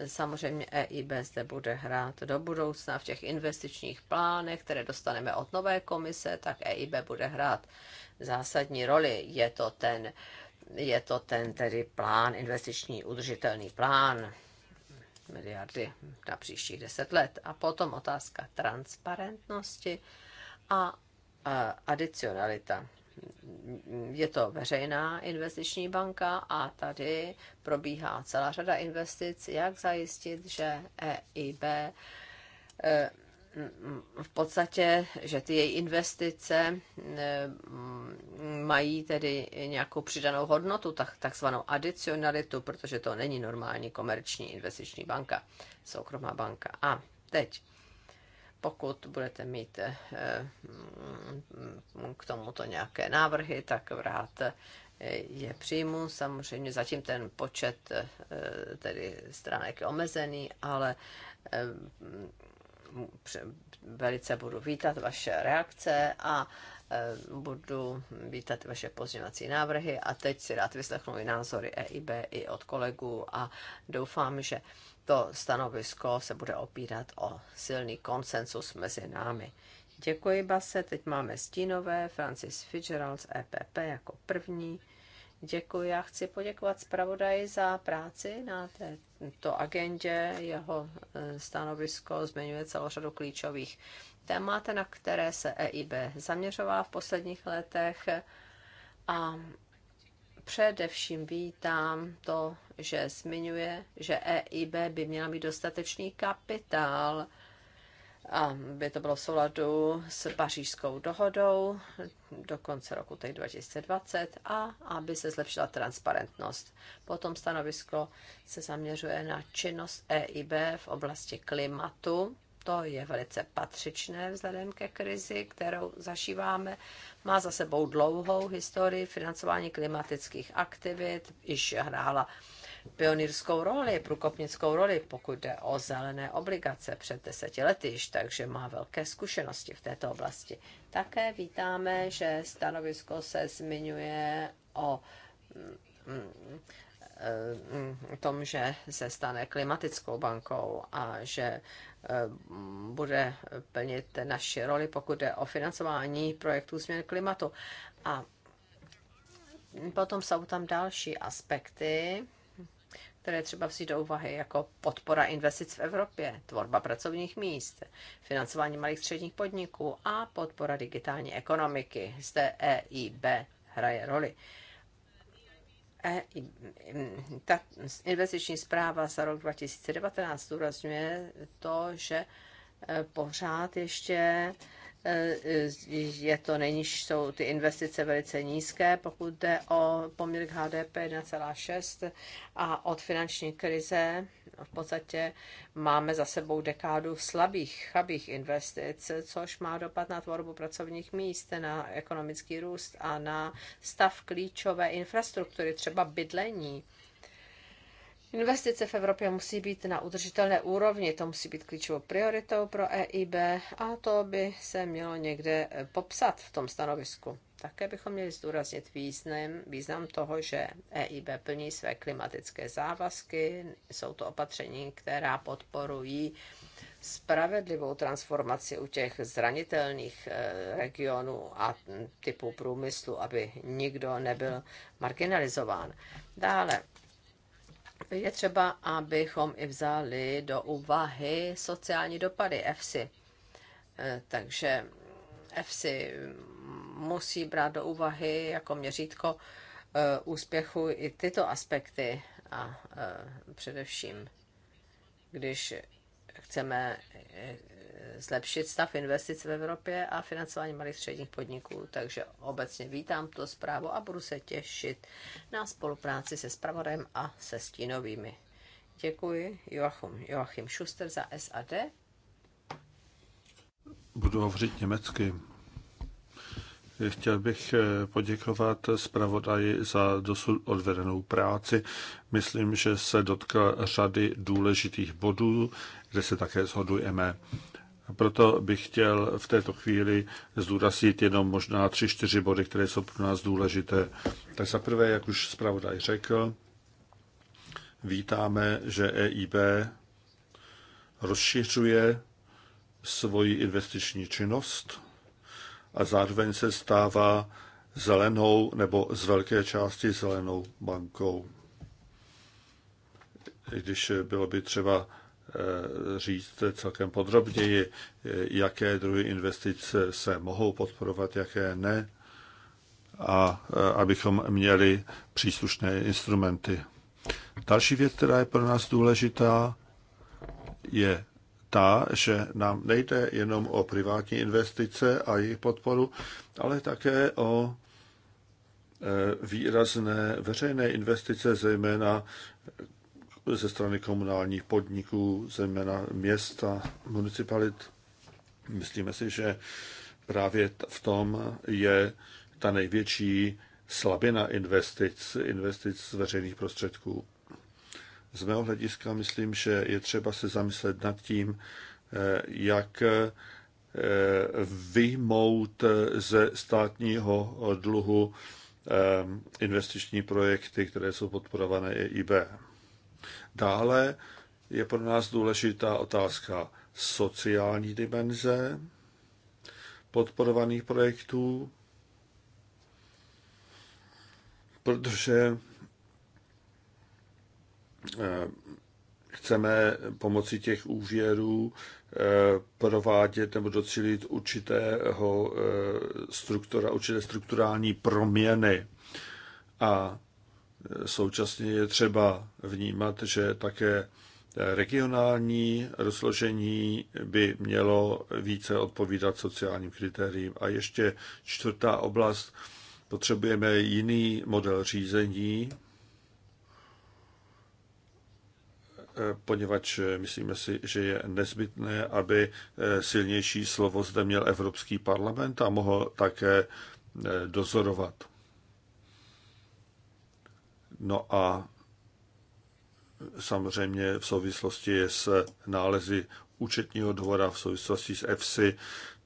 Samozřejmě EIB zde bude hrát do budoucna v těch investičních plánech, které dostaneme od nové komise, tak EIB bude hrát zásadní roli. Je to ten uh, je to ten tedy plán, investiční udržitelný plán, miliardy na příštích deset let. A potom otázka transparentnosti a adicionalita. Je to veřejná investiční banka a tady probíhá celá řada investic, jak zajistit, že EIB eh, v podstatě, že ty její investice eh, mají tedy nějakou přidanou hodnotu, tak, takzvanou adicionalitu, protože to není normální komerční investiční banka, soukromá banka. A teď, pokud budete mít eh, mm, k tomuto nějaké návrhy, tak vrát eh, je příjmu. Samozřejmě zatím ten počet tedy stránek je omezený, ale velice budu vítat vaše reakce a e, budu vítat vaše pozměňovací návrhy a teď si rád vyslechnu i názory EIB i od kolegů a doufám, že to stanovisko se bude opírat o silný konsensus mezi námi. Děkuji, Base. Teď máme stínové Francis Fitzgerald z EPP jako první. Děkuji. Já chci poděkovat zpravodaji za práci na této agendě. Jeho e, stanovisko zmiňuje celou řadu klíčových témat, na které se EIB zaměřovala v posledních letech. A především vítám to, že zmiňuje, že EIB by měla mít dostatečný kapitál, aby to bylo v souladu s pařížskou dohodou do konce roku 2020 a aby se zlepšila transparentnost. Potom stanovisko se zaměřuje na činnost EIB v oblasti klimatu. To je velice patřičné vzhledem ke krizi, kterou zažíváme. Má za sebou dlouhou historii financování klimatických aktivit, již hrála pionýrskou roli, průkopnickou roli, pokud jde o zelené obligace před deseti lety již, takže má velké zkušenosti v této oblasti. Také vítáme, že stanovisko se zmiňuje o mm, mm, mm, tom, že se stane klimatickou bankou a že bude plnit naši roli, pokud jde o financování projektů změn klimatu. A potom jsou tam další aspekty, které třeba vzít do úvahy, jako podpora investic v Evropě, tvorba pracovních míst, financování malých středních podniků a podpora digitální ekonomiky. Zde EIB hraje roli. E, mm, ta investiční zpráva za rok 2019 zdůrazňuje to, že eh, pořád ještě je to nejniž, jsou ty investice velice nízké, pokud jde o poměr k HDP 1,6 a od finanční krize v podstatě máme za sebou dekádu slabých, chabých investic, což má dopad na tvorbu pracovních míst, na ekonomický růst a na stav klíčové infrastruktury, třeba bydlení. Investice v Evropě musí být na udržitelné úrovni, to musí být klíčovou prioritou pro EIB a to by se mělo někde eh, popsat v tom stanovisku. Také bychom měli zdůraznit význam, význam toho, že EIB plní své klimatické závazky. Jsou to opatření, která podporují spravedlivou transformaci u těch zranitelných eh, regionů a typů průmyslu, aby nikdo nebyl marginalizován. Dále je třeba, abychom i vzali do úvahy sociální dopady EFSI. Eh, takže EFSI musí brát do úvahy jako měřítko eh, úspěchu i tyto aspekty a eh, především, když chceme zlepšit stav investic v Evropě a financování malých středních podniků. Takže obecně vítám to zprávu a budu se těšit na spolupráci se Spravodem a se Stínovými. Děkuji Joachim, Joachim Schuster za SAD. Budu hovořit německy. Chtěl bych eh, poděkovat zpravodaji za dosud odvedenou práci. Myslím, že se dotkl řady důležitých bodů, kde se také shodujeme. Proto bych chtěl v této chvíli zdůraznit jenom možná tři, čtyři body, které jsou pro nás důležité. Tak za prvé, jak už zpravodaj řekl, vítáme, že EIB rozšiřuje svoji investiční činnost a zároveň se stává zelenou nebo z velké části zelenou bankou. I když bylo by třeba Eh, říct celkem podrobněji, eh, jaké druhy investic se mohou podporovat, jaké ne, a eh, abychom měli příslušné instrumenty. Další věc, která je pro nás důležitá, je ta, že nám nejde jenom o privátní investice a jejich podporu, ale také o výrazné veřejné investice, zejména ze strany komunálních podniků, zejména města, municipalit. Myslíme si, že právě v tom je ta největší slabina investic, investic z veřejných prostředků. Z mého hlediska myslím, že je třeba se zamyslet nad tím, eh, jak eh, vyjmout ze státního dluhu eh, investiční projekty, které jsou podporované EIB. Dále je pro nás důležitá otázka sociální dimenze podporovaných projektů, protože eh, chceme pomocí těch úvěrů eh, provádět nebo docílit určitého eh, struktura, určité strukturální proměny. A Současně je třeba vnímat, že také regionální rozložení by mělo více odpovídat sociálním kritériím. A ještě čtvrtá oblast, potřebujeme jiný model řízení, poněvadž myslíme si, že je nezbytné, aby silnější slovo zde měl Evropský parlament a mohl také dozorovat. No a samozřejmě v souvislosti s nálezy účetního dvora, v souvislosti s EFSI,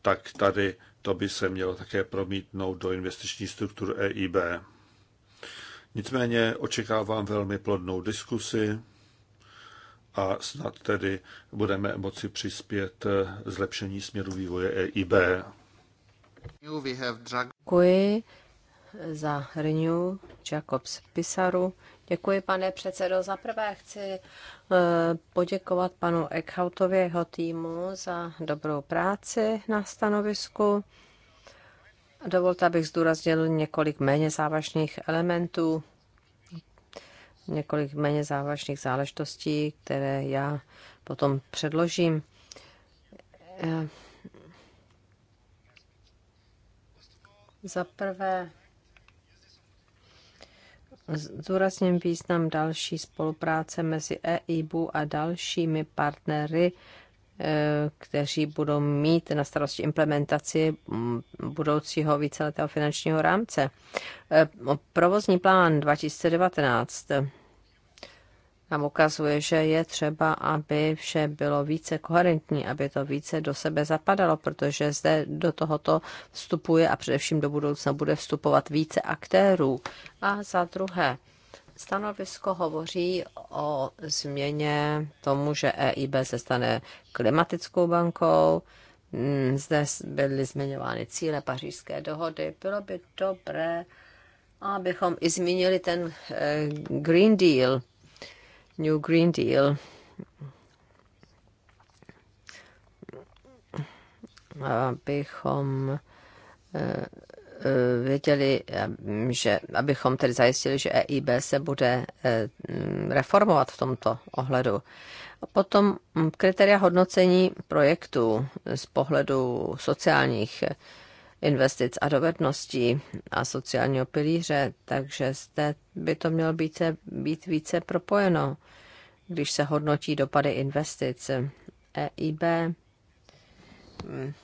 tak tady to by se mělo také promítnout do investiční struktur EIB. Nicméně očekávám velmi plodnou diskusi a snad tedy budeme moci přispět zlepšení směru vývoje EIB. Děkuji za Renew Jacobs Pisaru. Děkuji, pane předsedo. Za prvé chci eh, poděkovat panu Eckhoutovi a jeho týmu za dobrou práci na stanovisku. Dovolte, abych zdůraznil několik méně závažných elementů, několik méně závažných záležitostí, které já potom předložím. Eh, za prvé, Zúrazním význam další spolupráce mezi EIBu a dalšími partnery, eh, kteří budou mít na starosti implementaci mm, budoucího víceletého finančního rámce. Eh, provozní plán 2019 nám ukazuje, že je třeba, aby vše bylo více koherentní, aby to více do sebe zapadalo, protože zde do tohoto vstupuje a především do budoucna bude vstupovat více aktérů. A za druhé, Stanovisko hovoří o změně tomu, že EIB se stane klimatickou bankou. Mm, zde byly zmiňovány cíle pařížské dohody. Bylo by dobré, abychom i zmínili ten eh, Green Deal, New Green Deal. Abychom eh, eh, věděli, eh, že abychom tedy zajistili, že EIB se bude mm, reformovat v tomto ohledu. A potom mm, kritéria hodnocení projektů z pohledu sociálních investic a dovedností a sociálního pilíře, takže zde by to mělo být, být více propojeno, když se hodnotí dopady investic. EIB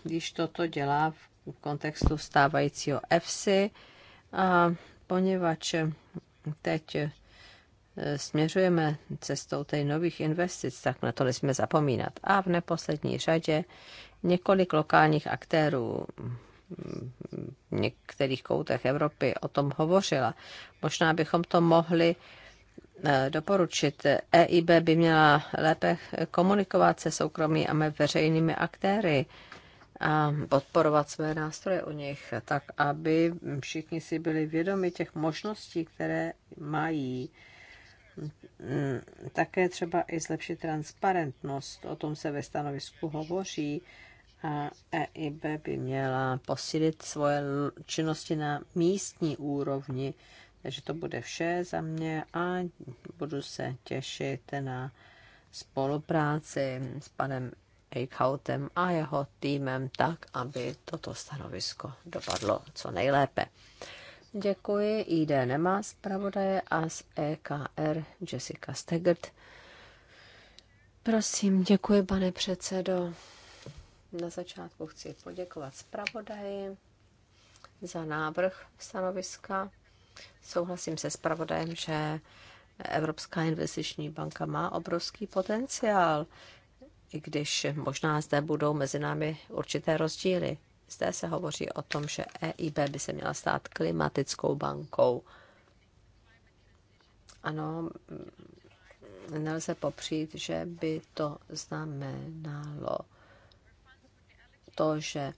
když toto dělá v kontextu stávajícího EFSI, a poněvadž teď eh, směřujeme cestou těch nových investic, tak na to nesmíme zapomínat. A v neposlední řadě několik lokálních aktérů v některých koutech Evropy o tom hovořila. Možná bychom to mohli eh, doporučit. EIB by měla lépe komunikovat se soukromými a veřejnými aktéry a podporovat své nástroje u nich, tak aby všichni si byli vědomi těch možností, které mají. Mm, také třeba i zlepšit transparentnost, o tom se ve stanovisku hovoří, EIB by měla posílit svoje činnosti na místní úrovni. Takže to bude vše za mě a budu se těšit na spolupráci s panem Eichhautem a jeho týmem tak, aby toto stanovisko dopadlo co nejlépe. Děkuji, ID nemá zpravodaje a z EKR Jessica Stegert. Prosím, děkuji, pane předsedo. Na začátku chci poděkovat zpravodaji za návrh stanoviska. Souhlasím se zpravodajem, že Evropská investiční banka má obrovský potenciál, i když možná zde budou mezi námi určité rozdíly. Zde se hovoří o tom, že EIB by se měla stát klimatickou bankou. Ano, nelze popřít, že by to znamenalo to, že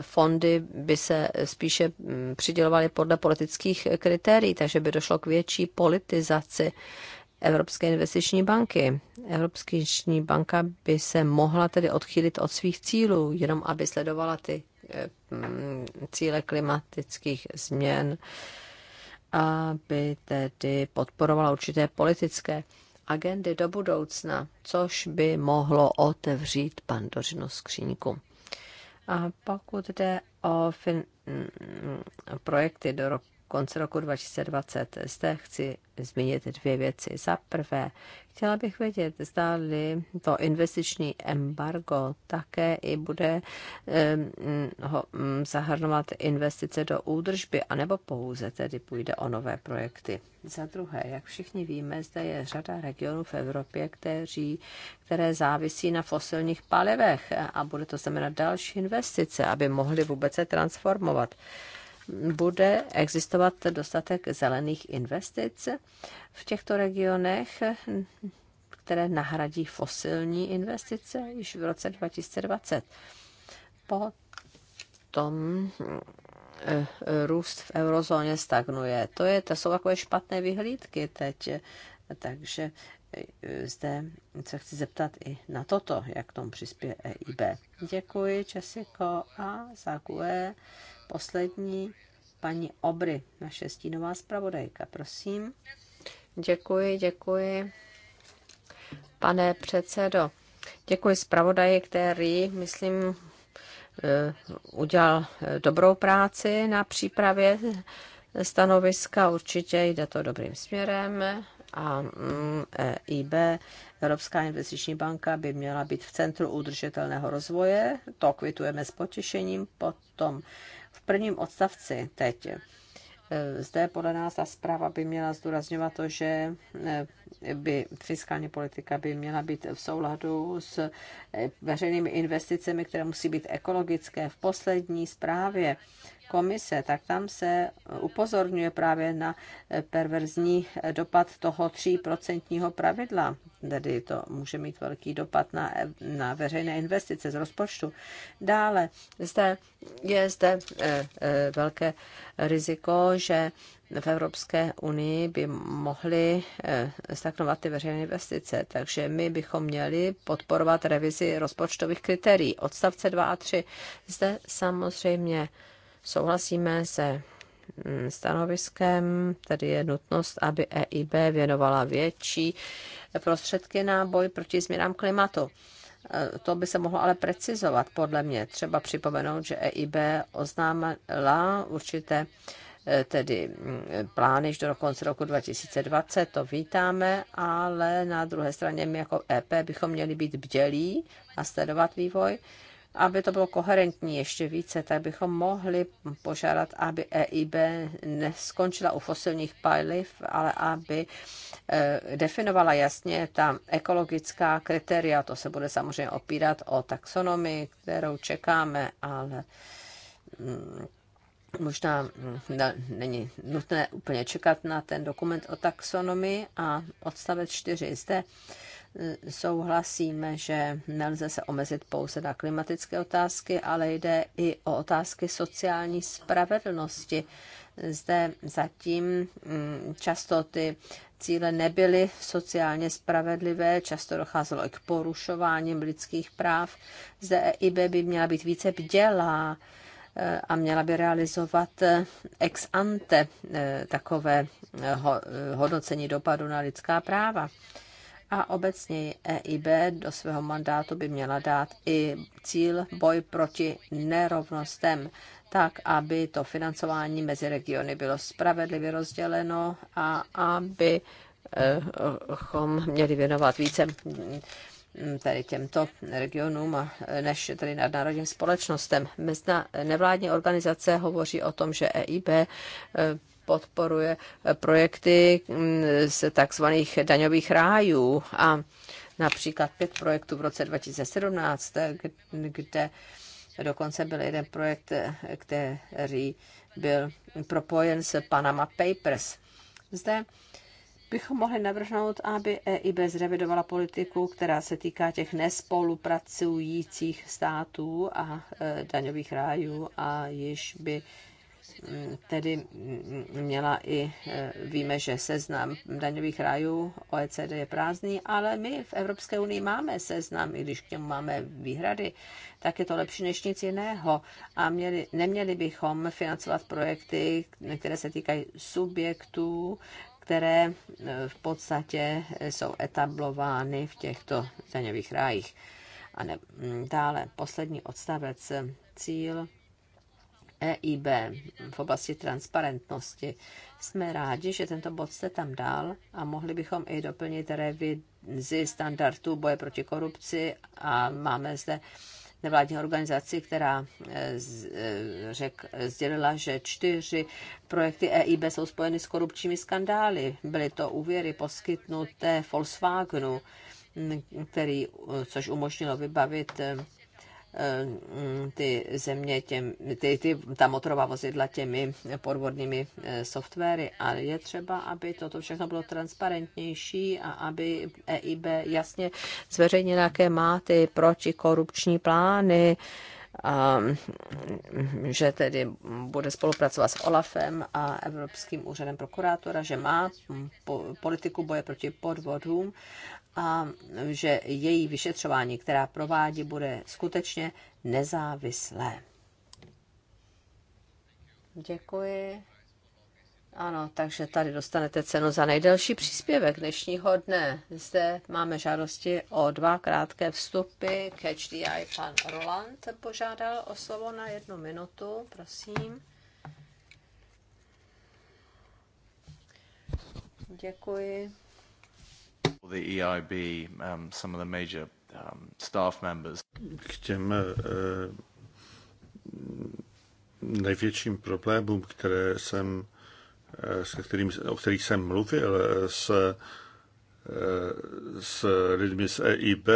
fondy by se spíše mm, přidělovaly podle politických kritérií, takže by došlo k větší politizaci Evropské investiční banky. Evropská investiční banka by se mohla tedy odchýlit od svých cílů, jenom aby sledovala ty eh, mm, cíle klimatických změn, aby tedy podporovala určité politické agendy do budoucna, což by mohlo otevřít pandořinu skříňku. A pokud jde o fin- projekty do roku konce roku 2020. Zde chci zmínit dvě věci. Za prvé, chtěla bych vědět, zda-li to investiční embargo také i bude um, ho, um, zahrnovat investice do údržby, anebo pouze tedy půjde o nové projekty. Za druhé, jak všichni víme, zde je řada regionů v Evropě, kteří, které závisí na fosilních palivech a bude to znamenat další investice, aby mohli vůbec se transformovat bude existovat dostatek zelených investic v těchto regionech, které nahradí fosilní investice již v roce 2020. Potom eh, eh, růst v eurozóně stagnuje. To, je, to jsou takové špatné vyhlídky teď. Takže eh, zde se chci zeptat i na toto, jak tomu přispěje EIB. Děkuji, Česiko a Zakue poslední paní Obry, naše stínová zpravodajka, prosím. Děkuji, děkuji. Pane předsedo, děkuji zpravodaji, který, myslím, eh, udělal eh, dobrou práci na přípravě stanoviska, určitě jde to dobrým směrem a mm, EIB, Evropská investiční banka, by měla být v centru udržitelného rozvoje, to kvitujeme s potěšením, potom v prvním odstavci teď. E, zde podle nás ta zpráva by měla zdůrazňovat to, že e, by fiskální politika by měla být v souladu s e, veřejnými investicemi, které musí být ekologické. V poslední zprávě komise, tak tam se upozorňuje právě na perverzní dopad toho 3% pravidla. Tedy to může mít velký dopad na, na veřejné investice z rozpočtu. Dále zde, je zde eh, eh, velké riziko, že v Evropské unii by mohly eh, stagnovat ty veřejné investice. Takže my bychom měli podporovat revizi rozpočtových kritérií. Odstavce 2 a 3. Zde samozřejmě souhlasíme se mm, stanoviskem, tedy je nutnost, aby EIB věnovala větší prostředky na boj proti změnám klimatu. E, to by se mohlo ale precizovat, podle mě. Třeba připomenout, že EIB oznámila určité e, tedy mm, plány již do konce roku 2020, to vítáme, ale na druhé straně my jako EP bychom měli být bdělí a sledovat vývoj aby to bylo koherentní ještě více, tak bychom mohli požádat, aby EIB neskončila u fosilních paliv, ale aby eh, definovala jasně ta ekologická kritéria. To se bude samozřejmě opírat o taxonomii, kterou čekáme, ale mm, možná mm, není nutné úplně čekat na ten dokument o taxonomii a odstavec 4 zde souhlasíme, že nelze se omezit pouze na klimatické otázky, ale jde i o otázky sociální spravedlnosti. Zde zatím mm, často ty cíle nebyly sociálně spravedlivé, často docházelo i k porušováním lidských práv. Zde EIB by měla být více bdělá eh, a měla by realizovat eh, ex ante eh, takové hodnocení dopadu na lidská práva a obecně EIB do svého mandátu by měla dát i cíl boj proti nerovnostem, tak aby to financování mezi regiony bylo spravedlivě rozděleno a aby eh, chom měli věnovat více hm, tady těmto regionům než tedy nadnárodním společnostem. Mezna nevládní organizace hovoří o tom, že EIB eh, podporuje projekty mm, z takzvaných daňových rájů a například pět projektů v roce 2017, kde dokonce byl jeden projekt, který byl propojen s Panama Papers. Zde bychom mohli navrhnout, aby EIB zrevidovala politiku, která se týká těch nespolupracujících států a e, daňových rájů a již by tedy měla i, e, víme, že seznam daňových rájů OECD je prázdný, ale my v Evropské unii máme seznam, i když k němu máme výhrady, tak je to lepší než nic jiného. A měli, neměli bychom financovat projekty, které se týkají subjektů, které e, v podstatě e, jsou etablovány v těchto daňových rájích. A ne, dále poslední odstavec cíl EIB v oblasti transparentnosti. Jsme rádi, že tento bod jste tam dal a mohli bychom i doplnit revizi standardů boje proti korupci a máme zde nevládní organizaci, která e, e, řek, sdělila, že čtyři projekty EIB jsou spojeny s korupčními skandály. Byly to úvěry poskytnuté Volkswagenu, který, e, což umožnilo vybavit ty země, těm, ty, ty, ta motorová vozidla těmi podvodnými eh, softwary. A je třeba, aby toto všechno bylo transparentnější a aby EIB jasně zveřejnila, jaké má ty protikorupční plány, Ehm, že tedy bude spolupracovat s OLAFem a Evropským úřadem prokurátora, že má politiku boje proti podvodům a že její vyšetřování, která provádí, bude skutečně nezávislé. Děkuji. Ano, takže tady dostanete cenu za nejdelší příspěvek dnešního dne. Zde máme žádosti o dva krátké vstupy. Catch the Eye pan Roland požádal o slovo na jednu minutu, prosím. Děkuji. The EIB, um, some of the major um, staff members. K těm uh, největším problémům, které jsem Eh, s kterým, o kterých jsem mluvil, eh, s, eh, s lidmi z EIB,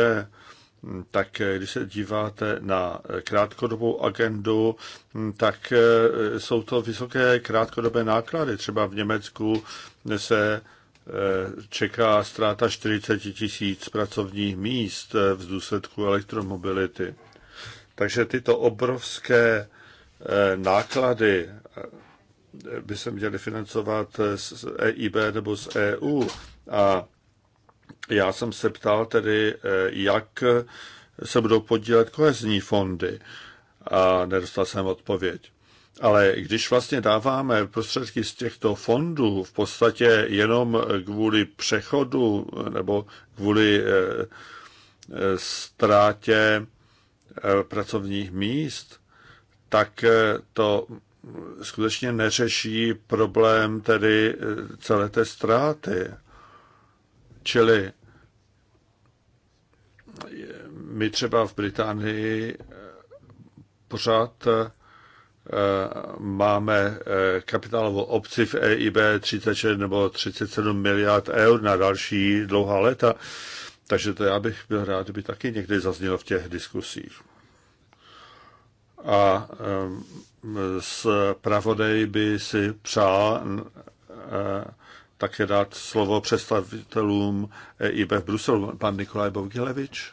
hm, tak když se díváte na krátkodobou agendu, hm, tak jsou to vysoké krátkodobé náklady. Třeba v Německu se čeká ztráta 40 tisíc pracovních míst v důsledku elektromobility. Takže tyto obrovské náklady by se měly financovat z EIB nebo z EU. A já jsem se ptal tedy, eh, jak se budou podílet kohezní fondy a nedostal jsem odpověď. Ale když vlastně dáváme prostředky z těchto fondů v podstatě jenom kvůli přechodu nebo kvůli eh, eh, ztrátě pracovních míst, tak to skutečně neřeší problém tedy eh, celé té ztráty. Čili eh, my třeba v Británii eh, pořád máme kapitálovou obci v EIB 36 nebo 37 miliard eur na další dlouhá léta. Takže to já bych byl rád, kdyby taky někdy zaznělo v těch diskusích. A um, zpravodaj by si přál e, také dát slovo představitelům EIB v Bruselu. Pan Nikolaj Bogilevič.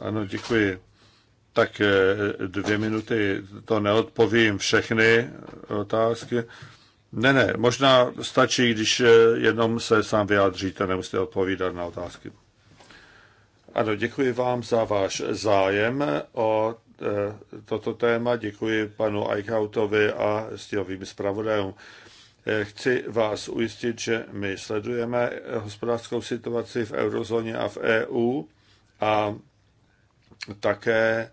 Ano, děkuji. Tak e, dvě minuty, to neodpovím všechny otázky. Ne, ne, možná stačí, když e, jenom se sám vyjádříte, nemusíte odpovídat na otázky. Ano, děkuji vám za váš zájem o Eh, toto téma. Děkuji panu Eichhautovi a stílovým zpravodajům. Eh, chci vás ujistit, že my sledujeme hospodářskou situaci v eurozóně a v EU a také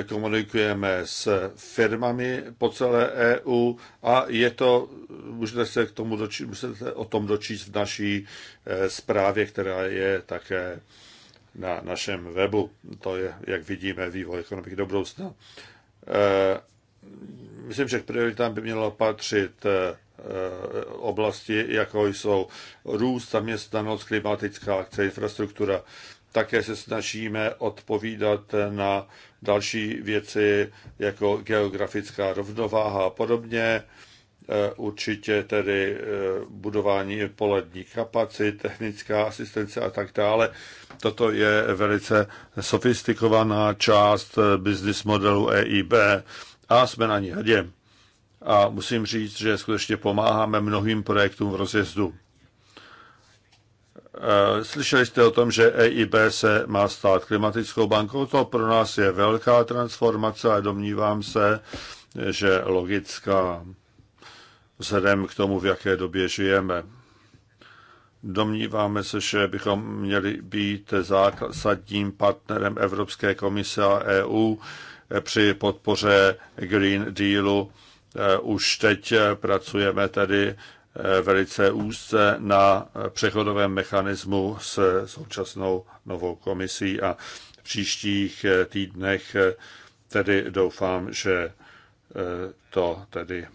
eh, komunikujeme s firmami po celé EU a je to, můžete se, k tomu dočít, můžete o tom dočíst v naší zprávě, která je také na našem webu. To je, jak vidíme, vývoj ekonomiky do budoucna. E, myslím, že k prioritám by mělo patřit e, oblasti, jako jsou růst, zaměstnanost, klimatická akce, infrastruktura. Také se snažíme odpovídat na další věci, jako geografická rovnováha a podobně. Eh, určitě tedy eh, budování polední kapacit, technická asistence a tak dále. Toto je velice sofistikovaná část eh, business modelu EIB a jsme na ní hrdě. A musím říct, že skutečně pomáháme mnohým projektům v rozjezdu. Slyšeli jste o tom, že EIB se má stát klimatickou bankou. To pro nás je velká transformace a domnívám se, že logická vzhledem k tomu, v jaké době žijeme. Domníváme se, že bychom měli být zásadním partnerem Evropské komise a EU při podpoře Green Dealu. E, už teď pracujeme tedy e, velice úzce na přechodovém mechanismu s současnou novou komisí a v příštích e, týdnech tedy doufám, že to tedy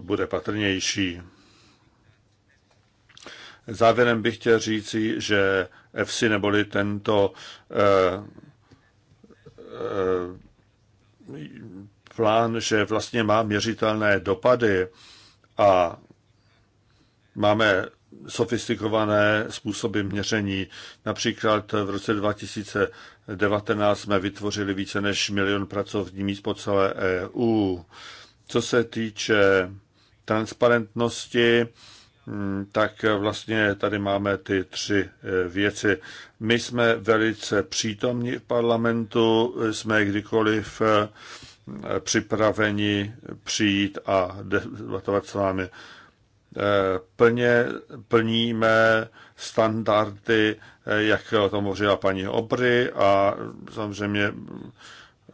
bude patrnější. Závěrem bych chtěl říci, že EFSI neboli tento eh, eh, plán, že vlastně má měřitelné dopady a máme sofistikované způsoby měření. Například v roce 2019 jsme vytvořili více než milion pracovních míst po celé EU. Co se týče transparentnosti, mm, tak vlastně tady máme ty tři eh, věci. My jsme velice přítomní v parlamentu, jsme kdykoliv eh, připraveni přijít a debatovat s vámi. Eh, plně plníme standardy, jak o tom hovořila paní Obry a samozřejmě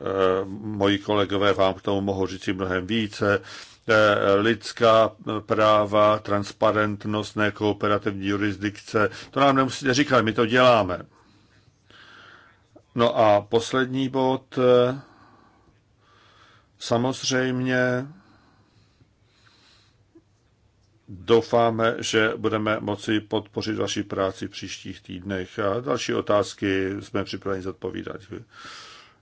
Eh, moji kolegové vám k tomu mohou říct mnohem více, eh, lidská práva, transparentnost, nekooperativní jurisdikce, to nám nemusíte říkat, my to děláme. No a poslední bod, eh, samozřejmě doufáme, že budeme moci podpořit vaši práci v příštích týdnech a další otázky jsme připraveni zodpovídat.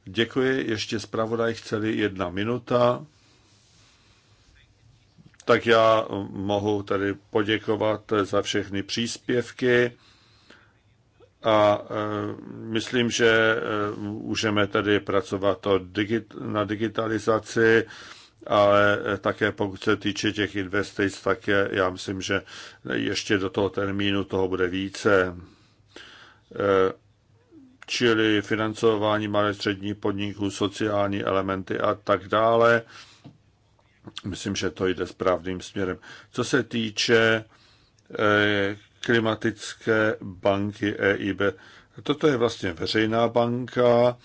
Děkuji, ještě zpravodaj chceli jedna minuta. Tak já mohu tady poděkovat za všechny příspěvky a e, myslím, že e, můžeme tady pracovat na digitalizaci, ale e, také pokud se týče těch investic, tak je, já myslím, že ještě do toho termínu toho bude více čili financování malých středních podniků, sociální elementy a tak dále. Myslím, že to jde správným směrem. Co se týče eh, klimatické banky EIB, toto je vlastně veřejná banka,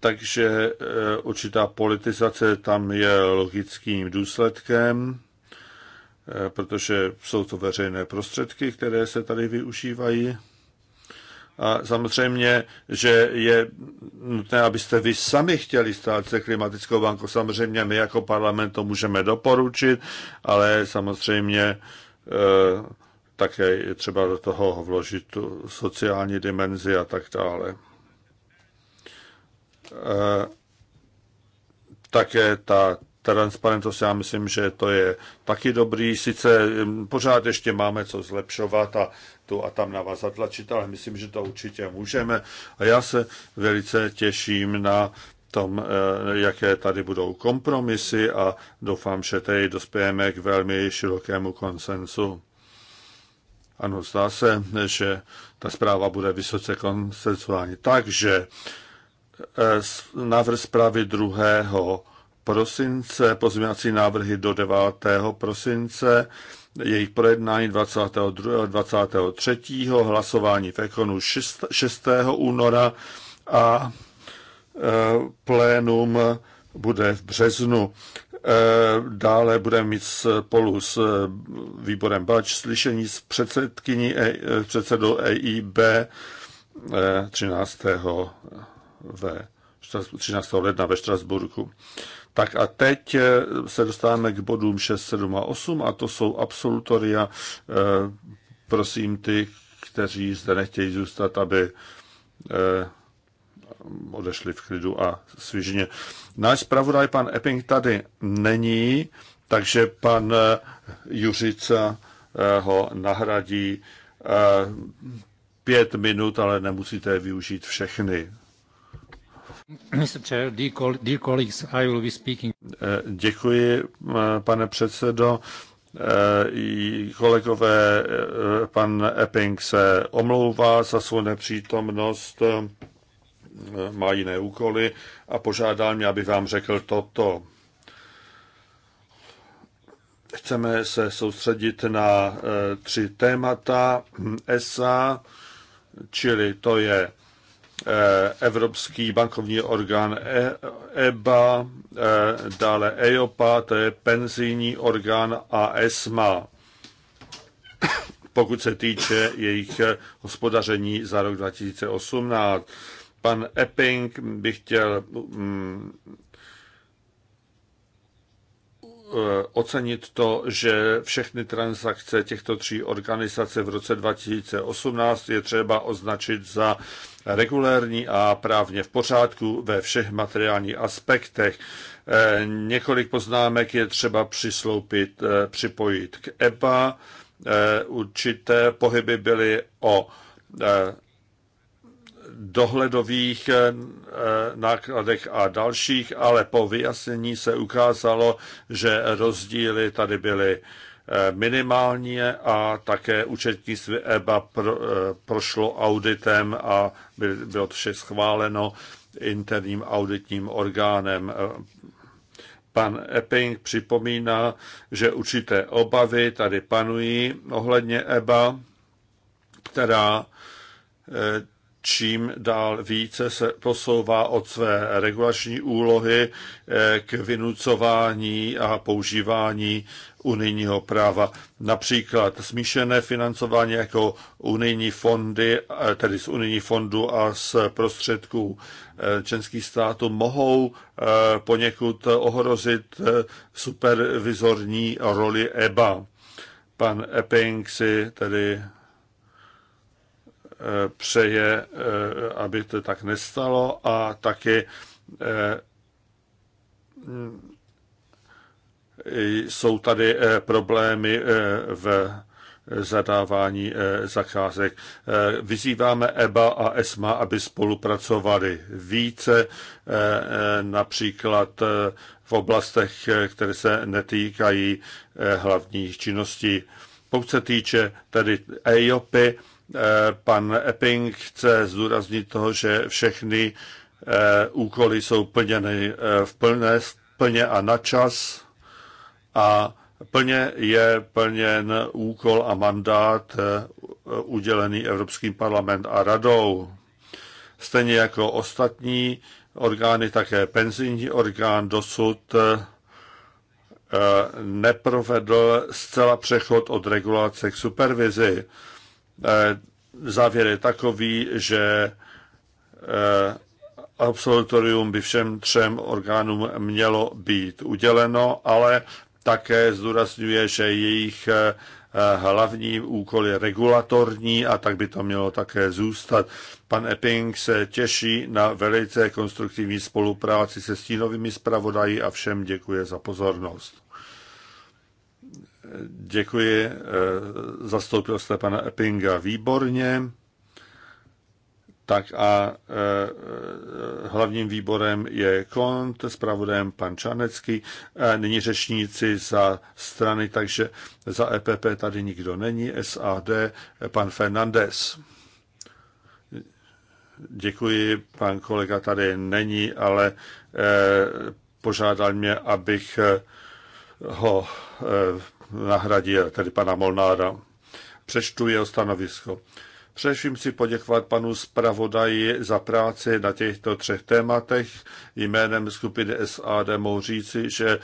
takže eh, určitá politizace tam je logickým důsledkem, eh, protože jsou to veřejné prostředky, které se tady využívají. A samozřejmě, že je nutné, abyste vy sami chtěli stát se klimatickou bankou. Samozřejmě my jako parlament to můžeme doporučit, ale samozřejmě eh, také je třeba do toho vložit tu sociální dimenzi a tak dále. Eh, také ta transparentnost, já myslím, že to je taky dobrý. Sice hm, pořád ještě máme co zlepšovat a tu a tam na vás zatlačit, ale myslím, že to určitě můžeme. A já se velice těším na tom, eh, jaké tady budou kompromisy a doufám, že tady dospějeme k velmi širokému konsensu. Ano, zdá se, že ta zpráva bude vysoce konsensuální. Takže eh, návrh zprávy druhého prosince, pozměňovací návrhy do 9. prosince, jejich projednání 22. 23. hlasování v Ekonu 6. 6. února a e, plénum bude v březnu. E, dále budeme mít spolu s e, výborem Bač slyšení s předsedkyní, předsedou EIB 13. ve 13. ledna ve Štrasburku. Tak a teď eh, se dostáváme k bodům 6, 7 a 8 a to jsou absolutoria. Eh, prosím ty, kteří zde nechtějí zůstat, aby eh, odešli v klidu a svižně. Náš zpravodaj pan Epping tady není, takže pan Juřica ho nahradí pět minut, ale nemusíte využít všechny. Eh, děkuji, eh, pane předsedo. Eh, kolegové, pan Epping se omlouvá za svou nepřítomnost, má jiné úkoly a požádal mě, aby vám řekl toto. Chceme se soustředit na tři témata ESA, čili to je Eh, Evropský bankovní orgán EBA, e eh, dále EIOPA, to je penzijní orgán a ESMA, pokud se týče jejich eh, hospodaření za rok 2018. Pan Epping by chtěl mm, ocenit to, že všechny transakce těchto tří organizací v roce 2018 je třeba označit za regulérní a právně v pořádku ve všech materiálních aspektech. Eh, několik poznámek je třeba přisloupit, eh, připojit k EBA. Eh, určité pohyby byly o dohledových nákladech a dalších, ale po vyjasnění se ukázalo, že rozdíly tady byly minimálně a také účetnictví EBA pro, eh, prošlo auditem a bylo to vše schváleno interním auditním orgánem. Eh, pan Epping připomíná, že určité obavy tady panují ohledně EBA, která eh, čím dál více se posouvá od své regulační úlohy k vynucování a používání unijního práva. Například smíšené financování jako unijní fondy, eh, tedy z unijní fondu a z prostředků eh, členských států mohou eh, poněkud ohrozit supervizorní roli EBA. Pan Epping si tedy přeje, aby to tak nestalo a taky jsou tady eh, problémy eh, v zadávání eh, zakázek. Vyzýváme EBA a ESMA, aby spolupracovali více, například v oblastech, které se netýkají hlavních činností. Pokud se týče tedy EIOPy, pan Epping chce zdůraznit toho, že všechny úkoly jsou plněny v plné, plně a na čas a plně je plněn úkol a mandát eh, udělený Evropským parlament a radou. Stejně jako ostatní orgány, také penzijní orgán dosud eh, neprovedl zcela přechod od regulace k supervizi. Eh, závěr je takový, že absolutorium by všem třem orgánům mělo být uděleno, ale také zdůrazňuje, že jejich eh, eh, hlavní úkol je regulatorní a tak by to mělo také zůstat. Pan Epping se těší na velice konstruktivní spolupráci se stínovými zpravodají a všem děkuje za pozornost. Děkuji, eh, zastoupil jste pana Eppinga výborně. Tak a e, hlavním výborem je Kont, zpravodajem pan Čanecký, e, nyní řečníci za strany, takže za EPP tady nikdo není, SAD, pan Fernandez. Děkuji, pan kolega tady není, ale e, požádal mě, abych eh, ho e, nahradil, tedy pana Molnára. Přečtu jeho stanovisko. E, Především si poděkovat panu zpravodaji za práci na těchto třech tématech. Jménem skupiny SAD mohu říci, že eh,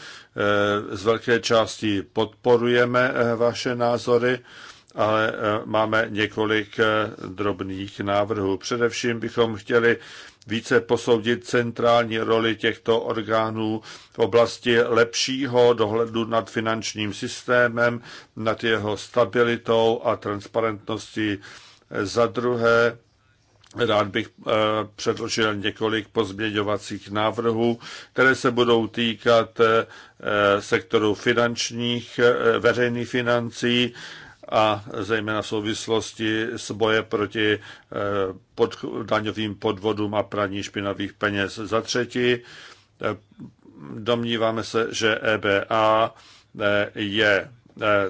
z velké části podporujeme eh, vaše názory, ale eh, máme několik drobných návrhů. Především bychom chtěli více posoudit centrální roli těchto orgánů v oblasti lepšího dohledu nad finančním systémem, nad jeho stabilitou a transparentností za druhé, Rád bych eh, předložil několik pozměňovacích návrhů, které se budou týkat eh, sektoru finančních, eh, veřejných financí a zejména v souvislosti s boje proti pod, daňovým podvodům a praní špinavých peněz. Za třetí, domníváme se, že EBA je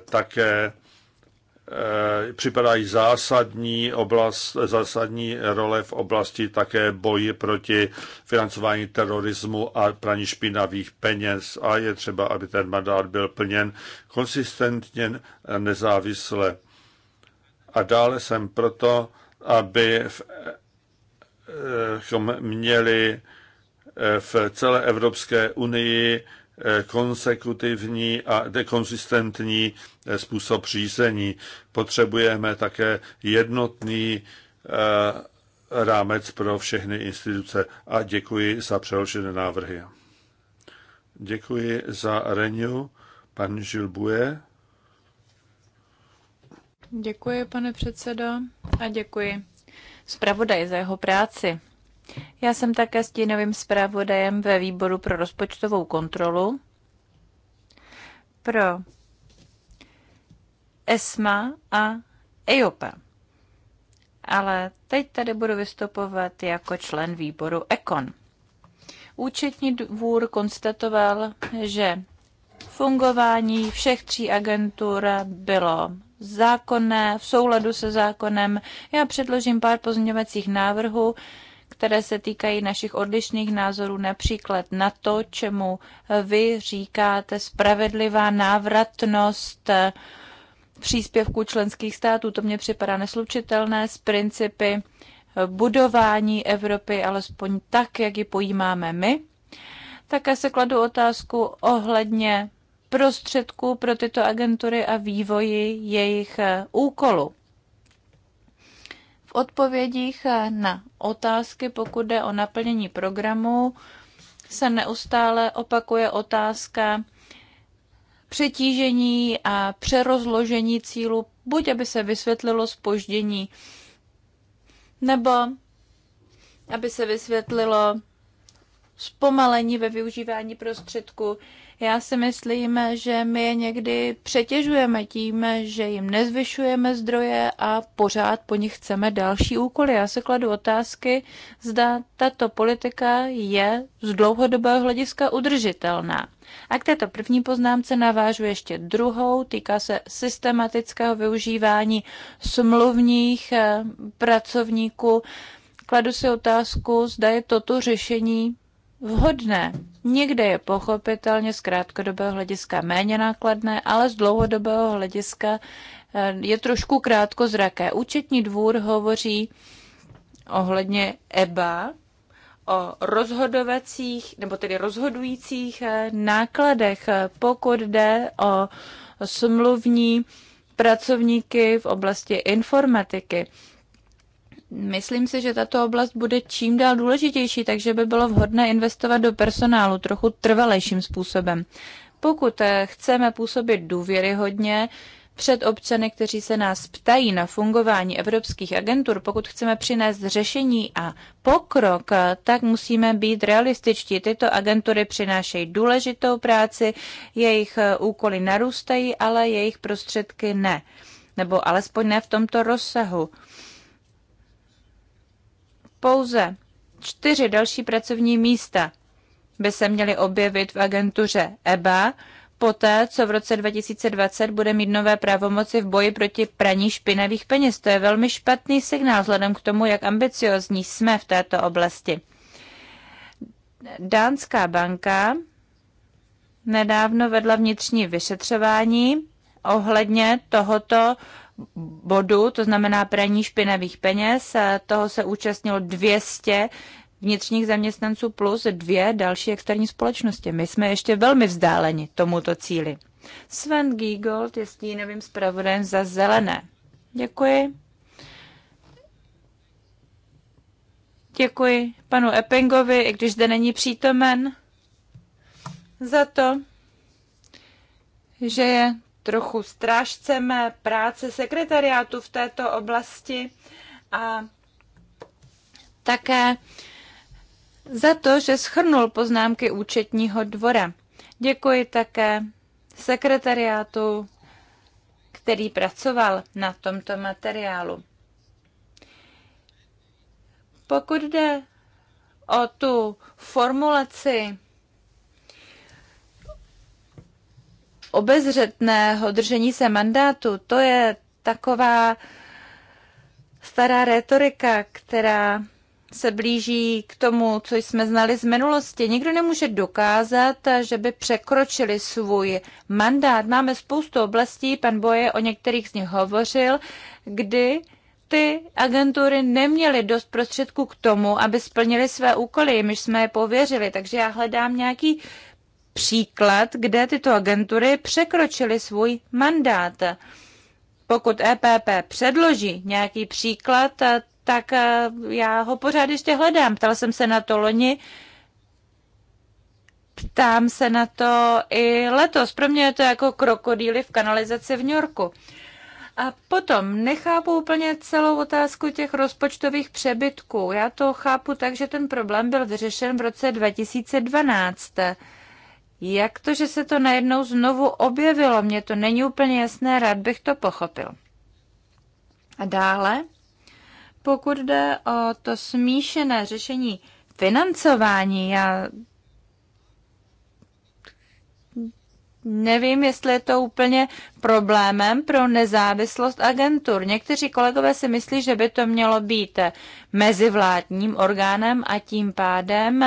také Eh, připadají zásadní, oblast, zásadní role v oblasti také boji proti financování terorismu a praní špinavých peněz a je třeba, aby ten mandát byl plněn konsistentně nezávisle. A dále jsem proto, aby v, eh, měli eh, v celé Evropské unii konsekutivní a dekonsistentní eh, způsob řízení. Potřebujeme také jednotný eh, rámec pro všechny instituce a děkuji za přeložené návrhy. Děkuji za Renu, pan Žilbuje. Děkuji, pane předsedo, a děkuji zpravodaji za jeho práci. Já jsem také stínovým zpravodajem ve výboru pro rozpočtovou kontrolu. Pro ESMA a EOPA. Ale teď tady budu vystupovat jako člen výboru ECON. Účetní dvůr konstatoval, že fungování všech tří agentur bylo zákonné, v souladu se zákonem. Já předložím pár pozměňovacích návrhů, které se týkají našich odlišných názorů, například na to, čemu vy říkáte spravedlivá návratnost příspěvků členských států. To mně připadá neslučitelné s principy budování Evropy, alespoň tak, jak ji pojímáme my. Také se kladu otázku ohledně prostředků pro tyto agentury a vývoji jejich úkolu odpovědích eh, na otázky, pokud jde o naplnění programu, se neustále opakuje otázka přetížení a přerozložení cílu, buď aby se vysvětlilo spoždění, nebo aby se vysvětlilo zpomalení ve využívání prostředků. Já si myslím, že my je někdy přetěžujeme tím, že jim nezvyšujeme zdroje a pořád po nich chceme další úkoly. Já se kladu otázky, zda tato politika je z dlouhodobého hlediska udržitelná. A k této první poznámce navážu ještě druhou, týká se systematického využívání smluvních eh, pracovníků. Kladu si otázku, zda je toto řešení vhodné. Někde je pochopitelně z krátkodobého hlediska méně nákladné, ale z dlouhodobého hlediska eh, je trošku krátkozraké. Účetní dvůr hovoří ohledně EBA, o rozhodovacích, nebo tedy rozhodujících eh, nákladech, eh, pokud jde o smluvní pracovníky v oblasti informatiky. Myslím si, že tato oblast bude čím dál důležitější, takže by bylo vhodné investovat do personálu trochu trvalejším způsobem. Pokud eh, chceme působit důvěryhodně, před občany, kteří se nás ptají na fungování evropských agentur, pokud chceme přinést řešení a pokrok, eh, tak musíme být realističtí. Tyto agentury přinášejí důležitou práci, jejich eh, úkoly narůstají, ale jejich prostředky ne. Nebo alespoň ne v tomto rozsahu. Pouze čtyři další pracovní místa by se měly objevit v agentuře EBA, poté, co v roce 2020 bude mít nové pravomoci v boji proti praní špinavých peněz. To je velmi špatný signál vzhledem k tomu, jak ambiciozní jsme v této oblasti. Dánská banka nedávno vedla vnitřní vyšetřování ohledně tohoto bodu, to znamená praní špinavých peněz. Toho se účastnilo 200 vnitřních zaměstnanců plus dvě další externí společnosti. My jsme ještě velmi vzdáleni tomuto cíli. Sven Giegold je stínovým zpravodajem za zelené. Děkuji. Děkuji panu Eppingovi, i když zde není přítomen, za to, že je trochu strážcem práce sekretariátu v této oblasti a také za to, že schrnul poznámky účetního dvora. Děkuji také sekretariátu, který pracoval na tomto materiálu. Pokud jde o tu formulaci obezřetného držení se mandátu, to je taková stará retorika, která se blíží k tomu, co jsme znali z minulosti. Nikdo nemůže dokázat, že by překročili svůj mandát. Máme spoustu oblastí, pan Boje o některých z nich hovořil, kdy ty agentury neměly dost prostředků k tomu, aby splnili své úkoly, jimž jsme je pověřili. Takže já hledám nějaký příklad, kde tyto agentury překročily svůj mandát. Pokud EPP předloží nějaký příklad, tak eh, já ho pořád ještě hledám. Ptal jsem se na to loni, ptám se na to i letos. Pro mě je to jako krokodýly v kanalizaci v New Yorku. A potom nechápu úplně celou otázku těch rozpočtových přebytků. Já to chápu tak, že ten problém byl vyřešen v roce 2012. Jak to, že se to najednou znovu objevilo? Mně to není úplně jasné, rád bych to pochopil. A dále, pokud jde o to smíšené řešení financování, já Nevím, jestli je to úplně problémem pro nezávislost agentur. Někteří kolegové si myslí, že by to mělo být mezivládním orgánem a tím pádem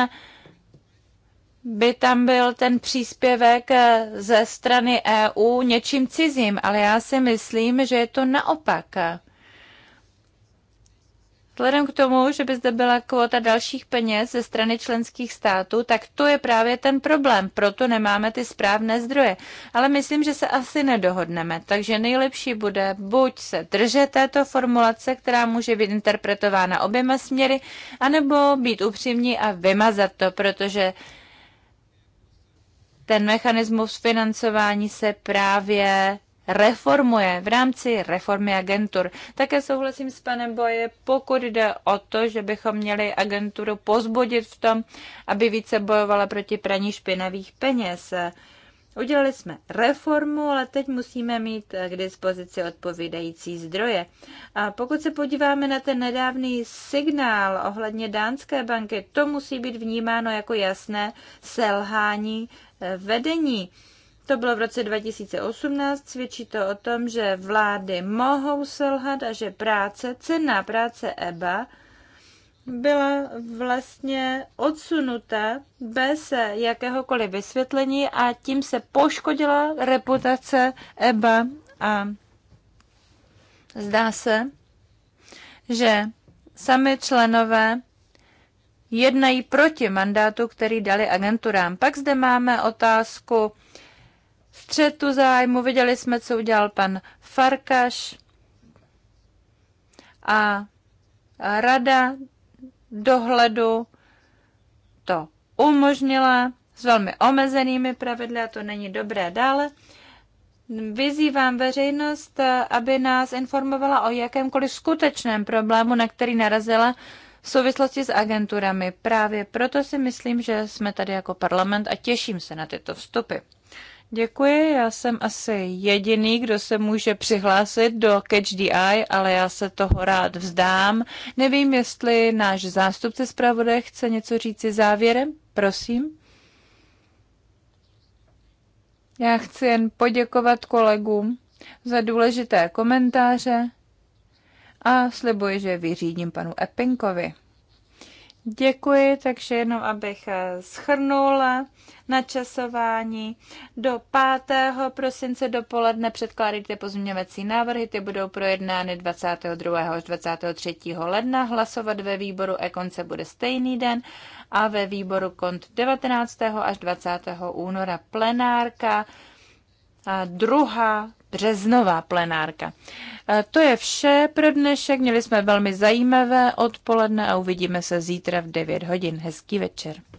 by tam byl ten příspěvek eh, ze strany EU něčím cizím, ale já si myslím, že je to naopak. Vzhledem k tomu, že by zde byla kvota dalších peněz ze strany členských států, tak to je právě ten problém. Proto nemáme ty správné zdroje. Ale myslím, že se asi nedohodneme. Takže nejlepší bude buď se držet této formulace, která může být interpretována oběma směry, anebo být upřímní a vymazat to, protože ten mechanismus financování se právě reformuje v rámci reformy agentur. Také souhlasím s panem Boje, pokud jde o to, že bychom měli agenturu pozbudit v tom, aby více bojovala proti praní špinavých peněz. Udělali jsme reformu, ale teď musíme mít eh, k dispozici odpovídající zdroje. A pokud se podíváme na ten nedávný signál ohledně dánské banky, to musí být vnímáno jako jasné selhání eh, vedení. To bylo v roce 2018, svědčí to o tom, že vlády mohou selhat a že práce, cenná práce EBA, byla vlastně odsunuta bez jakéhokoliv vysvětlení a tím se poškodila reputace EBA a zdá se, že sami členové jednají proti mandátu, který dali agenturám. Pak zde máme otázku střetu zájmu. Viděli jsme, co udělal pan Farkaš a rada dohledu to umožnila s velmi omezenými pravidly a to není dobré dále. Vyzývám veřejnost, aby nás informovala o jakémkoliv skutečném problému, na který narazila v souvislosti s agenturami. Právě proto si myslím, že jsme tady jako parlament a těším se na tyto vstupy. Děkuji, já jsem asi jediný, kdo se může přihlásit do Catch the Eye, ale já se toho rád vzdám. Nevím, jestli náš zástupce zpravodaje chce něco říci závěrem, prosím. Já chci jen poděkovat kolegům za důležité komentáře a slibuji, že vyřídím panu Eppinkovi. Děkuji, takže jenom abych eh, na načasování. Do 5. prosince dopoledne předkládejte pozměňovací návrhy, ty budou projednány 22. až 23. ledna. Hlasovat ve výboru e konce bude stejný den a ve výboru KONT 19. až 20. února plenárka. A druhá březnová plenárka. E, to je vše pro dnešek. Měli jsme velmi zajímavé odpoledne a uvidíme se zítra v 9 hodin. Hezký večer.